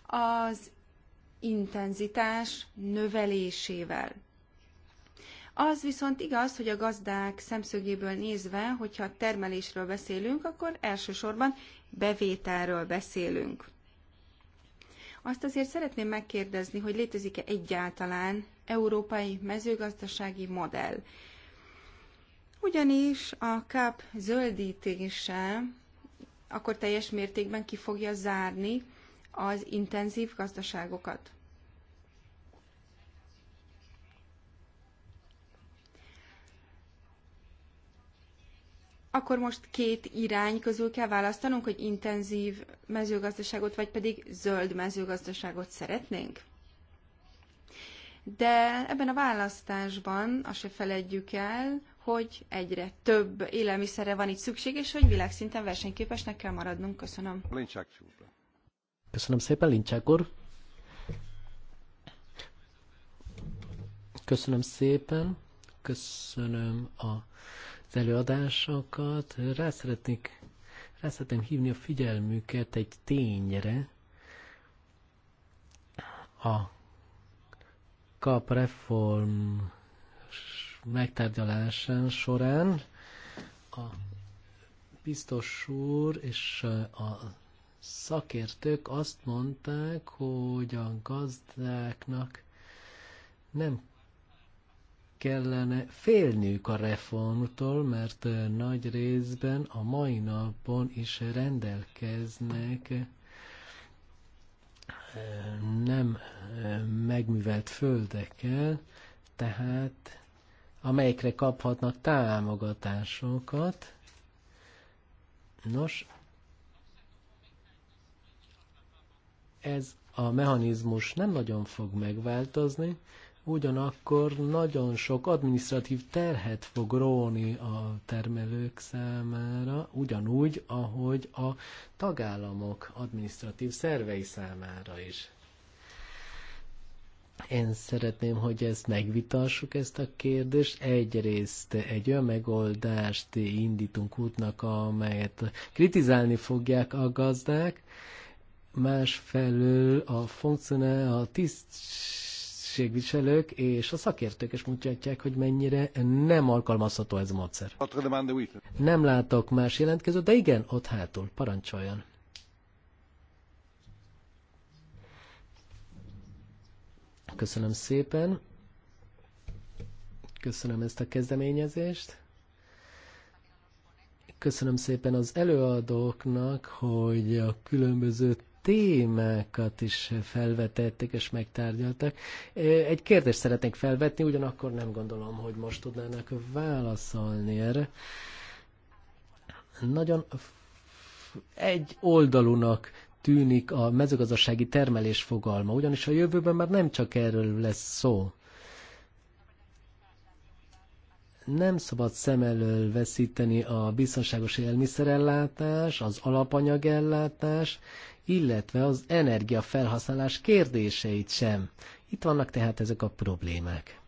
az intenzitás növelésével. Az viszont igaz, hogy a gazdák szemszögéből nézve, hogyha termelésről beszélünk, akkor elsősorban bevételről beszélünk. Azt azért szeretném megkérdezni, hogy létezik-e egyáltalán európai mezőgazdasági modell. Ugyanis a káp zöldítése akkor teljes mértékben ki fogja zárni az intenzív gazdaságokat. akkor most két irány közül kell választanunk, hogy intenzív mezőgazdaságot, vagy pedig zöld mezőgazdaságot szeretnénk? De ebben a választásban azt se feledjük el, hogy egyre több élelmiszerre van itt szükség, és hogy világszinten versenyképesnek kell maradnunk. Köszönöm. Köszönöm szépen, Lincsák úr. Köszönöm szépen. Köszönöm a előadásokat. Rá szeretnék rá szeretném hívni a figyelmüket egy tényre. A kapreform megtárgyalásán során a biztos úr és a szakértők azt mondták, hogy a gazdáknak nem kellene félniük a reformtól, mert nagy részben a mai napon is rendelkeznek nem megművelt földekkel, tehát amelyekre kaphatnak támogatásokat. Nos, ez a mechanizmus nem nagyon fog megváltozni, ugyanakkor nagyon sok administratív terhet fog róni a termelők számára, ugyanúgy, ahogy a tagállamok administratív szervei számára is. Én szeretném, hogy ezt megvitassuk, ezt a kérdést. Egyrészt egy olyan megoldást indítunk útnak, amelyet kritizálni fogják a gazdák, másfelől a funkcionál, a tisztség, tisztségviselők és a szakértők is mutatják, hogy mennyire nem alkalmazható ez a módszer. Nem látok más jelentkezőt, de igen, ott hátul, parancsoljon. Köszönöm szépen. Köszönöm ezt a kezdeményezést. Köszönöm szépen az előadóknak, hogy a különböző témákat is felvetették és megtárgyaltak. Egy kérdést szeretnék felvetni, ugyanakkor nem gondolom, hogy most tudnának válaszolni erre. Nagyon egy oldalúnak tűnik a mezőgazdasági termelés fogalma, ugyanis a jövőben már nem csak erről lesz szó. Nem szabad szem elől veszíteni a biztonságos élmiszerellátás, az alapanyagellátás illetve az energiafelhasználás kérdéseit sem. Itt vannak tehát ezek a problémák.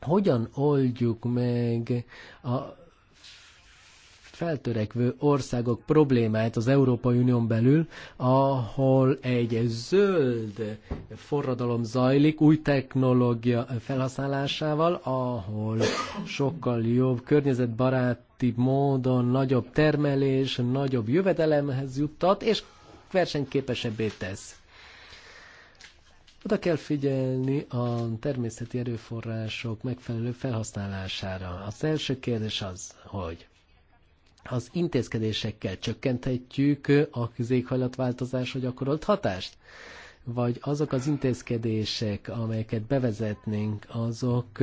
Hogyan oldjuk meg a feltörekvő országok problémáját az Európai Unión belül, ahol egy zöld forradalom zajlik új technológia felhasználásával, ahol sokkal jobb környezetbarát módon nagyobb termelés, nagyobb jövedelemhez juttat, és versenyképesebbé tesz. Oda kell figyelni a természeti erőforrások megfelelő felhasználására. Az első kérdés az, hogy az intézkedésekkel csökkenthetjük a éghajlatváltozásra gyakorolt hatást? Vagy azok az intézkedések, amelyeket bevezetnénk, azok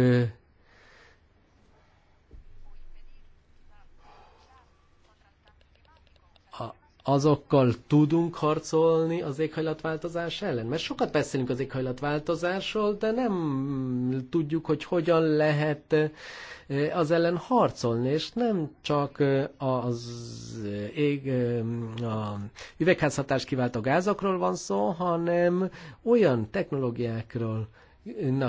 azokkal tudunk harcolni az éghajlatváltozás ellen? Mert sokat beszélünk az éghajlatváltozásról, de nem tudjuk, hogy hogyan lehet az ellen harcolni, és nem csak az ég, a üvegházhatás kiváltó gázokról van szó, hanem olyan technológiákról,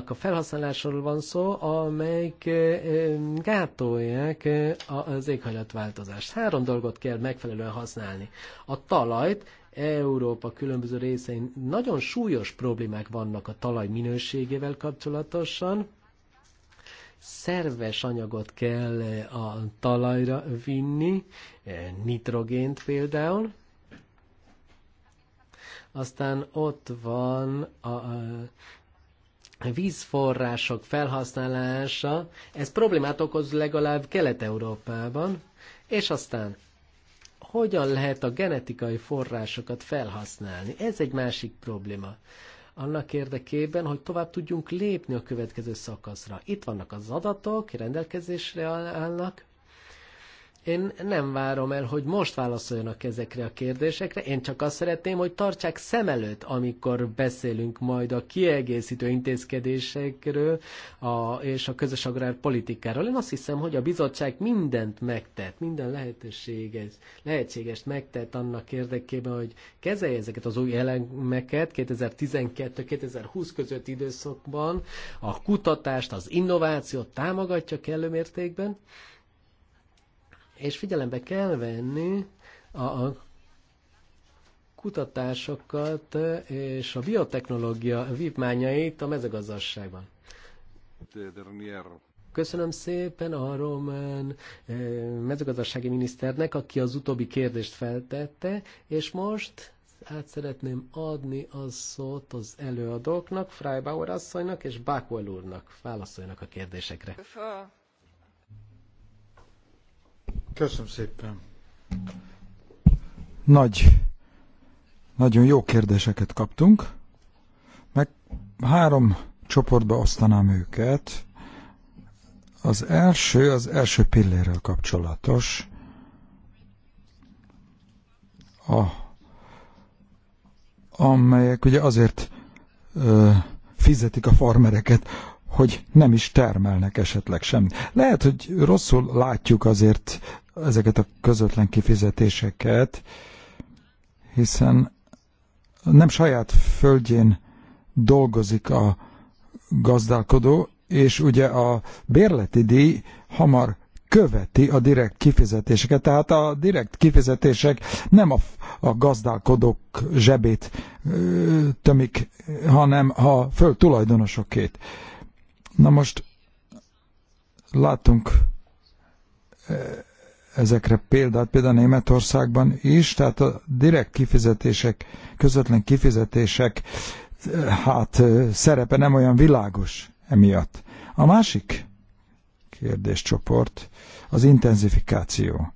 a felhasználásról van szó, amelyik eh, eh, gátolják eh, az éghajlatváltozást. Három dolgot kell megfelelően használni. A talajt, Európa különböző részein nagyon súlyos problémák vannak a talaj minőségével kapcsolatosan. Szerves anyagot kell a talajra vinni, nitrogént például. Aztán ott van a, a vízforrások felhasználása, ez problémát okoz legalább Kelet-Európában, és aztán hogyan lehet a genetikai forrásokat felhasználni? Ez egy másik probléma. Annak érdekében, hogy tovább tudjunk lépni a következő szakaszra. Itt vannak az adatok, rendelkezésre állnak, én nem várom el, hogy most válaszoljanak ezekre a kérdésekre, én csak azt szeretném, hogy tartsák szem előtt, amikor beszélünk majd a kiegészítő intézkedésekről a, és a közös agrárpolitikáról. Én azt hiszem, hogy a bizottság mindent megtett, minden lehetőséges, lehetséges megtett annak érdekében, hogy kezelje ezeket az új elemeket 2012-2020 között időszakban, a kutatást, az innovációt támogatja kellő mértékben, és figyelembe kell venni a, a kutatásokat és a biotechnológia vívmányait a mezőgazdaságban. Köszönöm szépen a román eh, mezőgazdasági miniszternek, aki az utóbbi kérdést feltette, és most át szeretném adni a szót az előadóknak, Freibauer asszonynak és Bakwell úrnak. Válaszoljanak a kérdésekre. Köszönöm szépen. Nagy, nagyon jó kérdéseket kaptunk. Meg három csoportba osztanám őket. Az első, az első pillérrel kapcsolatos. A, amelyek ugye azért ö, fizetik a farmereket, hogy nem is termelnek esetleg semmit. Lehet, hogy rosszul látjuk azért ezeket a közvetlen kifizetéseket, hiszen nem saját földjén dolgozik a gazdálkodó, és ugye a bérleti díj hamar követi a direkt kifizetéseket. Tehát a direkt kifizetések nem a, a gazdálkodók zsebét ö, tömik, hanem a föld tulajdonosokét. Na most látunk ezekre példát, például Németországban is, tehát a direkt kifizetések, közvetlen kifizetések hát szerepe nem olyan világos emiatt. A másik kérdéscsoport az intenzifikáció.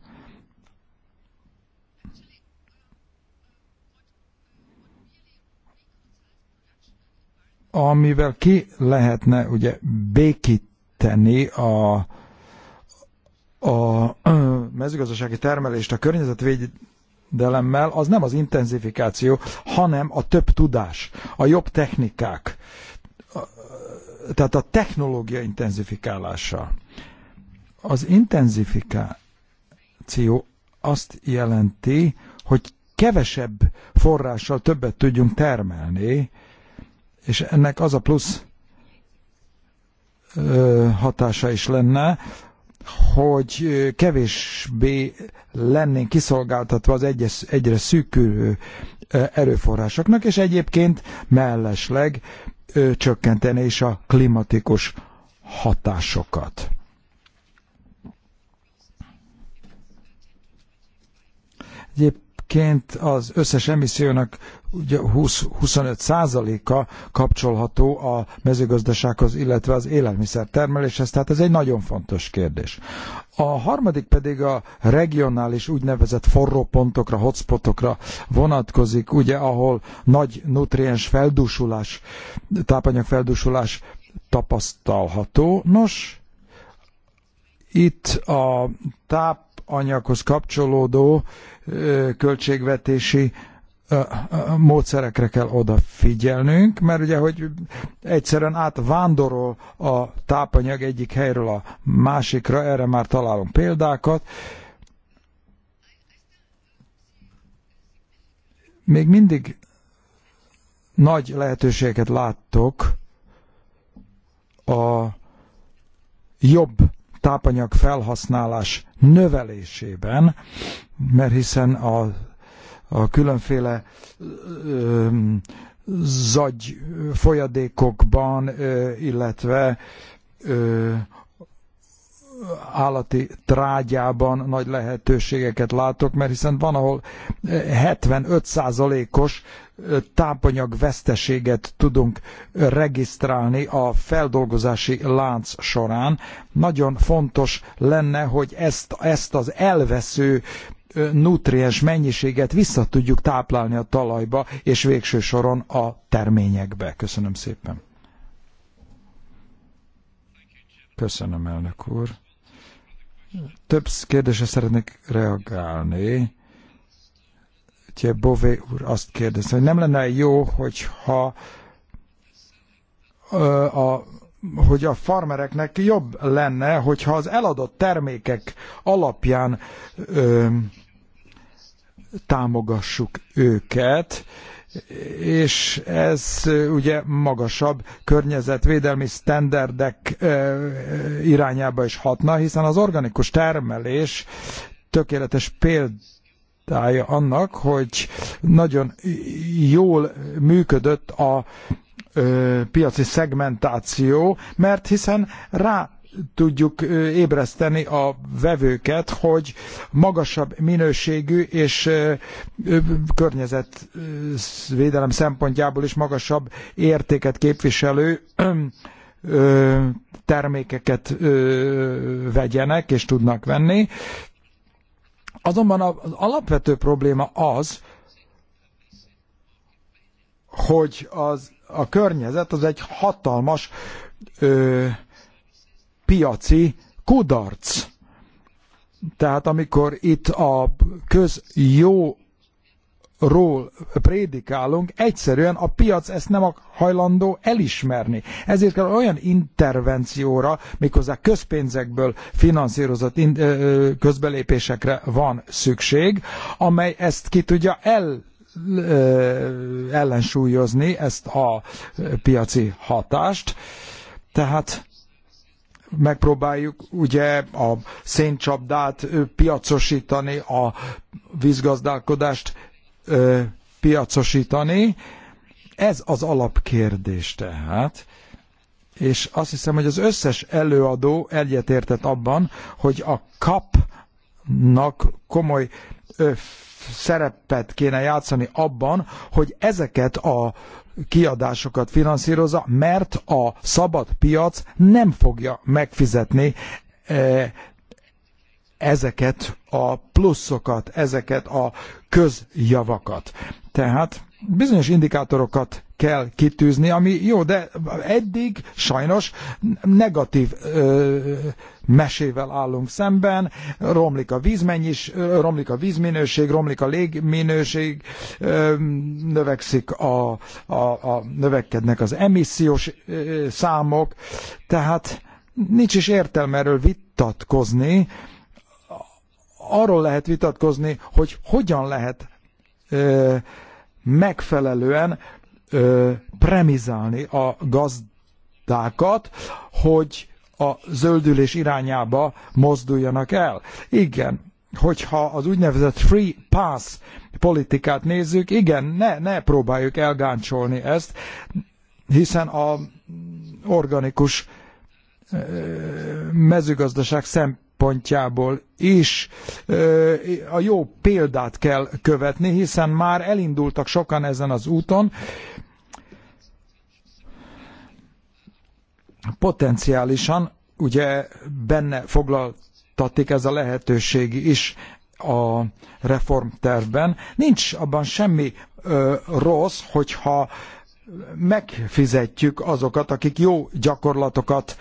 Amivel ki lehetne ugye békíteni a a mezőgazdasági termelést a környezetvédelemmel, az nem az intenzifikáció, hanem a több tudás, a jobb technikák, tehát a technológia intenzifikálása. Az intenzifikáció azt jelenti, hogy kevesebb forrással többet tudjunk termelni, és ennek az a plusz hatása is lenne, hogy kevésbé lennénk kiszolgáltatva az egyes, egyre szűkülő erőforrásoknak, és egyébként mellesleg csökkenteni is a klimatikus hatásokat. Egyébként az összes emissziónak ugye 20-25 százaléka kapcsolható a mezőgazdasághoz, illetve az élelmiszertermeléshez, tehát ez egy nagyon fontos kérdés. A harmadik pedig a regionális úgynevezett forró pontokra, hotspotokra vonatkozik, ugye ahol nagy nutriens feldúsulás, tápanyagfeldúsulás tapasztalható. Nos, itt a tápanyaghoz kapcsolódó költségvetési módszerekre kell odafigyelnünk, mert ugye, hogy egyszerűen átvándorol a tápanyag egyik helyről a másikra, erre már találunk példákat. Még mindig nagy lehetőséget láttok a jobb tápanyag felhasználás növelésében, mert hiszen a a különféle zagy folyadékokban, illetve állati trágyában nagy lehetőségeket látok, mert hiszen van, ahol 75%-os tápanyag veszteséget tudunk regisztrálni a feldolgozási lánc során. Nagyon fontos lenne, hogy ezt, ezt az elvesző nutriens mennyiséget vissza tudjuk táplálni a talajba, és végső soron a terményekbe. Köszönöm szépen. Köszönöm, elnök úr. Több kérdésre szeretnék reagálni. Ugye Bové úr azt kérdezte, hogy nem lenne jó, hogyha a hogy a farmereknek jobb lenne, hogyha az eladott termékek alapján ö, támogassuk őket, és ez ugye magasabb környezetvédelmi sztenderdek irányába is hatna, hiszen az organikus termelés tökéletes példája annak, hogy nagyon jól működött a ö, piaci szegmentáció, mert hiszen rá tudjuk ébreszteni a vevőket, hogy magasabb minőségű és környezetvédelem szempontjából is magasabb értéket képviselő termékeket vegyenek és tudnak venni. Azonban az alapvető probléma az, hogy az a környezet az egy hatalmas ö, piaci kudarc. Tehát amikor itt a közjóról prédikálunk, egyszerűen a piac ezt nem hajlandó elismerni. Ezért kell olyan intervencióra, méghozzá közpénzekből finanszírozott közbelépésekre van szükség, amely ezt ki tudja el ellensúlyozni ezt a piaci hatást. Tehát megpróbáljuk ugye a széncsapdát piacosítani, a vízgazdálkodást piacosítani. Ez az alapkérdés tehát. És azt hiszem, hogy az összes előadó egyetértett abban, hogy a kapnak komoly szerepet kéne játszani abban, hogy ezeket a kiadásokat finanszírozza, mert a szabad piac nem fogja megfizetni eh, ezeket a pluszokat, ezeket a közjavakat. Tehát bizonyos indikátorokat kell kitűzni, ami jó, de eddig sajnos negatív ö, mesével állunk szemben, romlik a vízmennyis, romlik a vízminőség, romlik a légminőség, ö, növekszik a, a, a, növekednek az emissziós ö, számok, tehát nincs is értelme erről vitatkozni, arról lehet vitatkozni, hogy hogyan lehet ö, megfelelően ö, premizálni a gazdákat, hogy a zöldülés irányába mozduljanak el. Igen, hogyha az úgynevezett free pass politikát nézzük, igen, ne, ne próbáljuk elgáncsolni ezt, hiszen a organikus mezőgazdaság szempontjából szempontjából is a jó példát kell követni, hiszen már elindultak sokan ezen az úton, potenciálisan ugye benne foglaltatik ez a lehetőség is a reformtervben. Nincs abban semmi rossz, hogyha megfizetjük azokat, akik jó gyakorlatokat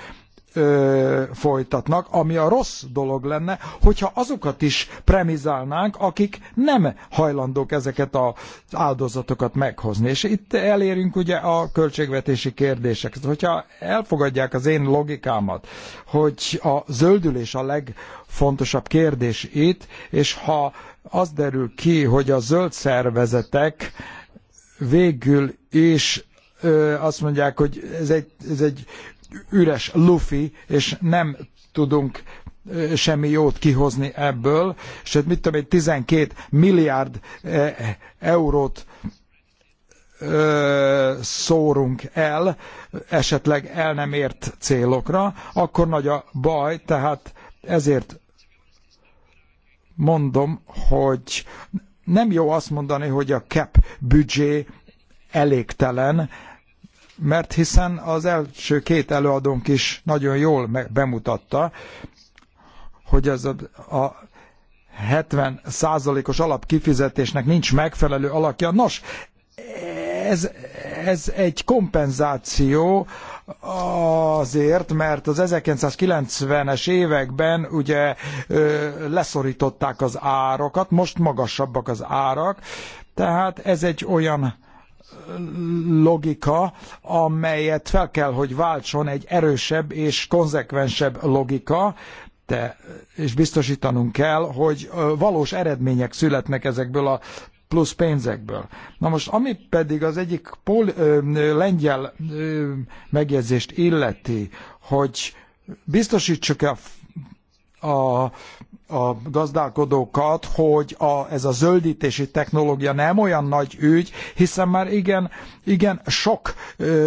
ö, folytatnak, ami a rossz dolog lenne, hogyha azokat is premizálnánk, akik nem hajlandók ezeket az áldozatokat meghozni. És itt elérünk ugye a költségvetési kérdésekhez. Hogyha elfogadják az én logikámat, hogy a zöldülés a legfontosabb kérdés itt, és ha az derül ki, hogy a zöld szervezetek végül is azt mondják, hogy ez egy, ez egy üres lufi, és nem tudunk semmi jót kihozni ebből, és hát mit tudom én, 12 milliárd eurót szórunk el, esetleg el nem ért célokra, akkor nagy a baj, tehát ezért mondom, hogy nem jó azt mondani, hogy a CAP büdzsé elégtelen, mert hiszen az első két előadónk is nagyon jól bemutatta, hogy ez a, a 70 százalékos alapkifizetésnek nincs megfelelő alakja. Nos, ez, ez egy kompenzáció azért, mert az 1990-es években ugye leszorították az árakat, most magasabbak az árak, tehát ez egy olyan logika, amelyet fel kell, hogy váltson egy erősebb és konzekvensebb logika, de, és biztosítanunk kell, hogy valós eredmények születnek ezekből a plusz pénzekből. Na most, ami pedig az egyik pol, ö, lengyel ö, megjegyzést illeti, hogy biztosítsuk-e a a, a gazdálkodókat, hogy a, ez a zöldítési technológia nem olyan nagy ügy, hiszen már igen, igen sok,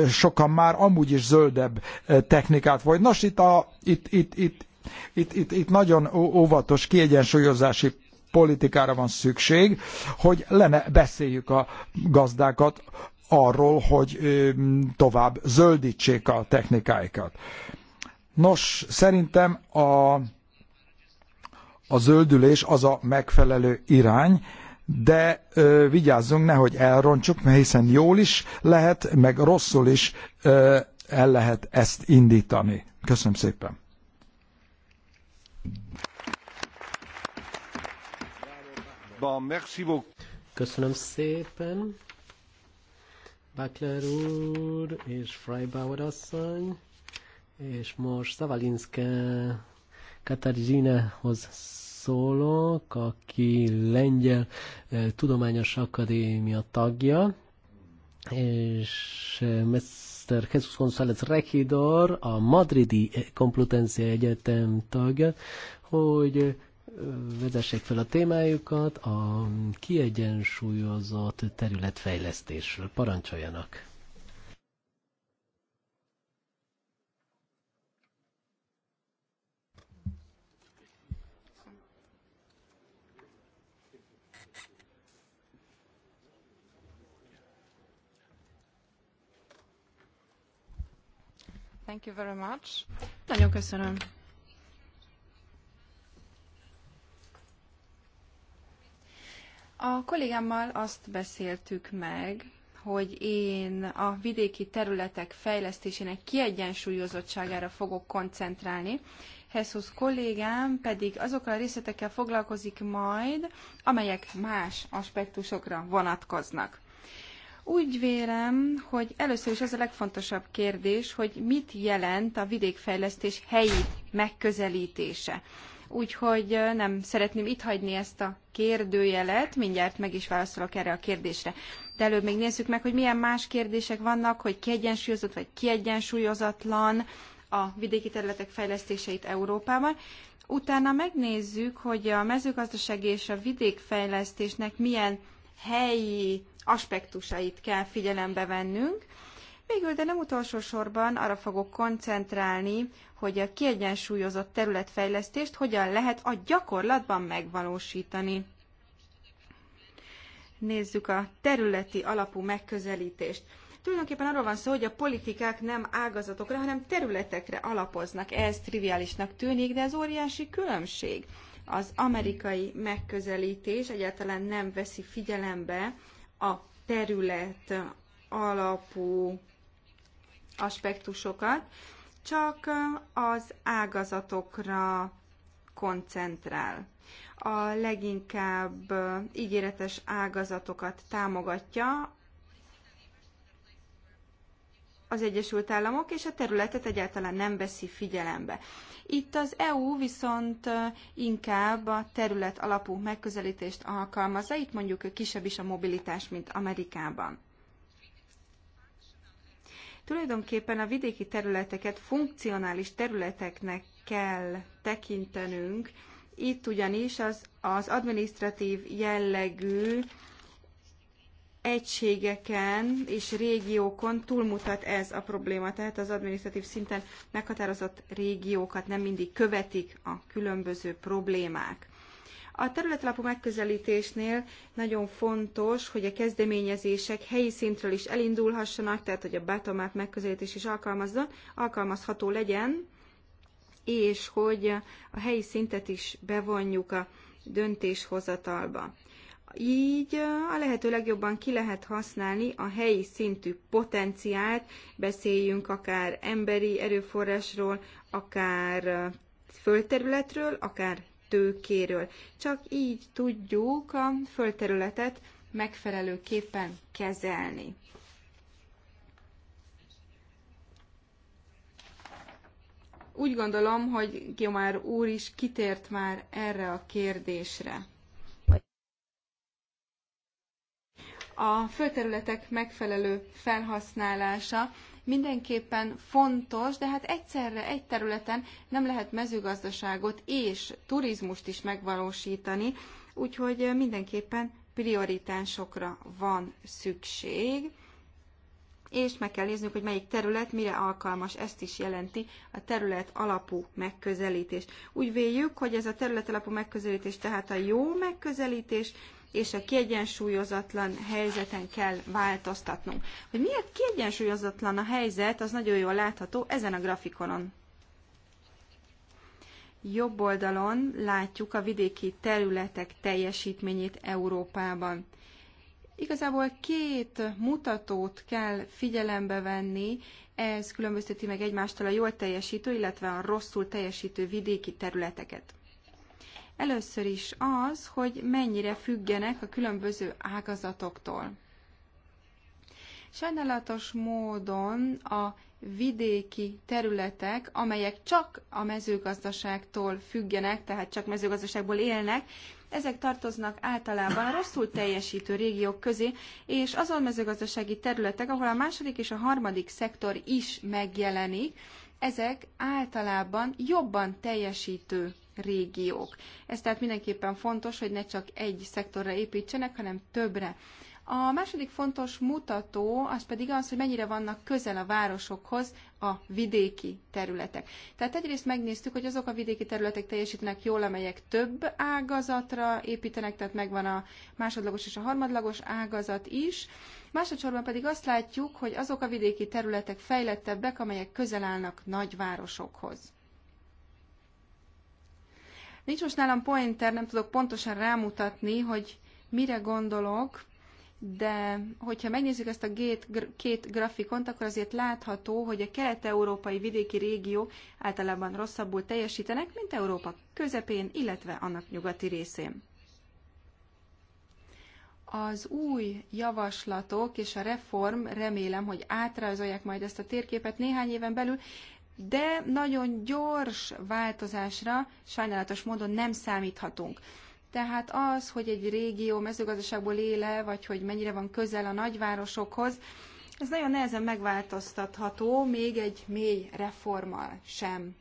sokan már amúgy is zöldebb technikát vagy. Nos, itt, a, itt, itt, itt, itt, itt, itt nagyon óvatos kiegyensúlyozási politikára van szükség, hogy lene beszéljük a gazdákat arról, hogy tovább zöldítsék a technikáikat. Nos, szerintem a a zöldülés az a megfelelő irány, de ö, vigyázzunk, nehogy elrontsuk, mert hiszen jól is lehet, meg rosszul is ö, el lehet ezt indítani. Köszönöm szépen! Köszönöm szépen! Bakler úr és Freibauer asszony, és most Szavalinszke Katarzynához szólok, aki Lengyel eh, Tudományos Akadémia tagja, és eh, Mr. Jesus González Regidor, a Madridi Komplutencia Egyetem tagja, hogy eh, vezessék fel a témájukat a kiegyensúlyozott területfejlesztésről. Parancsoljanak! Thank you very much. Nagyon köszönöm. A kollégámmal azt beszéltük meg, hogy én a vidéki területek fejlesztésének kiegyensúlyozottságára fogok koncentrálni. Jesus kollégám pedig azokkal a részletekkel foglalkozik majd, amelyek más aspektusokra vonatkoznak. Úgy vélem, hogy először is az a legfontosabb kérdés, hogy mit jelent a vidékfejlesztés helyi megközelítése. Úgyhogy nem szeretném itt hagyni ezt a kérdőjelet, mindjárt meg is válaszolok erre a kérdésre. De előbb még nézzük meg, hogy milyen más kérdések vannak, hogy kiegyensúlyozott vagy kiegyensúlyozatlan a vidéki területek fejlesztéseit Európában. Utána megnézzük, hogy a mezőgazdaság és a vidékfejlesztésnek milyen helyi aspektusait kell figyelembe vennünk. Végül, de nem utolsó sorban arra fogok koncentrálni, hogy a kiegyensúlyozott területfejlesztést hogyan lehet a gyakorlatban megvalósítani. Nézzük a területi alapú megközelítést. Tulajdonképpen arról van szó, hogy a politikák nem ágazatokra, hanem területekre alapoznak. Ez triviálisnak tűnik, de ez óriási különbség az amerikai megközelítés egyáltalán nem veszi figyelembe a terület alapú aspektusokat, csak az ágazatokra koncentrál. A leginkább ígéretes ágazatokat támogatja az Egyesült Államok, és a területet egyáltalán nem veszi figyelembe. Itt az EU viszont inkább a terület alapú megközelítést alkalmazza, itt mondjuk kisebb is a mobilitás, mint Amerikában tulajdonképpen a vidéki területeket funkcionális területeknek kell tekintenünk, itt ugyanis az, az administratív jellegű egységeken és régiókon túlmutat ez a probléma, tehát az adminisztratív szinten meghatározott régiókat nem mindig követik a különböző problémák. A területalapú megközelítésnél nagyon fontos, hogy a kezdeményezések helyi szintről is elindulhassanak, tehát hogy a bottom megközelítés is alkalmazza, alkalmazható legyen, és hogy a helyi szintet is bevonjuk a döntéshozatalba így a lehető legjobban ki lehet használni a helyi szintű potenciált, beszéljünk akár emberi erőforrásról, akár földterületről, akár tőkéről. Csak így tudjuk a földterületet megfelelőképpen kezelni. Úgy gondolom, hogy Gyomár úr is kitért már erre a kérdésre. a földterületek megfelelő felhasználása mindenképpen fontos, de hát egyszerre egy területen nem lehet mezőgazdaságot és turizmust is megvalósítani, úgyhogy mindenképpen prioritásokra van szükség, és meg kell néznünk, hogy melyik terület mire alkalmas, ezt is jelenti a terület alapú megközelítés. Úgy véljük, hogy ez a terület alapú megközelítés tehát a jó megközelítés, és a kiegyensúlyozatlan helyzeten kell változtatnunk. Hogy miért kiegyensúlyozatlan a helyzet, az nagyon jól látható ezen a grafikonon. Jobb oldalon látjuk a vidéki területek teljesítményét Európában. Igazából két mutatót kell figyelembe venni, ez különbözteti meg egymástól a jól teljesítő, illetve a rosszul teljesítő vidéki területeket. Először is az, hogy mennyire függenek a különböző ágazatoktól. Sajnálatos módon a vidéki területek, amelyek csak a mezőgazdaságtól függenek, tehát csak mezőgazdaságból élnek, ezek tartoznak általában rosszul teljesítő régiók közé, és azon mezőgazdasági területek, ahol a második és a harmadik szektor is megjelenik, ezek általában jobban teljesítő régiók. Ez tehát mindenképpen fontos, hogy ne csak egy szektorra építsenek, hanem többre. A második fontos mutató az pedig az, hogy mennyire vannak közel a városokhoz a vidéki területek. Tehát egyrészt megnéztük, hogy azok a vidéki területek teljesítenek jól, amelyek több ágazatra építenek, tehát megvan a másodlagos és a harmadlagos ágazat is. Másodszorban pedig azt látjuk, hogy azok a vidéki területek fejlettebbek, amelyek közel állnak nagyvárosokhoz. Nincs most nálam pointer, nem tudok pontosan rámutatni, hogy mire gondolok, de hogyha megnézzük ezt a két, két grafikont, akkor azért látható, hogy a kelet-európai vidéki régió általában rosszabbul teljesítenek, mint Európa közepén, illetve annak nyugati részén. Az új javaslatok és a reform remélem, hogy átrajzolják majd ezt a térképet néhány éven belül de nagyon gyors változásra sajnálatos módon nem számíthatunk. Tehát az, hogy egy régió mezőgazdaságból éle, vagy hogy mennyire van közel a nagyvárosokhoz, ez nagyon nehezen megváltoztatható, még egy mély reformmal sem.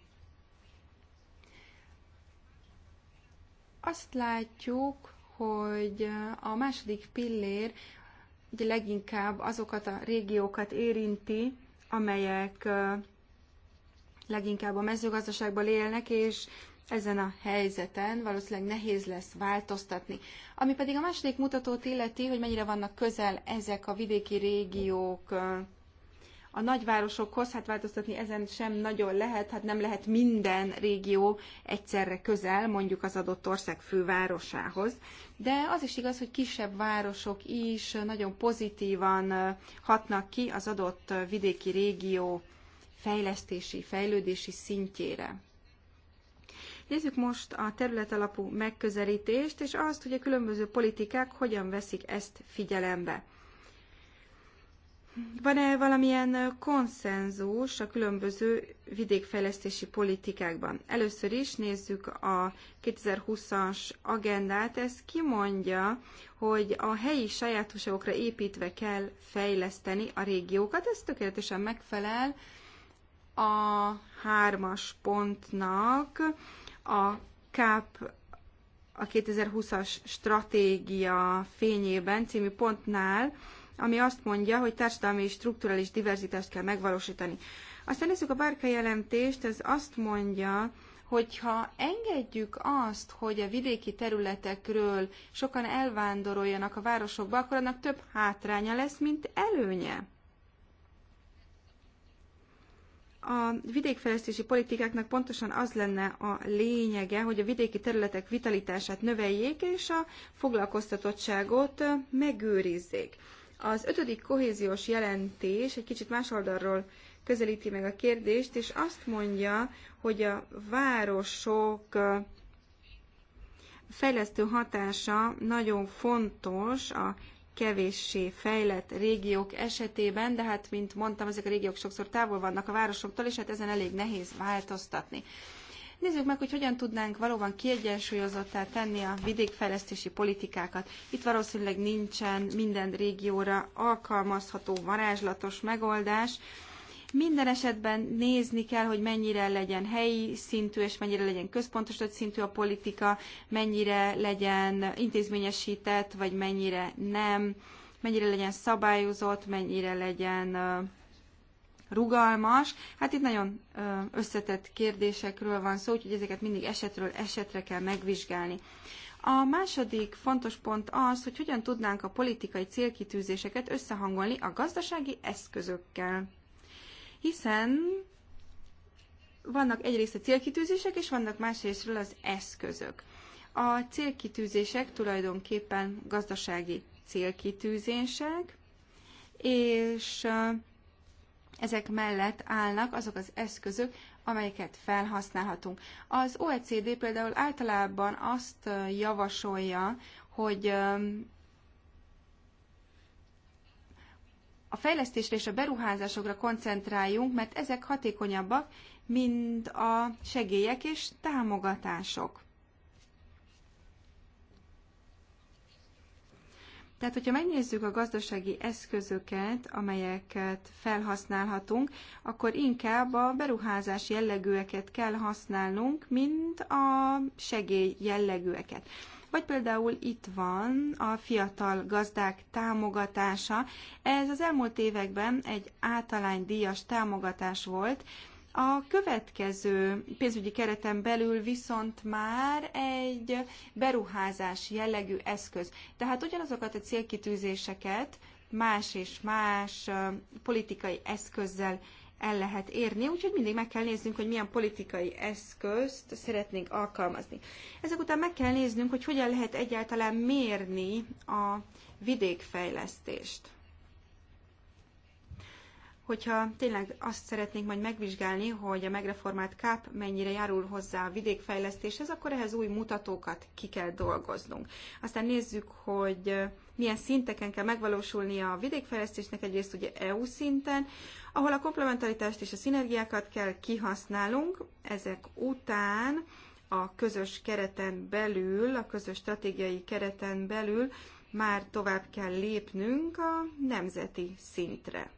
Azt látjuk, hogy a második pillér ugye leginkább azokat a régiókat érinti, amelyek leginkább a mezőgazdaságból élnek, és ezen a helyzeten valószínűleg nehéz lesz változtatni. Ami pedig a második mutatót illeti, hogy mennyire vannak közel ezek a vidéki régiók a nagyvárosokhoz, hát változtatni ezen sem nagyon lehet, hát nem lehet minden régió egyszerre közel, mondjuk az adott ország fővárosához. De az is igaz, hogy kisebb városok is nagyon pozitívan hatnak ki az adott vidéki régió fejlesztési, fejlődési szintjére. Nézzük most a területalapú megközelítést, és azt, hogy a különböző politikák hogyan veszik ezt figyelembe. Van-e valamilyen konszenzus a különböző vidékfejlesztési politikákban? Először is nézzük a 2020-as agendát. Ez kimondja, hogy a helyi sajátosságokra építve kell fejleszteni a régiókat. Ez tökéletesen megfelel a hármas pontnak a KAP a 2020-as stratégia fényében című pontnál, ami azt mondja, hogy társadalmi és strukturális diverzitást kell megvalósítani. Aztán nézzük a bárka jelentést, ez azt mondja, hogyha engedjük azt, hogy a vidéki területekről sokan elvándoroljanak a városokba, akkor annak több hátránya lesz, mint előnye a vidékfejlesztési politikáknak pontosan az lenne a lényege, hogy a vidéki területek vitalitását növeljék, és a foglalkoztatottságot megőrizzék. Az ötödik kohéziós jelentés egy kicsit más oldalról közelíti meg a kérdést, és azt mondja, hogy a városok fejlesztő hatása nagyon fontos a kevéssé fejlett régiók esetében, de hát, mint mondtam, ezek a régiók sokszor távol vannak a városoktól, és hát ezen elég nehéz változtatni. Nézzük meg, hogy hogyan tudnánk valóban kiegyensúlyozottá tenni a vidékfejlesztési politikákat. Itt valószínűleg nincsen minden régióra alkalmazható varázslatos megoldás, minden esetben nézni kell, hogy mennyire legyen helyi szintű, és mennyire legyen központosított szintű a politika, mennyire legyen intézményesített, vagy mennyire nem, mennyire legyen szabályozott, mennyire legyen rugalmas. Hát itt nagyon összetett kérdésekről van szó, úgyhogy ezeket mindig esetről esetre kell megvizsgálni. A második fontos pont az, hogy hogyan tudnánk a politikai célkitűzéseket összehangolni a gazdasági eszközökkel hiszen vannak egyrészt a célkitűzések, és vannak másrésztről az eszközök. A célkitűzések tulajdonképpen gazdasági célkitűzések, és ezek mellett állnak azok az eszközök, amelyeket felhasználhatunk. Az OECD például általában azt javasolja, hogy a fejlesztésre és a beruházásokra koncentráljunk, mert ezek hatékonyabbak, mint a segélyek és támogatások. Tehát, hogyha megnézzük a gazdasági eszközöket, amelyeket felhasználhatunk, akkor inkább a beruházás jellegűeket kell használnunk, mint a segély jellegűeket. Vagy például itt van a fiatal gazdák támogatása. Ez az elmúlt években egy díjas támogatás volt, a következő pénzügyi kereten belül viszont már egy beruházás jellegű eszköz. Tehát ugyanazokat a célkitűzéseket más és más politikai eszközzel el lehet érni, úgyhogy mindig meg kell néznünk, hogy milyen politikai eszközt szeretnénk alkalmazni. Ezek után meg kell néznünk, hogy hogyan lehet egyáltalán mérni a vidékfejlesztést. Hogyha tényleg azt szeretnénk majd megvizsgálni, hogy a megreformált KÁP mennyire járul hozzá a vidékfejlesztéshez, akkor ehhez új mutatókat ki kell dolgoznunk. Aztán nézzük, hogy milyen szinteken kell megvalósulnia a vidékfejlesztésnek, egyrészt ugye EU szinten, ahol a komplementaritást és a szinergiákat kell kihasználnunk, ezek után a közös kereten belül, a közös stratégiai kereten belül már tovább kell lépnünk a nemzeti szintre.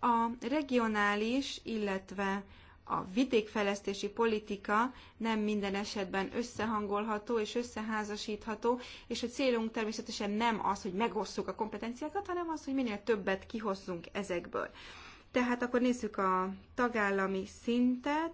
A regionális, illetve a vidékfejlesztési politika nem minden esetben összehangolható és összeházasítható, és a célunk természetesen nem az, hogy megosszuk a kompetenciákat, hanem az, hogy minél többet kihozzunk ezekből. Tehát akkor nézzük a tagállami szintet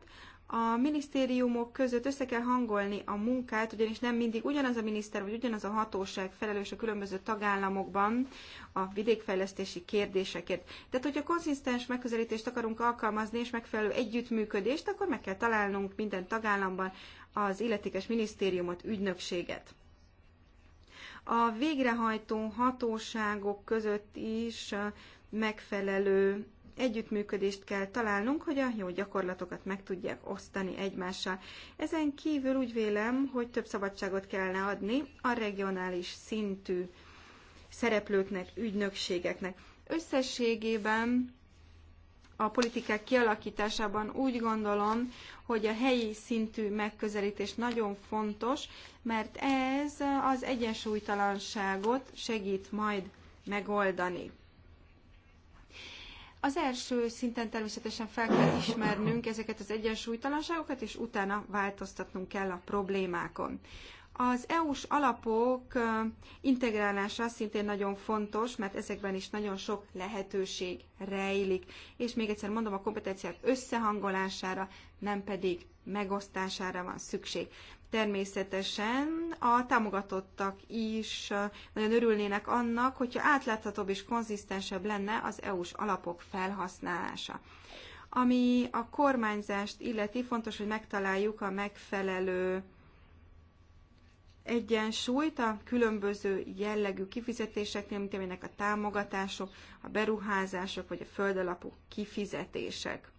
a minisztériumok között össze kell hangolni a munkát, ugyanis nem mindig ugyanaz a miniszter vagy ugyanaz a hatóság felelős a különböző tagállamokban a vidékfejlesztési kérdésekért. Tehát, hogyha konzisztens megközelítést akarunk alkalmazni és megfelelő együttműködést, akkor meg kell találnunk minden tagállamban az illetékes minisztériumot, ügynökséget. A végrehajtó hatóságok között is megfelelő Együttműködést kell találnunk, hogy a jó gyakorlatokat meg tudják osztani egymással. Ezen kívül úgy vélem, hogy több szabadságot kellene adni a regionális szintű szereplőknek, ügynökségeknek. Összességében a politikák kialakításában úgy gondolom, hogy a helyi szintű megközelítés nagyon fontos, mert ez az egyensúlytalanságot segít majd megoldani. Az első szinten természetesen fel kell ismernünk ezeket az egyensúlytalanságokat, és utána változtatnunk kell a problémákon. Az EU-s alapok integrálása szintén nagyon fontos, mert ezekben is nagyon sok lehetőség rejlik. És még egyszer mondom, a kompetenciák összehangolására, nem pedig megosztására van szükség. Természetesen a támogatottak is nagyon örülnének annak, hogyha átláthatóbb és konzisztensebb lenne az EU-s alapok felhasználása. Ami a kormányzást illeti, fontos, hogy megtaláljuk a megfelelő egyensúlyt a különböző jellegű kifizetéseknél, mint aminek a támogatások, a beruházások vagy a földalapú kifizetések.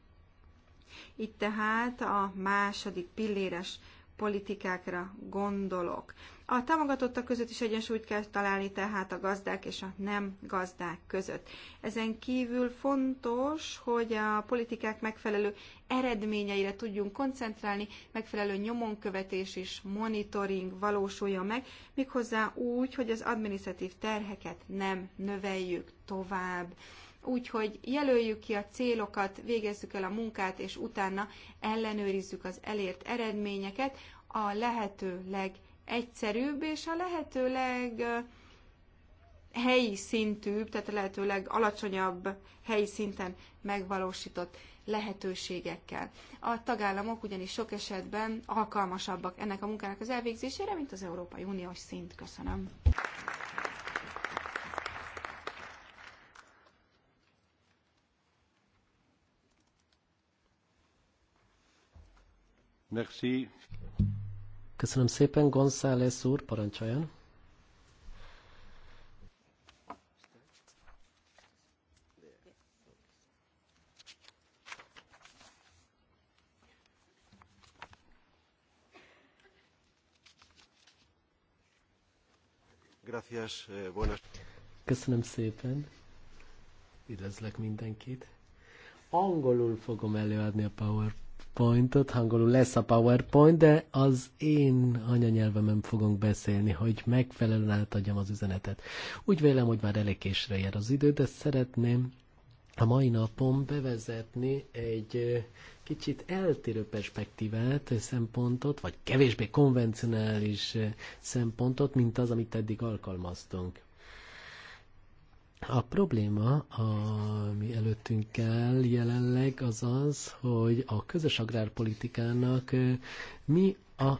Itt tehát a második pilléres politikákra gondolok. A támogatottak között is egyensúlyt kell találni, tehát a gazdák és a nem gazdák között. Ezen kívül fontos, hogy a politikák megfelelő eredményeire tudjunk koncentrálni, megfelelő nyomonkövetés és monitoring valósulja meg, méghozzá úgy, hogy az administratív terheket nem növeljük tovább. Úgyhogy jelöljük ki a célokat, végezzük el a munkát, és utána ellenőrizzük az elért eredményeket a lehető legegyszerűbb és a lehető leg helyi szintűbb, tehát a lehető legalacsonyabb helyi szinten megvalósított lehetőségekkel. A tagállamok ugyanis sok esetben alkalmasabbak ennek a munkának az elvégzésére, mint az Európai Uniós szint. Köszönöm. Merci. Köszönöm szépen, González úr, parancsoljon. Gracias, eh, buenas. Köszönöm szépen. Üdvözlök mindenkit. Angolul fogom előadni a PowerPoint PowerPointot, hangolul lesz a PowerPoint, de az én anyanyelvemen fogunk beszélni, hogy megfelelően átadjam az üzenetet. Úgy vélem, hogy már elég késre jár az idő, de szeretném a mai napon bevezetni egy kicsit eltérő perspektívát, szempontot, vagy kevésbé konvencionális szempontot, mint az, amit eddig alkalmaztunk. A probléma, ami előttünk áll jelenleg, az az, hogy a közös agrárpolitikának mi a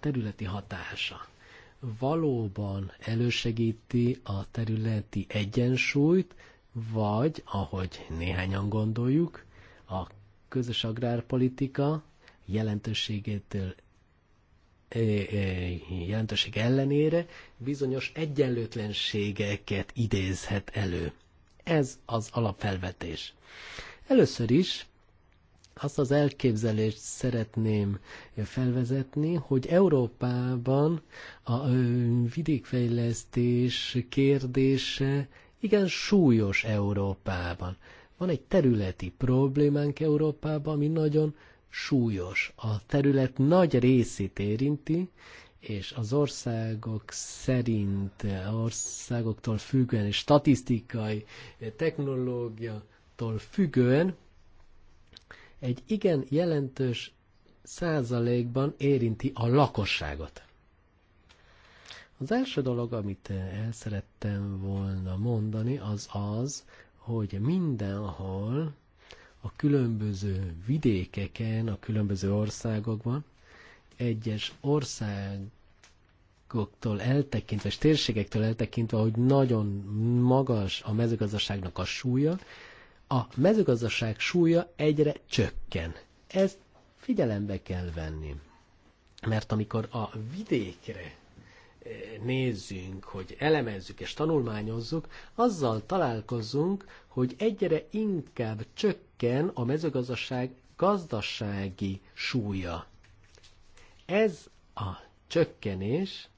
területi hatása. Valóban elősegíti a területi egyensúlyt, vagy, ahogy néhányan gondoljuk, a közös agrárpolitika jelentőségétől jelentőség ellenére bizonyos egyenlőtlenségeket idézhet elő. Ez az alapfelvetés. Először is azt az elképzelést szeretném felvezetni, hogy Európában a vidékfejlesztés kérdése igen súlyos Európában. Van egy területi problémánk Európában, ami nagyon súlyos. A terület nagy részét érinti, és az országok szerint, országoktól függően, és statisztikai technológiától függően egy igen jelentős százalékban érinti a lakosságot. Az első dolog, amit el szerettem volna mondani, az az, hogy mindenhol a különböző vidékeken, a különböző országokban, egyes országoktól eltekintve, és térségektől eltekintve, hogy nagyon magas a mezőgazdaságnak a súlya, a mezőgazdaság súlya egyre csökken. Ezt figyelembe kell venni. Mert amikor a vidékre nézzünk, hogy elemezzük és tanulmányozzuk, azzal találkozunk, hogy egyre inkább csökken a mezőgazdaság gazdasági súlya. Ez a csökkenés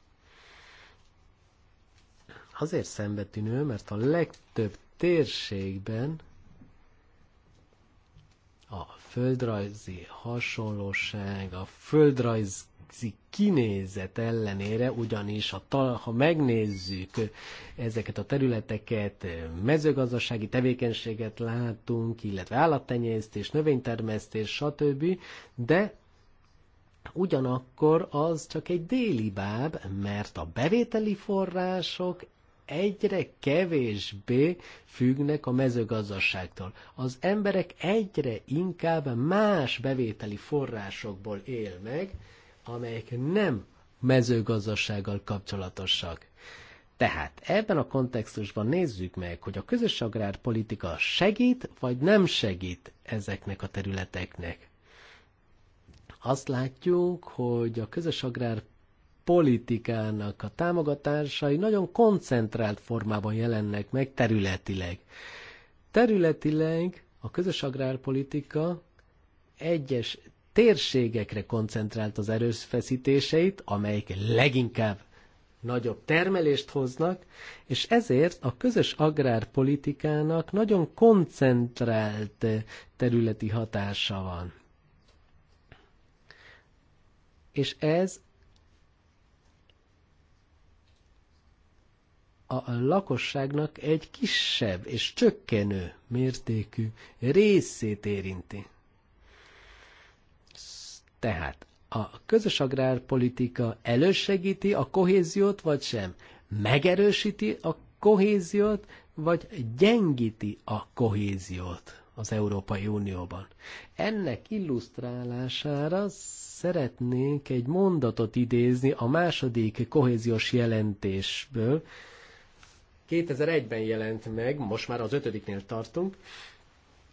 azért szembetűnő, mert a legtöbb térségben a földrajzi hasonlóság, a földrajz kinézet ellenére, ugyanis ha, tal, ha megnézzük ezeket a területeket, mezőgazdasági tevékenységet látunk, illetve állattenyésztés, növénytermesztés, stb., de ugyanakkor az csak egy déli báb, mert a bevételi források egyre kevésbé függnek a mezőgazdaságtól. Az emberek egyre inkább más bevételi forrásokból él meg, amelyek nem mezőgazdasággal kapcsolatosak. Tehát ebben a kontextusban nézzük meg, hogy a közös agrárpolitika segít vagy nem segít ezeknek a területeknek. Azt látjuk, hogy a közös agrárpolitikának a támogatásai nagyon koncentrált formában jelennek meg területileg. Területileg a közös agrárpolitika egyes térségekre koncentrált az erőfeszítéseit, amelyek leginkább nagyobb termelést hoznak, és ezért a közös agrárpolitikának nagyon koncentrált területi hatása van. És ez a lakosságnak egy kisebb és csökkenő mértékű részét érinti. Tehát a közös agrárpolitika elősegíti a kohéziót, vagy sem? Megerősíti a kohéziót, vagy gyengíti a kohéziót az Európai Unióban? Ennek illusztrálására szeretnék egy mondatot idézni a második kohéziós jelentésből. 2001-ben jelent meg, most már az ötödiknél tartunk,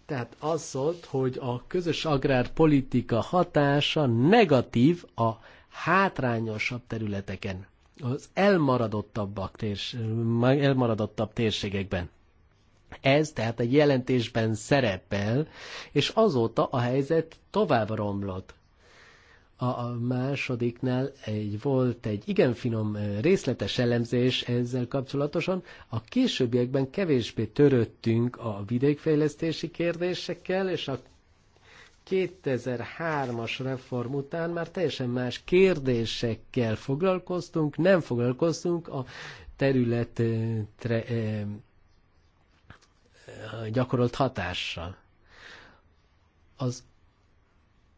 tehát az volt, hogy a közös agrárpolitika hatása negatív a hátrányosabb területeken, az elmaradottabbak térs, elmaradottabb térségekben. Ez tehát egy jelentésben szerepel, és azóta a helyzet tovább romlott. A másodiknál egy, volt egy igen finom részletes elemzés ezzel kapcsolatosan. A későbbiekben kevésbé törődtünk a vidékfejlesztési kérdésekkel, és a 2003-as reform után már teljesen más kérdésekkel foglalkoztunk, nem foglalkoztunk a területre gyakorolt hatással. Az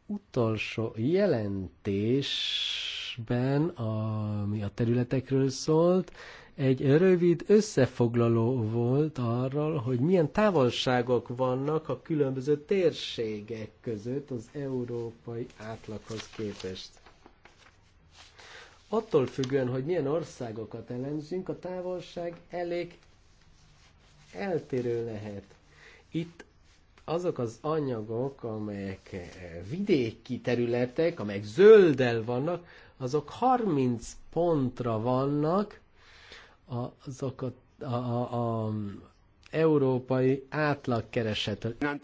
utolsó jelentésben, ami a területekről szólt, egy rövid összefoglaló volt arról, hogy milyen távolságok vannak a különböző térségek között az európai átlaghoz képest. Attól függően, hogy milyen országokat elemzünk, a távolság elég eltérő lehet. Itt azok az anyagok, amelyek eh, vidéki területek, amelyek zölddel vannak, azok 30 pontra vannak azok a, a, a, a európai átlagkeresetől. En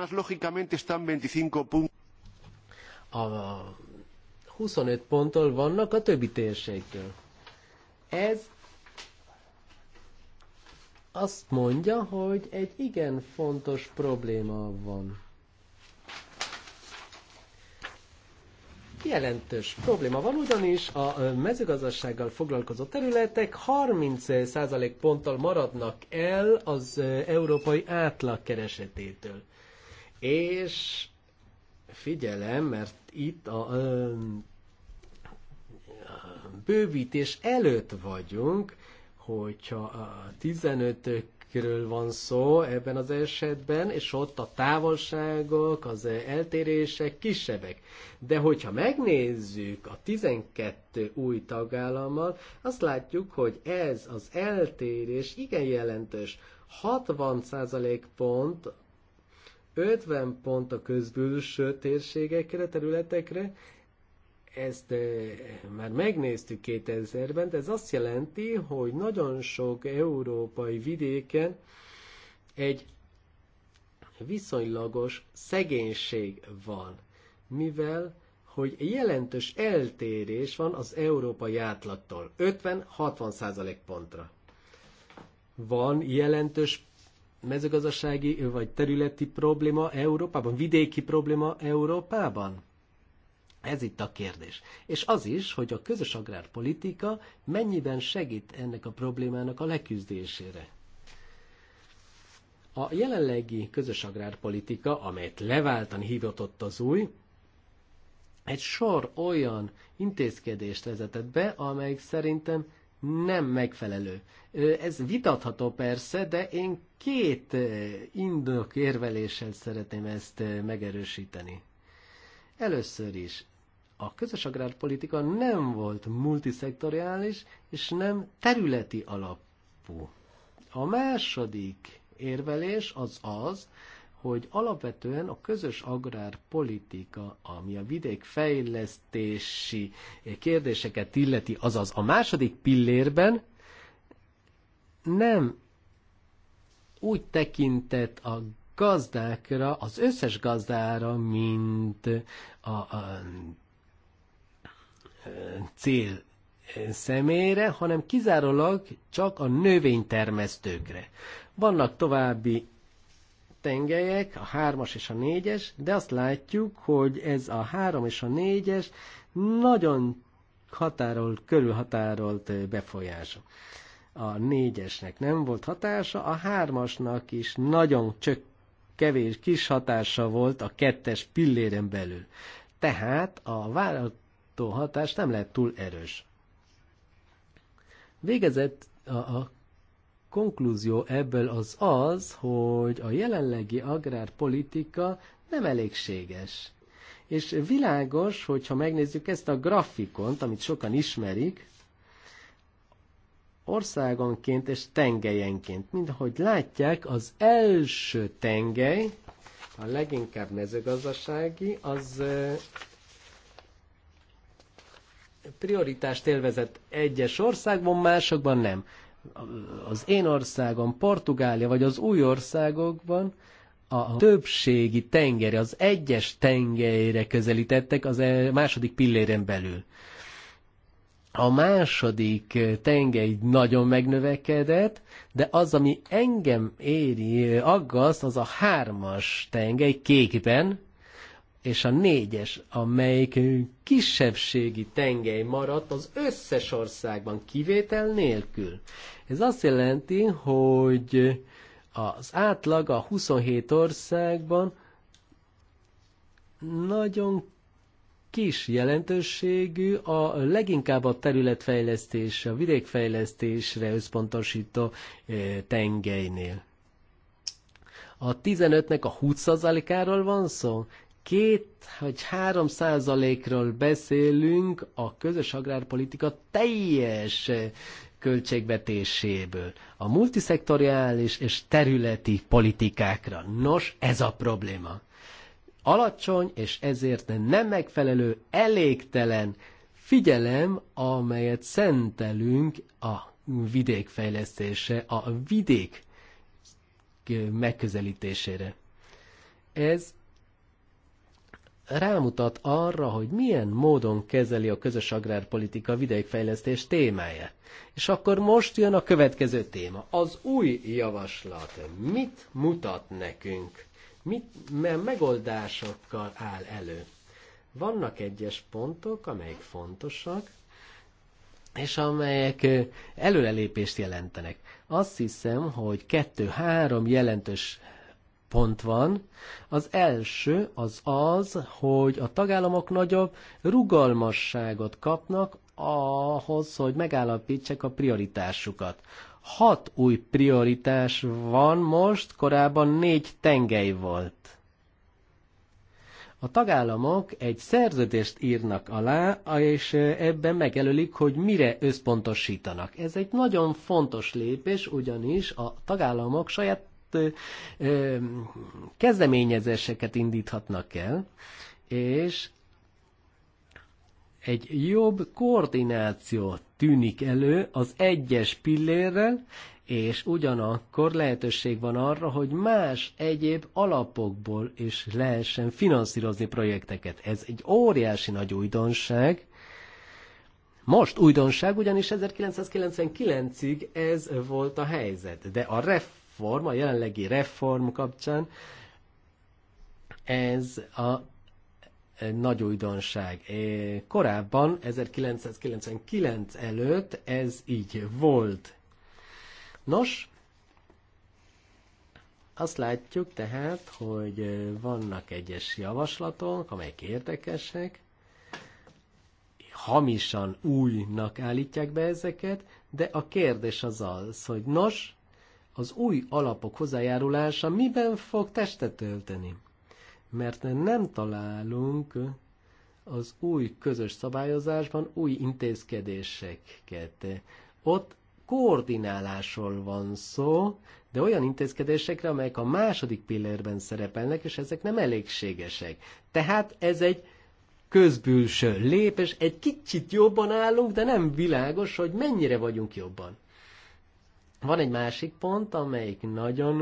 az lógicamente están 25 pont. A 25 ponttól vannak a többi térségtől. Ez azt mondja, hogy egy igen fontos probléma van. Jelentős probléma van, ugyanis a mezőgazdasággal foglalkozó területek 30% ponttal maradnak el az európai átlag keresetétől. És figyelem, mert itt a, a bővítés előtt vagyunk, hogyha 15 körül van szó ebben az esetben, és ott a távolságok, az eltérések kisebbek. De hogyha megnézzük a 12 új tagállammal, azt látjuk, hogy ez az eltérés igen jelentős. 60% pont 50 pont a közbülső térségekre, területekre, ezt eh, már megnéztük 2000-ben, de ez azt jelenti, hogy nagyon sok európai vidéken egy viszonylagos szegénység van, mivel hogy jelentős eltérés van az európai átlattól, 50-60 százalék pontra. Van jelentős mezőgazdasági vagy területi probléma Európában, vidéki probléma Európában? Ez itt a kérdés. És az is, hogy a közös agrárpolitika mennyiben segít ennek a problémának a leküzdésére. A jelenlegi közös agrárpolitika, amelyet leváltan hivatott az új, egy sor olyan intézkedést vezetett be, amelyik szerintem nem megfelelő. Ez vitatható persze, de én két indok érveléssel szeretném ezt megerősíteni. Először is a közös agrárpolitika nem volt multiszektoriális és nem területi alapú. A második érvelés az az, hogy alapvetően a közös agrárpolitika, ami a vidékfejlesztési kérdéseket illeti, azaz a második pillérben nem úgy tekintett a gazdákra, az összes gazdára, mint a, a cél személyre, hanem kizárólag csak a növénytermesztőkre. Vannak további tengelyek, a hármas és a négyes, de azt látjuk, hogy ez a három és a négyes nagyon határolt, körülhatárolt befolyása. A négyesnek nem volt hatása, a hármasnak is nagyon csök, kevés, kis hatása volt a kettes pilléren belül. Tehát a vállalat megszorító hatás nem lehet túl erős. Végezett a, a konklúzió ebből az az, hogy a jelenlegi agrárpolitika nem elégséges. És világos, hogyha megnézzük ezt a grafikont, amit sokan ismerik, országonként és tengelyenként. Mint ahogy látják, az első tengely, a leginkább mezőgazdasági, az prioritást élvezett egyes országban, másokban nem. Az én országom, Portugália vagy az új országokban a többségi tengeri, az egyes tengelyre közelítettek az e- második pilléren belül. A második tengely nagyon megnövekedett, de az, ami engem éri, aggaszt, az a hármas tengely kékben, és a négyes, amelyik kisebbségi tengely maradt az összes országban, kivétel nélkül. Ez azt jelenti, hogy az átlag a 27 országban nagyon kis jelentőségű, a leginkább a területfejlesztés, a vidékfejlesztésre összpontosító eh, tengelynél. A 15-nek a 20%-áról van szó, két vagy három százalékról beszélünk a közös agrárpolitika teljes költségvetéséből, a multiszektoriális és területi politikákra. Nos, ez a probléma. Alacsony és ezért nem megfelelő, elégtelen figyelem, amelyet szentelünk a vidékfejlesztése, a vidék megközelítésére. Ez rámutat arra, hogy milyen módon kezeli a közös agrárpolitika vidékfejlesztés témáját. És akkor most jön a következő téma, az új javaslat. Mit mutat nekünk? Mit megoldásokkal áll elő? Vannak egyes pontok, amelyek fontosak, és amelyek előrelépést jelentenek. Azt hiszem, hogy kettő-három jelentős pont van. Az első az az, hogy a tagállamok nagyobb rugalmasságot kapnak ahhoz, hogy megállapítsák a prioritásukat. Hat új prioritás van most, korábban négy tengely volt. A tagállamok egy szerződést írnak alá, és ebben megelőlik, hogy mire összpontosítanak. Ez egy nagyon fontos lépés, ugyanis a tagállamok saját ö, kezdeményezéseket indíthatnak el, és egy jobb koordináció tűnik elő az egyes pillérrel, és ugyanakkor lehetőség van arra, hogy más egyéb alapokból is lehessen finanszírozni projekteket. Ez egy óriási nagy újdonság. Most újdonság, ugyanis 1999-ig ez volt a helyzet, de a ref reform, a jelenlegi reform kapcsán, ez a e, nagy újdonság. E, korábban, 1999 előtt ez így volt. Nos, azt látjuk tehát, hogy e, vannak egyes javaslatok, amelyek érdekesek, hamisan újnak állítják be ezeket, de a kérdés az az, hogy nos, az új alapok hozzájárulása miben fog testet ölteni? Mert nem találunk az új közös szabályozásban új intézkedéseket. Ott koordinálásról van szó, de olyan intézkedésekre, amelyek a második pillérben szerepelnek, és ezek nem elégségesek. Tehát ez egy közbülső lépés, egy kicsit jobban állunk, de nem világos, hogy mennyire vagyunk jobban. Van egy másik pont, amelyik nagyon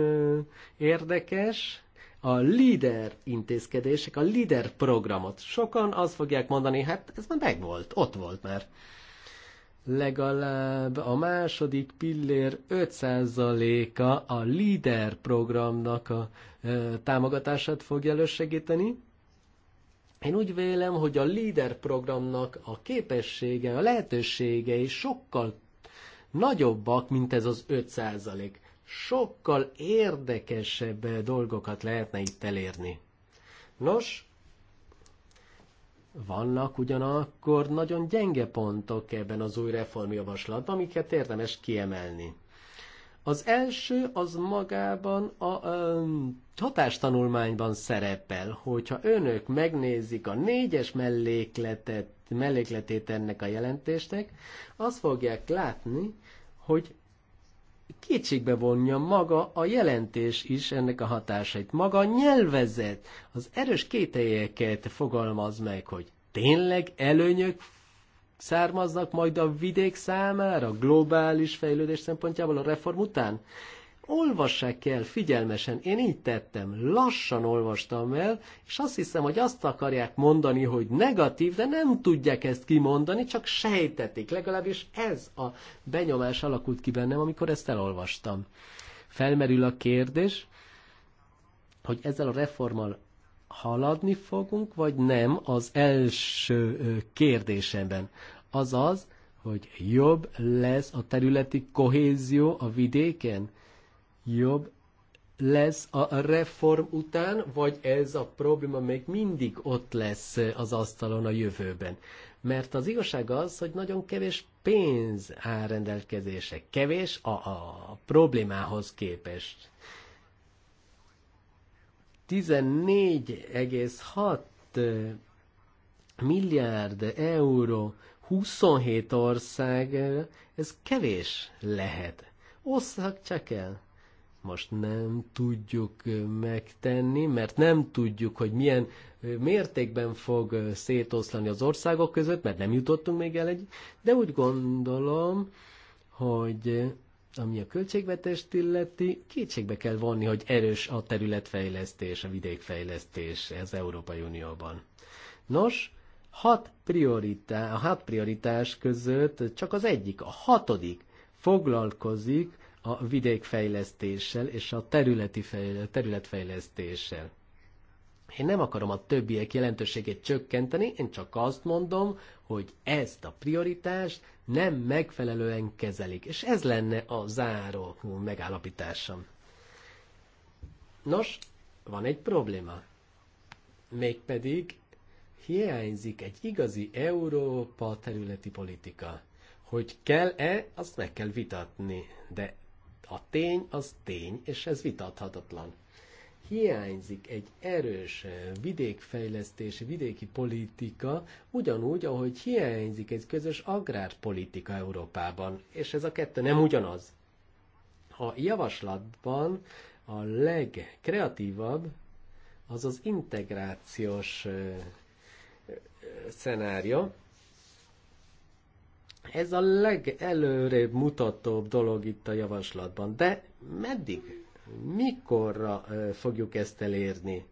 érdekes, a LEADER intézkedések, a LEADER programot. Sokan azt fogják mondani, hát ez már megvolt, ott volt már. Legalább a második pillér 5%-a a LEADER programnak a ö, támogatását fogja elősegíteni. Én úgy vélem, hogy a LEADER programnak a képessége, a lehetőségei sokkal nagyobbak, mint ez az 5%. Sokkal érdekesebb dolgokat lehetne itt elérni. Nos, vannak ugyanakkor nagyon gyenge pontok ebben az új reformjavaslatban, amiket érdemes kiemelni. Az első az magában a, a hatástanulmányban szerepel, hogyha önök megnézik a négyes mellékletet, mellékletét ennek a jelentésnek, azt fogják látni, hogy kétségbe vonja maga a jelentés is ennek a hatásait. Maga a nyelvezet, az erős kételyeket fogalmaz meg, hogy tényleg előnyök származnak majd a vidék számára globális fejlődés szempontjából a reform után? olvassák kell figyelmesen. Én így tettem, lassan olvastam el, és azt hiszem, hogy azt akarják mondani, hogy negatív, de nem tudják ezt kimondani, csak sejtetik. Legalábbis ez a benyomás alakult ki bennem, amikor ezt elolvastam. Felmerül a kérdés, hogy ezzel a reformmal haladni fogunk, vagy nem az első kérdésemben. Azaz, hogy jobb lesz a területi kohézió a vidéken, jobb lesz a reform után, vagy ez a probléma még mindig ott lesz az asztalon a jövőben? Mert az igazság az, hogy nagyon kevés pénz áll rendelkezése, kevés a, a problémához képest. 14,6 milliárd euró 27 ország, ez kevés lehet. Osszak csak el most nem tudjuk megtenni, mert nem tudjuk, hogy milyen mértékben fog szétoszlani az országok között, mert nem jutottunk még el egy, de úgy gondolom, hogy ami a költségvetést illeti, kétségbe kell vonni, hogy erős a területfejlesztés, a vidékfejlesztés az Európai Unióban. Nos, hat prioritá, a hat prioritás között csak az egyik, a hatodik foglalkozik a vidékfejlesztéssel és a területi fejle, területfejlesztéssel. Én nem akarom a többiek jelentőségét csökkenteni, én csak azt mondom, hogy ezt a prioritást nem megfelelően kezelik. És ez lenne a záró megállapításom. Nos, van egy probléma. Mégpedig hiányzik egy igazi Európa területi politika. Hogy kell-e, azt meg kell vitatni, de a tény az tény, és ez vitathatatlan. Hiányzik egy erős vidékfejlesztési, vidéki politika, ugyanúgy, ahogy hiányzik egy közös agrárpolitika Európában, és ez a kettő nem ugyanaz. A javaslatban a legkreatívabb az az integrációs szenárió, ez a legelőrébb mutatóbb dolog itt a javaslatban. De meddig? Mikorra fogjuk ezt elérni?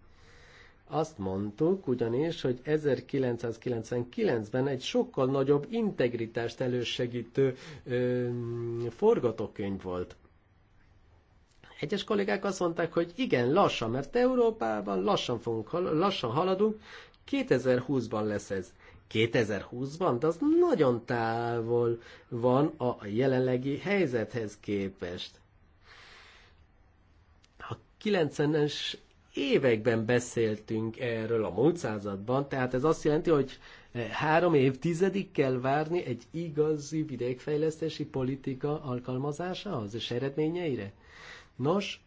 Azt mondtuk ugyanis, hogy 1999-ben egy sokkal nagyobb integritást elősegítő ö, forgatókönyv volt. Egyes kollégák azt mondták, hogy igen, lassan, mert Európában lassan, fogunk, lassan haladunk, 2020-ban lesz ez. 2020-ban, de az nagyon távol van a jelenlegi helyzethez képest. A 90-es években beszéltünk erről a múlt században, tehát ez azt jelenti, hogy eh, három évtizedig kell várni egy igazi vidékfejlesztési politika alkalmazásához és eredményeire. Nos,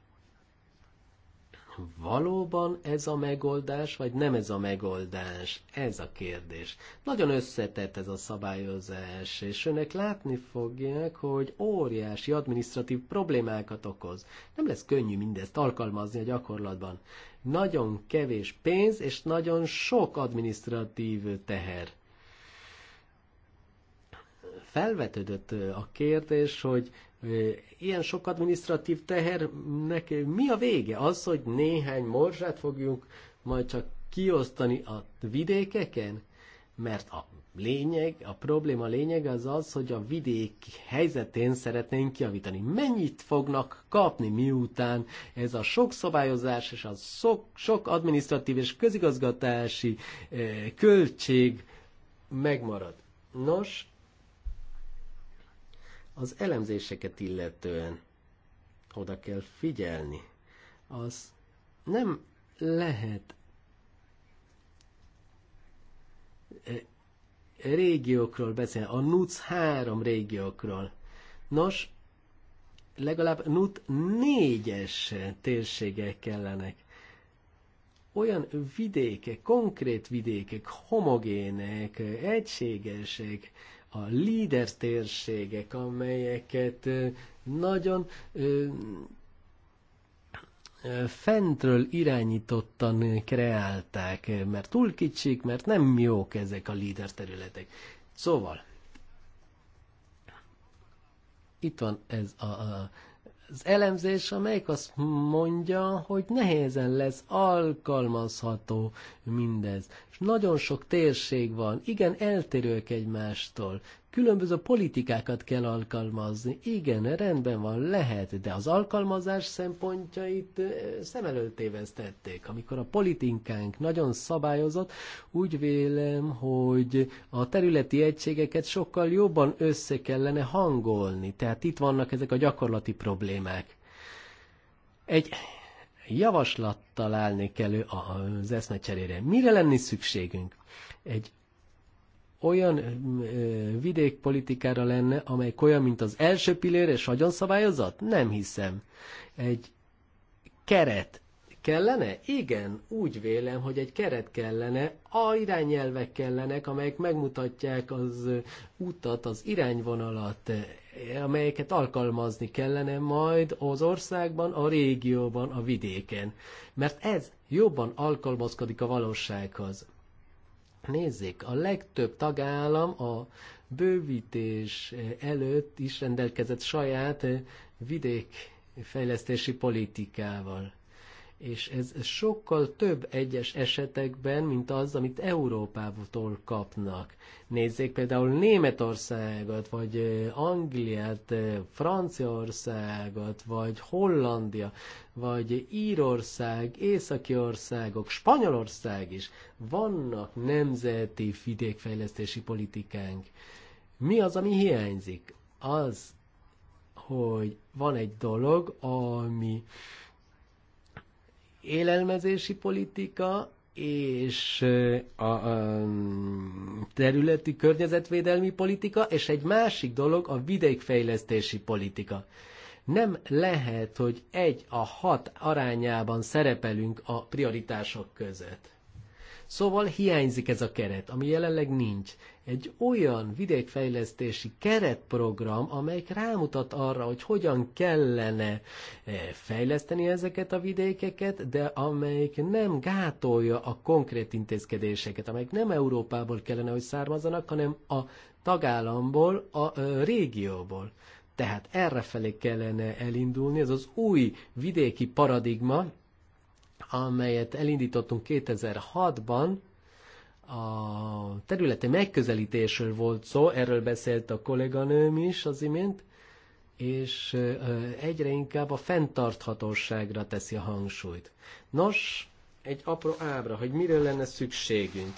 valóban ez a megoldás, vagy nem ez a megoldás? Ez a kérdés. Nagyon összetett ez a szabályozás, és önök látni fogják, hogy óriási administratív problémákat okoz. Nem lesz könnyű mindezt alkalmazni a gyakorlatban. Nagyon kevés pénz, és nagyon sok administratív teher. Felvetődött a kérdés, hogy ilyen sok administratív tehernek mi a vége? Az, hogy néhány morzsát fogjunk majd csak kiosztani a vidékeken? Mert a lényeg, a probléma lényeg az az, hogy a vidék helyzetén szeretnénk kiavítani, Mennyit fognak kapni miután ez a sok szabályozás és a sok, sok administratív és közigazgatási költség megmarad? Nos, az elemzéseket illetően oda kell figyelni. Az nem lehet e, régiókról beszélni a NUC 3 régiókról. Nos, legalább NUT 4-es térségek kellenek. Olyan vidékek, konkrét vidékek, homogének, egységesek, a líder térségek, amelyeket nagyon fentről irányítottan kreálták, mert túl kicsik, mert nem jók ezek a líder területek. Szóval, itt van ez a, a az elemzés, amelyik azt mondja, hogy nehézen lesz alkalmazható mindez. És nagyon sok térség van, igen, eltérők egymástól különböző politikákat kell alkalmazni. Igen, rendben van, lehet, de az alkalmazás szempontjait szem előtt tévesztették. Amikor a politikánk nagyon szabályozott, úgy vélem, hogy a területi egységeket sokkal jobban össze kellene hangolni. Tehát itt vannak ezek a gyakorlati problémák. Egy javaslattal állni elő az eszmecserére. Mire lenni szükségünk? Egy olyan mm, vidékpolitikára lenne, amely olyan, mint az első pillér és nagyon szabályozat. Nem hiszem. Egy keret kellene? Igen, úgy vélem, hogy egy keret kellene, a irányelvek kellenek, amelyek megmutatják az utat, az irányvonalat, amelyeket alkalmazni kellene majd az országban, a régióban, a vidéken. Mert ez jobban alkalmazkodik a valósághoz. Nézzék, a legtöbb tagállam a bővítés előtt is rendelkezett saját eh, vidékfejlesztési politikával és ez sokkal több egyes esetekben, mint az, amit Európától kapnak. Nézzék például Németországot, vagy Angliát, Franciaországot, vagy Hollandia, vagy Írország, Északi országok, Spanyolország is. Vannak nemzeti vidékfejlesztési politikánk. Mi az, ami hiányzik? Az, hogy van egy dolog, ami élelmezési politika és a területi környezetvédelmi politika, és egy másik dolog a vidékfejlesztési politika. Nem lehet, hogy egy a hat arányában szerepelünk a prioritások között. Szóval hiányzik ez a keret, ami jelenleg nincs. Egy olyan vidékfejlesztési keretprogram, amelyik rámutat arra, hogy hogyan kellene eh, fejleszteni ezeket a vidékeket, de amelyik nem gátolja a konkrét intézkedéseket, amelyik nem Európából kellene, hogy származanak, hanem a tagállamból, a eh, régióból. Tehát errefelé kellene elindulni, ez az új vidéki paradigma, amelyet elindítottunk 2006-ban, a területi megközelítésről volt szó, erről beszélt a kolléganőm is az imént, és egyre inkább a fenntarthatóságra teszi a hangsúlyt. Nos, egy apró ábra, hogy mire lenne szükségünk.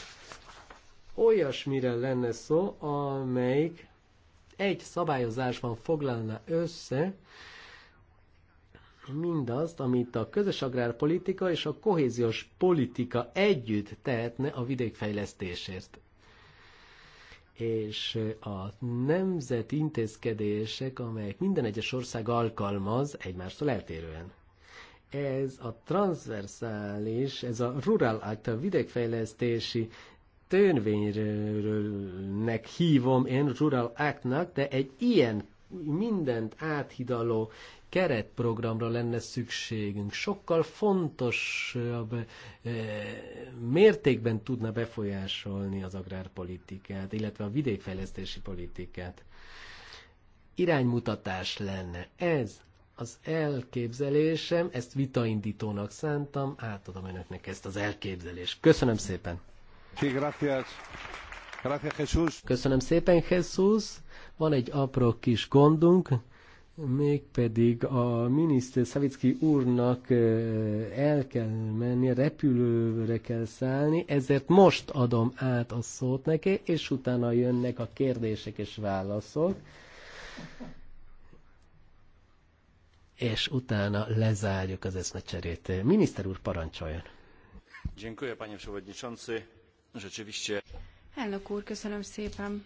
Olyasmire lenne szó, amelyik egy szabályozásban foglalna össze mindazt, amit a közös agrárpolitika és a kohéziós politika együtt tehetne a vidékfejlesztésért. És a nemzeti intézkedések, amelyek minden egyes ország alkalmaz, egymástól eltérően. Ez a transversális, ez a Rural Act, a vidékfejlesztési törvénynek hívom én Rural Actnak, de egy ilyen mindent áthidaló keretprogramra lenne szükségünk. Sokkal fontosabb eh, mértékben tudna befolyásolni az agrárpolitikát, illetve a vidékfejlesztési politikát. Iránymutatás lenne. Ez az elképzelésem, ezt vitaindítónak szántam, átadom önöknek ezt az elképzelést. Köszönöm szépen! gracias. Gracias, Jesús. Köszönöm szépen, Jesús. Van egy apró kis gondunk, mégpedig a miniszter Szavicki úrnak el kell menni, repülőre kell szállni, ezért most adom át a szót neki, és utána jönnek a kérdések és válaszok. És utána lezárjuk az eszmecserét. Miniszter úr, parancsoljon! Dziękuję, panie przewodniczący. Rzeczywiście. Elnök úr, köszönöm szépen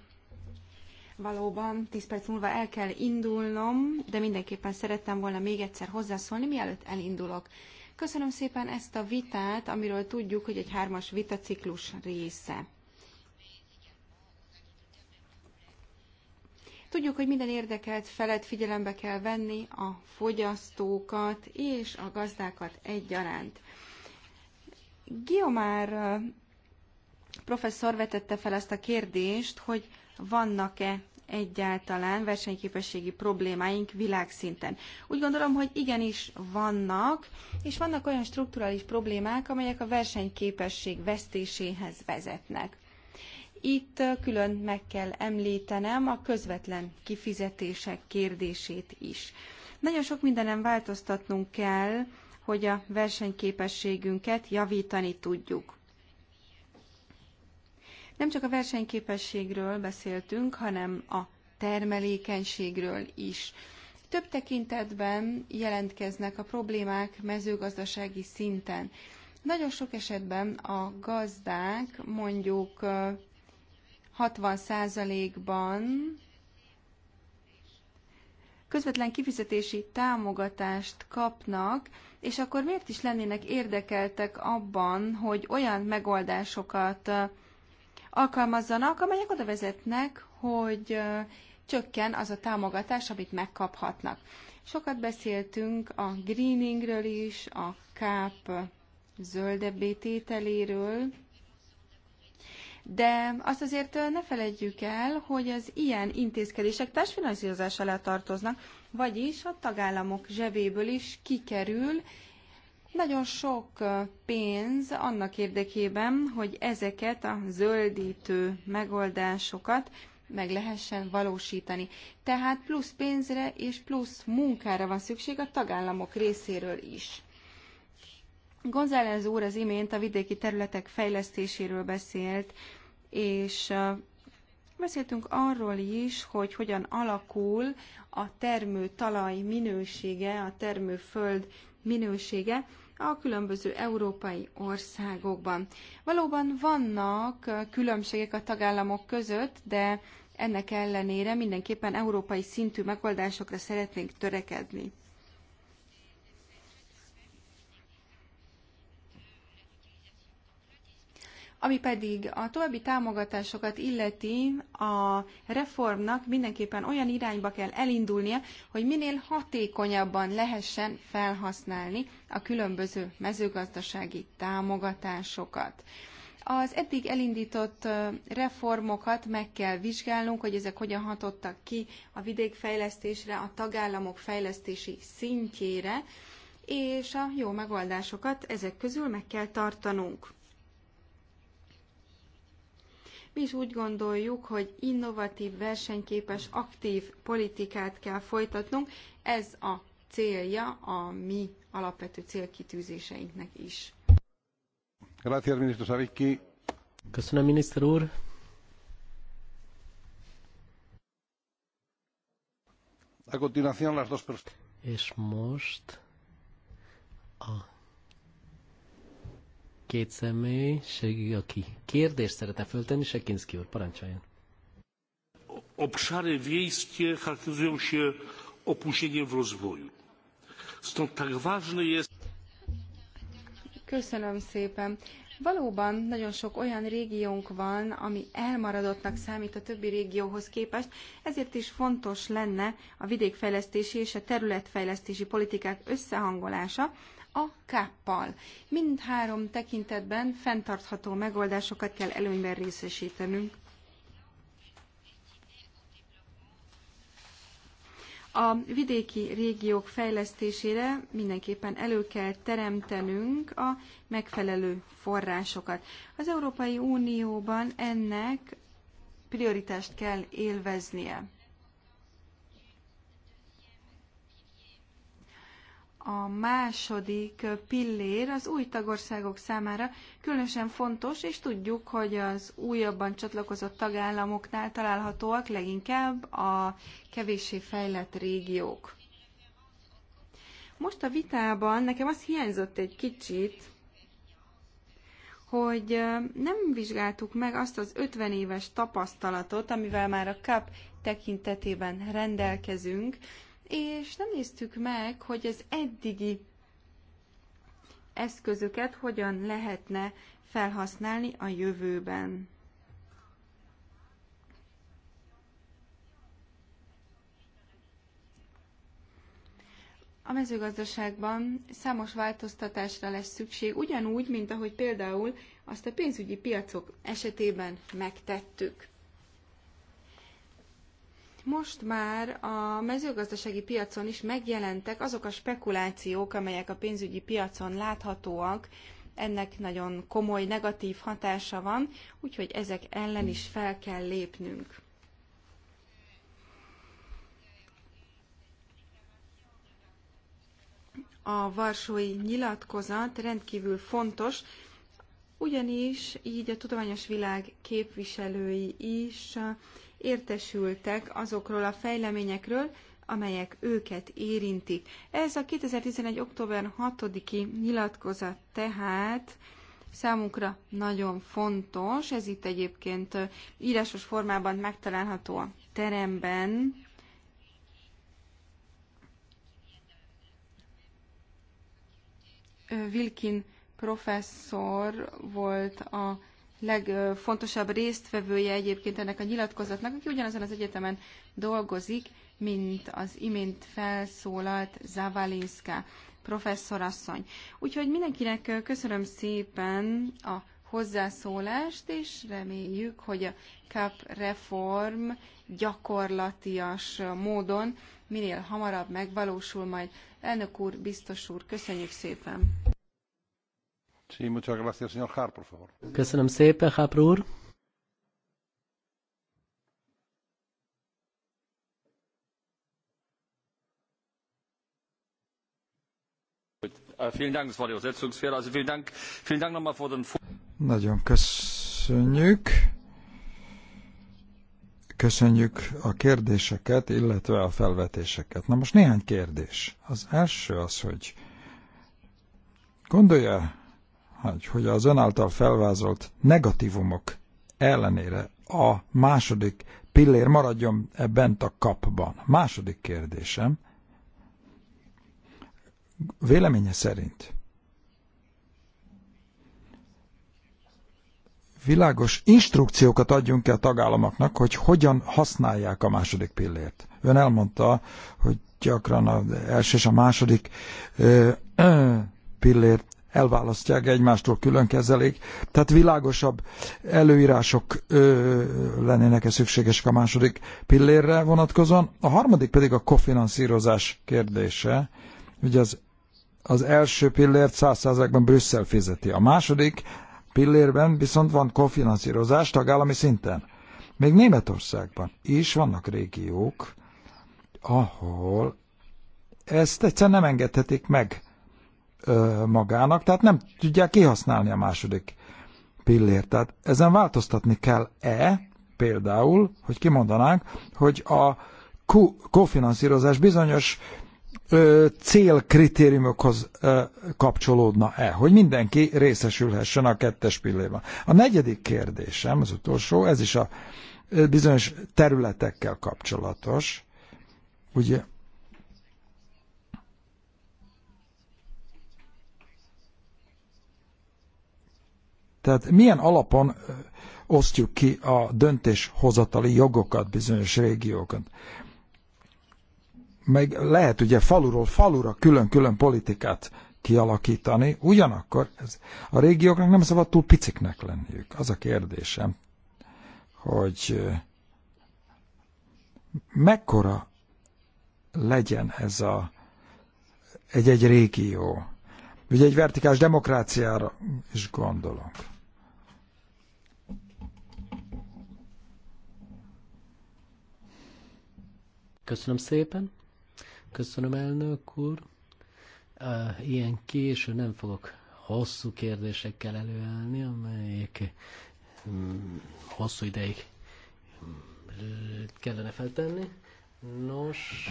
valóban 10 perc múlva el kell indulnom, de mindenképpen szerettem volna még egyszer hozzászólni, mielőtt elindulok. Köszönöm szépen ezt a vitát, amiről tudjuk, hogy egy hármas vitaciklus része. Tudjuk, hogy minden érdekelt felett figyelembe kell venni, a fogyasztókat és a gazdákat egyaránt. Giomár eh, professzor vetette fel ezt a kérdést, hogy vannak-e egyáltalán versenyképességi problémáink világszinten. Úgy gondolom, hogy igenis vannak, és vannak olyan strukturális problémák, amelyek a versenyképesség vesztéséhez vezetnek. Itt külön meg kell említenem a közvetlen kifizetések kérdését is. Nagyon sok mindenem változtatnunk kell, hogy a versenyképességünket javítani tudjuk. Nem csak a versenyképességről beszéltünk, hanem a termelékenységről is. Több tekintetben jelentkeznek a problémák mezőgazdasági szinten. Nagyon sok esetben a gazdák mondjuk 60%-ban közvetlen kifizetési támogatást kapnak, és akkor miért is lennének érdekeltek abban, hogy olyan megoldásokat alkalmazzanak, amelyek oda vezetnek, hogy csökken az a támogatás, amit megkaphatnak. Sokat beszéltünk a greeningről is, a káp zöldebbé tételéről, de azt azért ne felejtjük el, hogy az ilyen intézkedések társfinanszírozás alá tartoznak, vagyis a tagállamok zsebéből is kikerül nagyon sok pénz annak érdekében, hogy ezeket a zöldítő megoldásokat meg lehessen valósítani. Tehát plusz pénzre és plusz munkára van szükség a tagállamok részéről is. González úr az imént a vidéki területek fejlesztéséről beszélt, és beszéltünk arról is, hogy hogyan alakul a termő talaj minősége, a termőföld minősége a különböző európai országokban. Valóban vannak különbségek a tagállamok között, de ennek ellenére mindenképpen európai szintű megoldásokra szeretnénk törekedni. Ami pedig a további támogatásokat illeti, a reformnak mindenképpen olyan irányba kell elindulnia, hogy minél hatékonyabban lehessen felhasználni a különböző mezőgazdasági támogatásokat. Az eddig elindított reformokat meg kell vizsgálnunk, hogy ezek hogyan hatottak ki a vidékfejlesztésre, a tagállamok fejlesztési szintjére, és a jó megoldásokat ezek közül meg kell tartanunk. Mi is úgy gondoljuk, hogy innovatív, versenyképes, aktív politikát kell folytatnunk. Ez a célja a mi alapvető célkitűzéseinknek is. Köszönöm, miniszter úr. A continuación las dos És most a két személy, segí, aki kérdést szeretne föltenni, Sekinszki úr, parancsoljon. Obszary wiejskie charakteryzują się opóźnieniem w rozwoju. Stąd tak ważne jest... Köszönöm szépen. Valóban nagyon sok olyan régiónk van, ami elmaradottnak számít a többi régióhoz képest, ezért is fontos lenne a vidékfejlesztési és a területfejlesztési politikák összehangolása, a káppal. Mindhárom tekintetben fenntartható megoldásokat kell előnyben részesítenünk. A vidéki régiók fejlesztésére mindenképpen elő kell teremtenünk a megfelelő forrásokat. Az Európai Unióban ennek prioritást kell élveznie. a második pillér az új tagországok számára különösen fontos, és tudjuk, hogy az újabban csatlakozott tagállamoknál találhatóak leginkább a kevéssé fejlett régiók. Most a vitában nekem az hiányzott egy kicsit, hogy nem vizsgáltuk meg azt az 50 éves tapasztalatot, amivel már a CAP tekintetében rendelkezünk, és nem néztük meg, hogy az eddigi eszközöket hogyan lehetne felhasználni a jövőben. A mezőgazdaságban számos változtatásra lesz szükség, ugyanúgy, mint ahogy például azt a pénzügyi piacok esetében megtettük. Most már a mezőgazdasági piacon is megjelentek azok a spekulációk, amelyek a pénzügyi piacon láthatóak, ennek nagyon komoly negatív hatása van, úgyhogy ezek ellen is fel kell lépnünk. A Varsói nyilatkozat rendkívül fontos, ugyanis így a tudományos világ képviselői is értesültek azokról a fejleményekről, amelyek őket érintik. Ez a 2011. október 6-i nyilatkozat tehát számunkra nagyon fontos, ez itt egyébként írásos formában megtalálható a teremben. Wilkin professzor volt a legfontosabb résztvevője egyébként ennek a nyilatkozatnak, aki ugyanazon az egyetemen dolgozik, mint az imént felszólalt Zavalinska professzorasszony. Úgyhogy mindenkinek köszönöm szépen a hozzászólást, és reméljük, hogy a CAP reform gyakorlatias módon minél hamarabb megvalósul majd. Elnök úr, biztos úr, köszönjük szépen! Sí, muchas gracias, señor Hart, por favor. Köszönöm szépen, Harper úr. Äh, Nagyon köszönjük. Köszönjük a kérdéseket, illetve a felvetéseket. Na most néhány kérdés. Az első az, hogy gondolja hogy az ön által felvázolt negatívumok ellenére a második pillér maradjon -e bent a kapban. Második kérdésem. Véleménye szerint világos instrukciókat adjunk el tagállamoknak, hogy hogyan használják a második pillért. Ön elmondta, hogy gyakran az első és a második ö, ö, pillér elválasztják egymástól, külön kezelik. Tehát világosabb előírások ö, lennének-e szükségesek a második pillérre vonatkozóan. A harmadik pedig a kofinanszírozás kérdése. Ugye az, az első pillért 100%-ban Brüsszel fizeti. A második pillérben viszont van kofinanszírozás tagállami szinten. Még Németországban is vannak régiók, ahol ezt egyszer nem engedhetik meg magának, tehát nem tudják kihasználni a második pillért. Tehát ezen változtatni kell-e, például, hogy kimondanánk, hogy a kofinanszírozás bizonyos célkritériumokhoz kapcsolódna-e, hogy mindenki részesülhessen a kettes pillérben. A negyedik kérdésem, az utolsó, ez is a bizonyos területekkel kapcsolatos. Ugye Tehát milyen alapon osztjuk ki a döntéshozatali jogokat bizonyos régiókat? Meg lehet ugye faluról falura külön-külön politikát kialakítani, ugyanakkor ez, a régióknak nem szabad túl piciknek lenniük. Az a kérdésem, hogy mekkora legyen ez a egy-egy régió. Ugye egy vertikális demokráciára is gondolok. Köszönöm szépen. Köszönöm, elnök úr. Ilyen késő nem fogok hosszú kérdésekkel előállni, amelyek mm, hosszú ideig mm, kellene feltenni. Nos,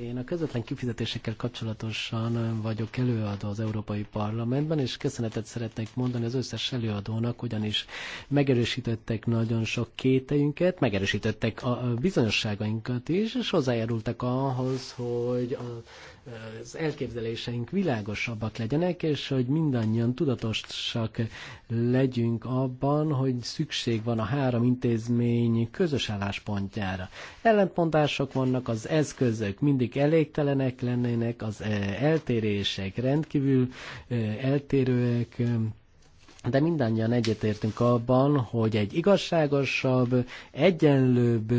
én a közvetlen kifizetésekkel kapcsolatosan vagyok előadó az Európai Parlamentben, és köszönetet szeretnék mondani az összes előadónak, ugyanis megerősítettek nagyon sok kételjünket, megerősítettek a bizonyosságainkat is, és hozzájárultak ahhoz, hogy a az elképzeléseink világosabbak legyenek, és hogy mindannyian tudatosak legyünk abban, hogy szükség van a három intézmény közös álláspontjára. Ellentmondások vannak, az eszközök mindig elégtelenek lennének, az eh, eltérések rendkívül eh, eltérőek, de mindannyian egyetértünk abban, hogy egy igazságosabb, egyenlőbb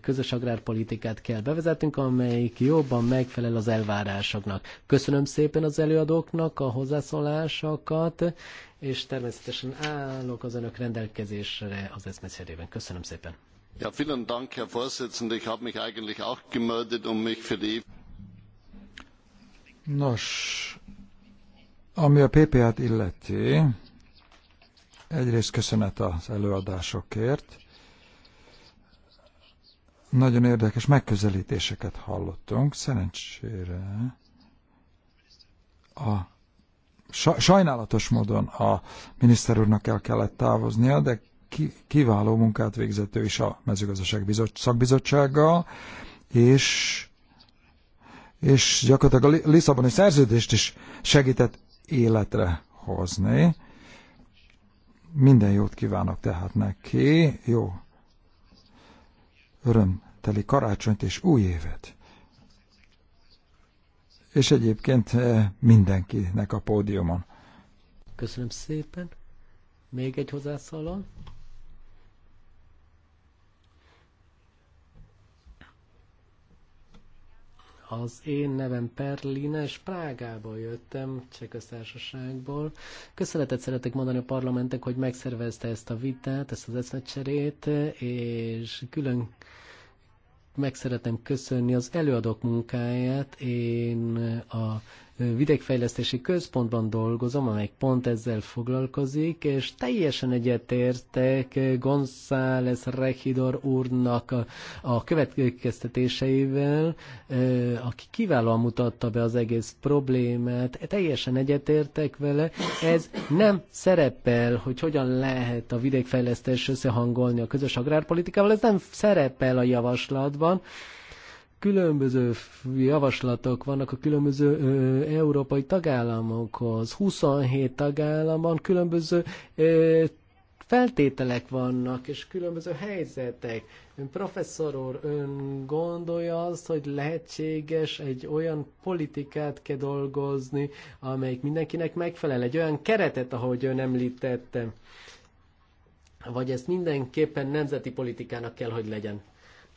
közös agrárpolitikát kell bevezetnünk, amelyik jobban megfelel az elvárásoknak. Köszönöm szépen az előadóknak a hozzászólásokat, és természetesen állok az önök rendelkezésre az eszmeszerében. Köszönöm szépen. Ja, vielen Dank, Herr Vorsitzender. Ich habe mich eigentlich auch gemeldet, um mich für die... Nos, ami a PPA-t illeti, Egyrészt köszönet az előadásokért. Nagyon érdekes megközelítéseket hallottunk. Szerencsére a sajnálatos módon a miniszter úrnak el kellett távoznia, de ki, kiváló munkát végzett ő is a mezőgazdaság bizot, szakbizottsággal, és, és gyakorlatilag a Lisszaboni szerződést is segített életre hozni. Minden jót kívánok tehát neki. Jó. Örömteli karácsonyt és új évet. És egyébként eh, mindenkinek a pódiumon. Köszönöm szépen. Még egy hozzászólal. Az én nevem Perline, és Prágából jöttem, Csehköztársaságból. Köszönetet szeretek mondani a parlamentek, hogy megszervezte ezt a vitát, ezt az eszmecserét, és külön meg szeretem köszönni az előadók munkáját. Én a vidékfejlesztési központban dolgozom, amely pont ezzel foglalkozik, és teljesen egyetértek González Rehidor úrnak a, a következtetéseivel, aki kiválóan mutatta be az egész problémát. Teljesen egyetértek vele. Ez nem szerepel, hogy hogyan lehet a vidékfejlesztés összehangolni a közös agrárpolitikával, ez nem szerepel a javaslatban különböző javaslatok vannak a különböző ö, európai tagállamokhoz. 27 tagállamban különböző ö, feltételek vannak, és különböző helyzetek. Ön professzor úr, ön gondolja azt, hogy lehetséges egy olyan politikát kell dolgozni, amelyik mindenkinek megfelel, egy olyan keretet, ahogy ön említette. Vagy ezt mindenképpen nemzeti politikának kell, hogy legyen?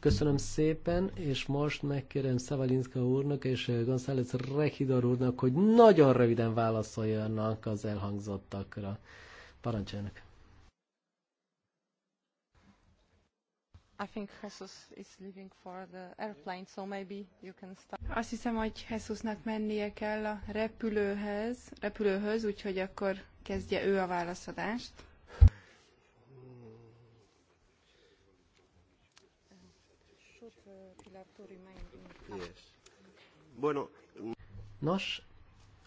Köszönöm szépen, és most megkérem Szavalinszka úrnak és González Rehidor úrnak, hogy nagyon röviden válaszoljanak az elhangzottakra. Parancsoljanak! I think is for the airplane, so maybe you can start. Azt hiszem, hogy Jesusnak mennie kell a repülőhez, repülőhöz, úgyhogy akkor kezdje ő a válaszadást. Nos,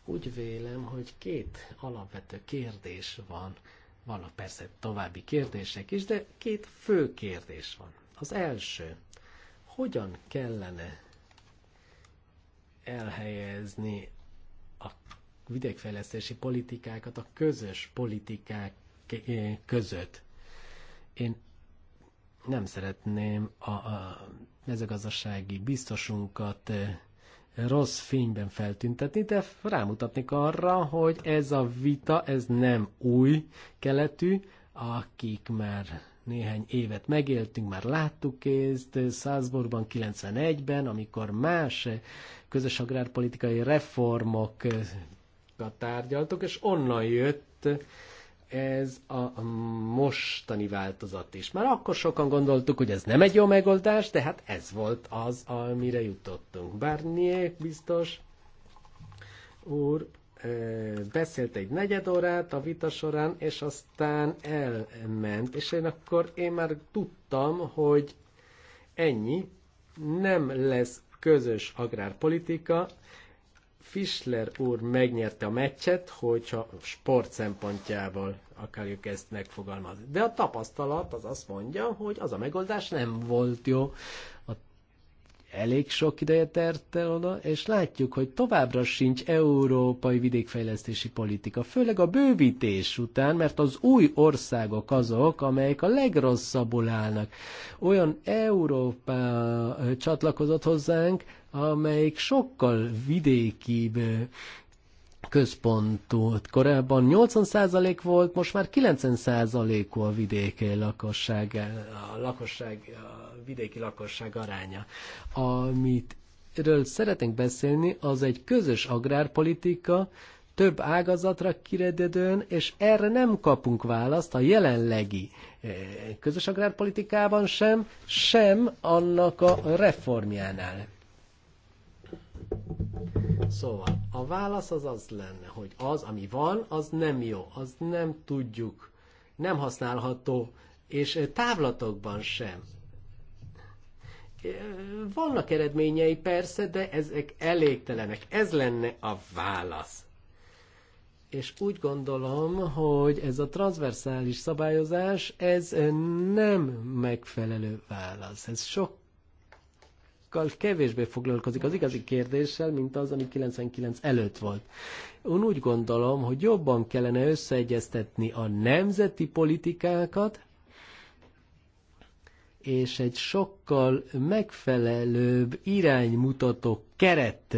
úgy vélem, hogy két alapvető kérdés van. Vannak persze további kérdések is, de két fő kérdés van. Az első, hogyan kellene elhelyezni a vidékfejlesztési politikákat a közös politikák eh, között? Én nem szeretném a, a mezőgazdasági biztosunkat eh, rossz fényben feltüntetni, de rámutatnék arra, hogy ez a vita, ez nem új keletű, akik már néhány évet megéltünk, már láttuk ezt Salzburgban 91-ben, amikor más eh, közös agrárpolitikai reformokat tárgyaltuk, és onnan jött ez a mostani változat is. Már akkor sokan gondoltuk, hogy ez nem egy jó megoldás, de hát ez volt az, amire jutottunk. Barnier biztos úr eh, beszélt egy negyed órát a vita során, és aztán elment, és én akkor én már tudtam, hogy ennyi, nem lesz közös agrárpolitika, Fischler úr megnyerte a meccset, hogyha sport szempontjából akarjuk ezt megfogalmazni. De a tapasztalat az azt mondja, hogy az a megoldás nem volt jó. A elég sok ideje oda, és látjuk, hogy továbbra sincs európai vidékfejlesztési politika, főleg a bővítés után, mert az új országok azok, amelyek a legrosszabbul állnak. Olyan Európa csatlakozott hozzánk, amelyik sokkal vidékibb központú. Korábban 80% volt, most már 90%-ú a vidéke lakosság, a lakosság, a vidéki lakosság aránya. Amit erről szeretnénk beszélni, az egy közös agrárpolitika, több ágazatra kiredődően, és erre nem kapunk választ a jelenlegi eh, közös agrárpolitikában sem, sem annak a reformjánál. Szóval a válasz az az lenne, hogy az, ami van, az nem jó, az nem tudjuk, nem használható, és eh, távlatokban sem. Vannak eredményei persze, de ezek elégtelenek. Ez lenne a válasz. És úgy gondolom, hogy ez a transversális szabályozás, ez nem megfelelő válasz. Ez sok sokkal kevésbé foglalkozik az igazi kérdéssel, mint az, ami 99 előtt volt. Én úgy gondolom, hogy jobban kellene összeegyeztetni a nemzeti politikákat és egy sokkal megfelelőbb iránymutató keret,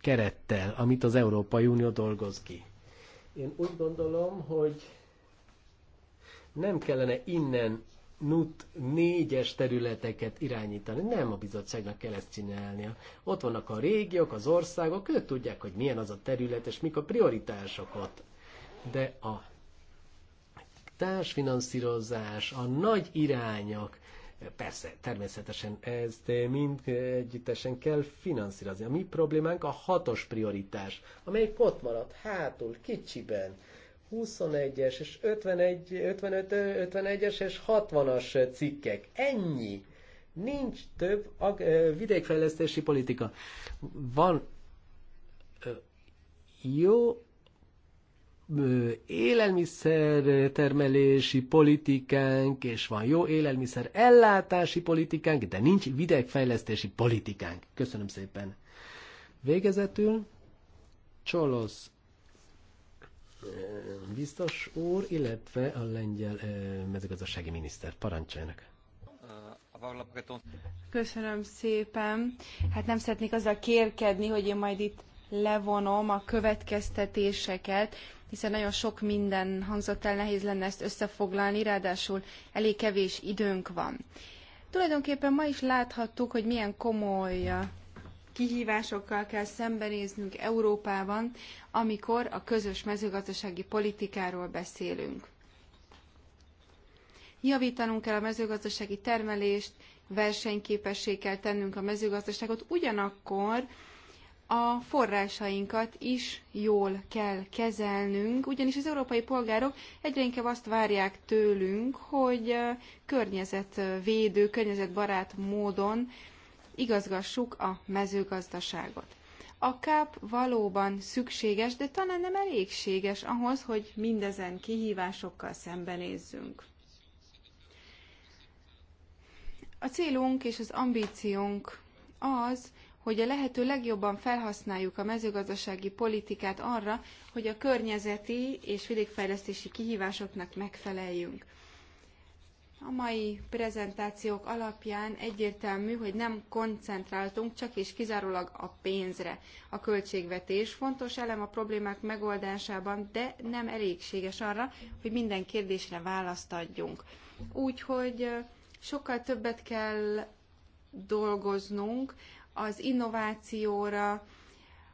kerettel, amit az Európai Unió dolgoz ki. Én úgy gondolom, hogy nem kellene innen NUT négyes területeket irányítani. Nem a bizottságnak kell ezt csinálnia. Ott vannak a régiók, az országok, ők tudják, hogy milyen az a terület, és mik a prioritásokat. De a társfinanszírozás, a nagy irányok, Persze, természetesen ezt mind együttesen kell finanszírozni. A mi problémánk a hatos prioritás, amelyik ott maradt hátul, kicsiben. 21-es és 51, 55, 51-es és 60-as cikkek. Ennyi. Nincs több ag- vidékfejlesztési politika. Van jó élelmiszer termelési politikánk, és van jó élelmiszer ellátási politikánk, de nincs videgfejlesztési politikánk. Köszönöm szépen. Végezetül Csolosz biztos úr, illetve a lengyel mezőgazdasági miniszter. Parancsoljanak! Köszönöm szépen. Hát nem szeretnék azzal kérkedni, hogy én majd itt levonom a következtetéseket, hiszen nagyon sok minden hangzott el, nehéz lenne ezt összefoglalni, ráadásul elég kevés időnk van. Tulajdonképpen ma is láthattuk, hogy milyen komoly kihívásokkal kell szembenéznünk Európában, amikor a közös mezőgazdasági politikáról beszélünk. Javítanunk kell a mezőgazdasági termelést, versenyképessé kell tennünk a mezőgazdaságot, ugyanakkor a forrásainkat is jól kell kezelnünk, ugyanis az európai polgárok egyre inkább azt várják tőlünk, hogy környezetvédő, környezetbarát módon igazgassuk a mezőgazdaságot. A káp valóban szükséges, de talán nem elégséges ahhoz, hogy mindezen kihívásokkal szembenézzünk. A célunk és az ambíciónk az, hogy a lehető legjobban felhasználjuk a mezőgazdasági politikát arra, hogy a környezeti és vidékfejlesztési kihívásoknak megfeleljünk. A mai prezentációk alapján egyértelmű, hogy nem koncentráltunk csak és kizárólag a pénzre. A költségvetés fontos elem a problémák megoldásában, de nem elégséges arra, hogy minden kérdésre választ adjunk. Úgyhogy sokkal többet kell dolgoznunk az innovációra,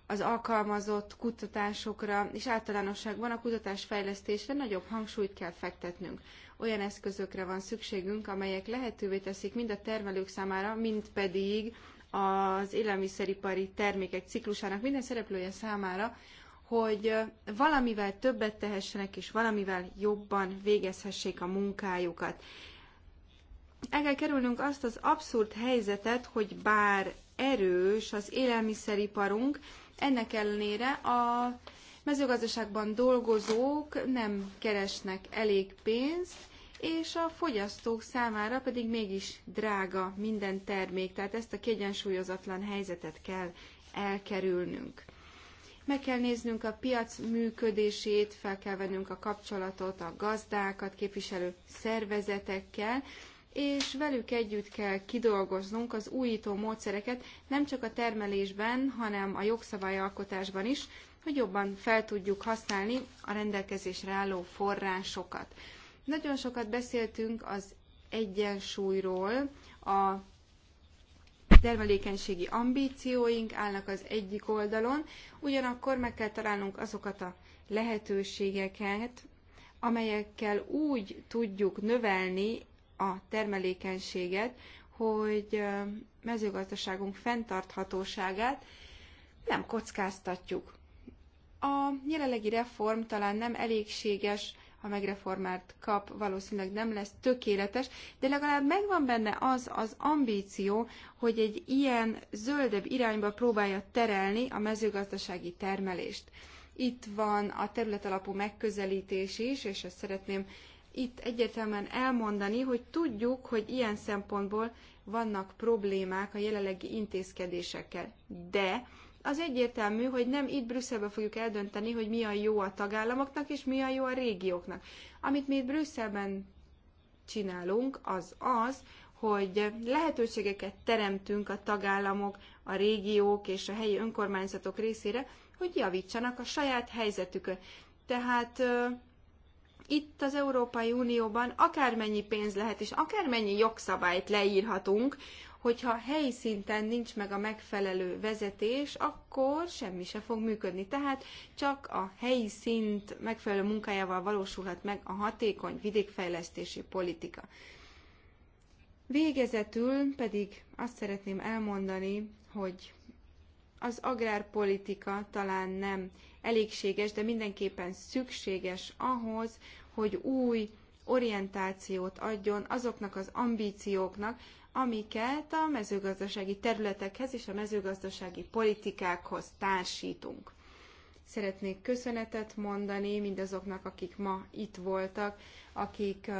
az alkalmazott kutatásokra és általánosságban a kutatásfejlesztésre nagyobb hangsúlyt kell fektetnünk. Olyan eszközökre van szükségünk, amelyek lehetővé teszik mind a termelők számára, mind pedig az élelmiszeripari termékek ciklusának minden szereplője számára, hogy valamivel többet tehessenek és valamivel jobban végezhessék a munkájukat. El kell kerülnünk azt az abszurd helyzetet, hogy bár erős az élelmiszeriparunk, ennek ellenére a mezőgazdaságban dolgozók nem keresnek elég pénzt, és a fogyasztók számára pedig mégis drága minden termék, tehát ezt a kiegyensúlyozatlan helyzetet kell elkerülnünk. Meg kell néznünk a piac működését, fel kell vennünk a kapcsolatot a gazdákat, képviselő szervezetekkel, és velük együtt kell kidolgoznunk az újító módszereket nem csak a termelésben, hanem a jogszabályalkotásban is, hogy jobban fel tudjuk használni a rendelkezésre álló forrásokat. Nagyon sokat beszéltünk az egyensúlyról, a termelékenységi ambícióink állnak az egyik oldalon, ugyanakkor meg kell találnunk azokat a lehetőségeket, amelyekkel úgy tudjuk növelni a termelékenységet, hogy mezőgazdaságunk fenntarthatóságát nem kockáztatjuk. A jelenlegi reform talán nem elégséges, ha megreformált kap valószínűleg nem lesz tökéletes, de legalább megvan benne az az ambíció, hogy egy ilyen zöldebb irányba próbálja terelni a mezőgazdasági termelést. Itt van a területalapú megközelítés is, és ezt szeretném itt egyértelműen elmondani, hogy tudjuk, hogy ilyen szempontból vannak problémák a jelenlegi intézkedésekkel. De az egyértelmű, hogy nem itt Brüsszelben fogjuk eldönteni, hogy mi a jó a tagállamoknak, és mi a jó a régióknak. Amit mi itt Brüsszelben csinálunk, az az, hogy lehetőségeket teremtünk a tagállamok, a régiók és a helyi önkormányzatok részére, hogy javítsanak a saját helyzetükön. Tehát itt az Európai Unióban akármennyi pénz lehet, és akármennyi jogszabályt leírhatunk, hogyha helyi szinten nincs meg a megfelelő vezetés, akkor semmi se fog működni. Tehát csak a helyi szint megfelelő munkájával valósulhat meg a hatékony vidékfejlesztési politika. Végezetül pedig azt szeretném elmondani, hogy az agrárpolitika talán nem elégséges, de mindenképpen szükséges ahhoz, hogy új orientációt adjon azoknak az ambícióknak, amiket a mezőgazdasági területekhez és a mezőgazdasági politikákhoz társítunk. Szeretnék köszönetet mondani mindazoknak, akik ma itt voltak, akik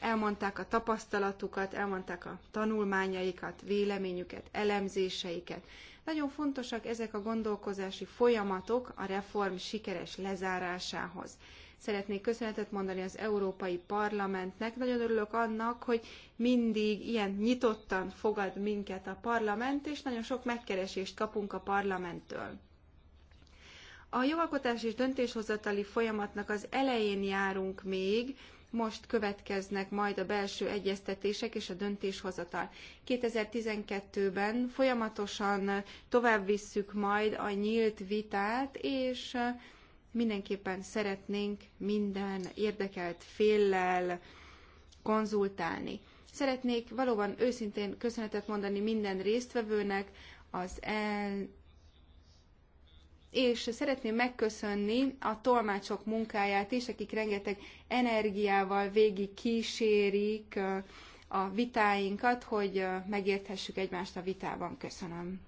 elmondták a tapasztalatukat, elmondták a tanulmányaikat, véleményüket, elemzéseiket. Nagyon fontosak ezek a gondolkozási folyamatok a reform sikeres lezárásához. Szeretnék köszönetet mondani az Európai Parlamentnek. Nagyon örülök annak, hogy mindig ilyen nyitottan fogad minket a parlament, és nagyon sok megkeresést kapunk a parlamenttől. A jogalkotás és döntéshozatali folyamatnak az elején járunk még, most következnek majd a belső egyeztetések és a döntéshozatal. 2012-ben folyamatosan tovább visszük majd a nyílt vitát, és mindenképpen szeretnénk minden érdekelt féllel konzultálni. Szeretnék valóban őszintén köszönetet mondani minden résztvevőnek, az el, és szeretném megköszönni a tolmácsok munkáját is, akik rengeteg energiával végig kísérik a vitáinkat, hogy megérthessük egymást a vitában. Köszönöm.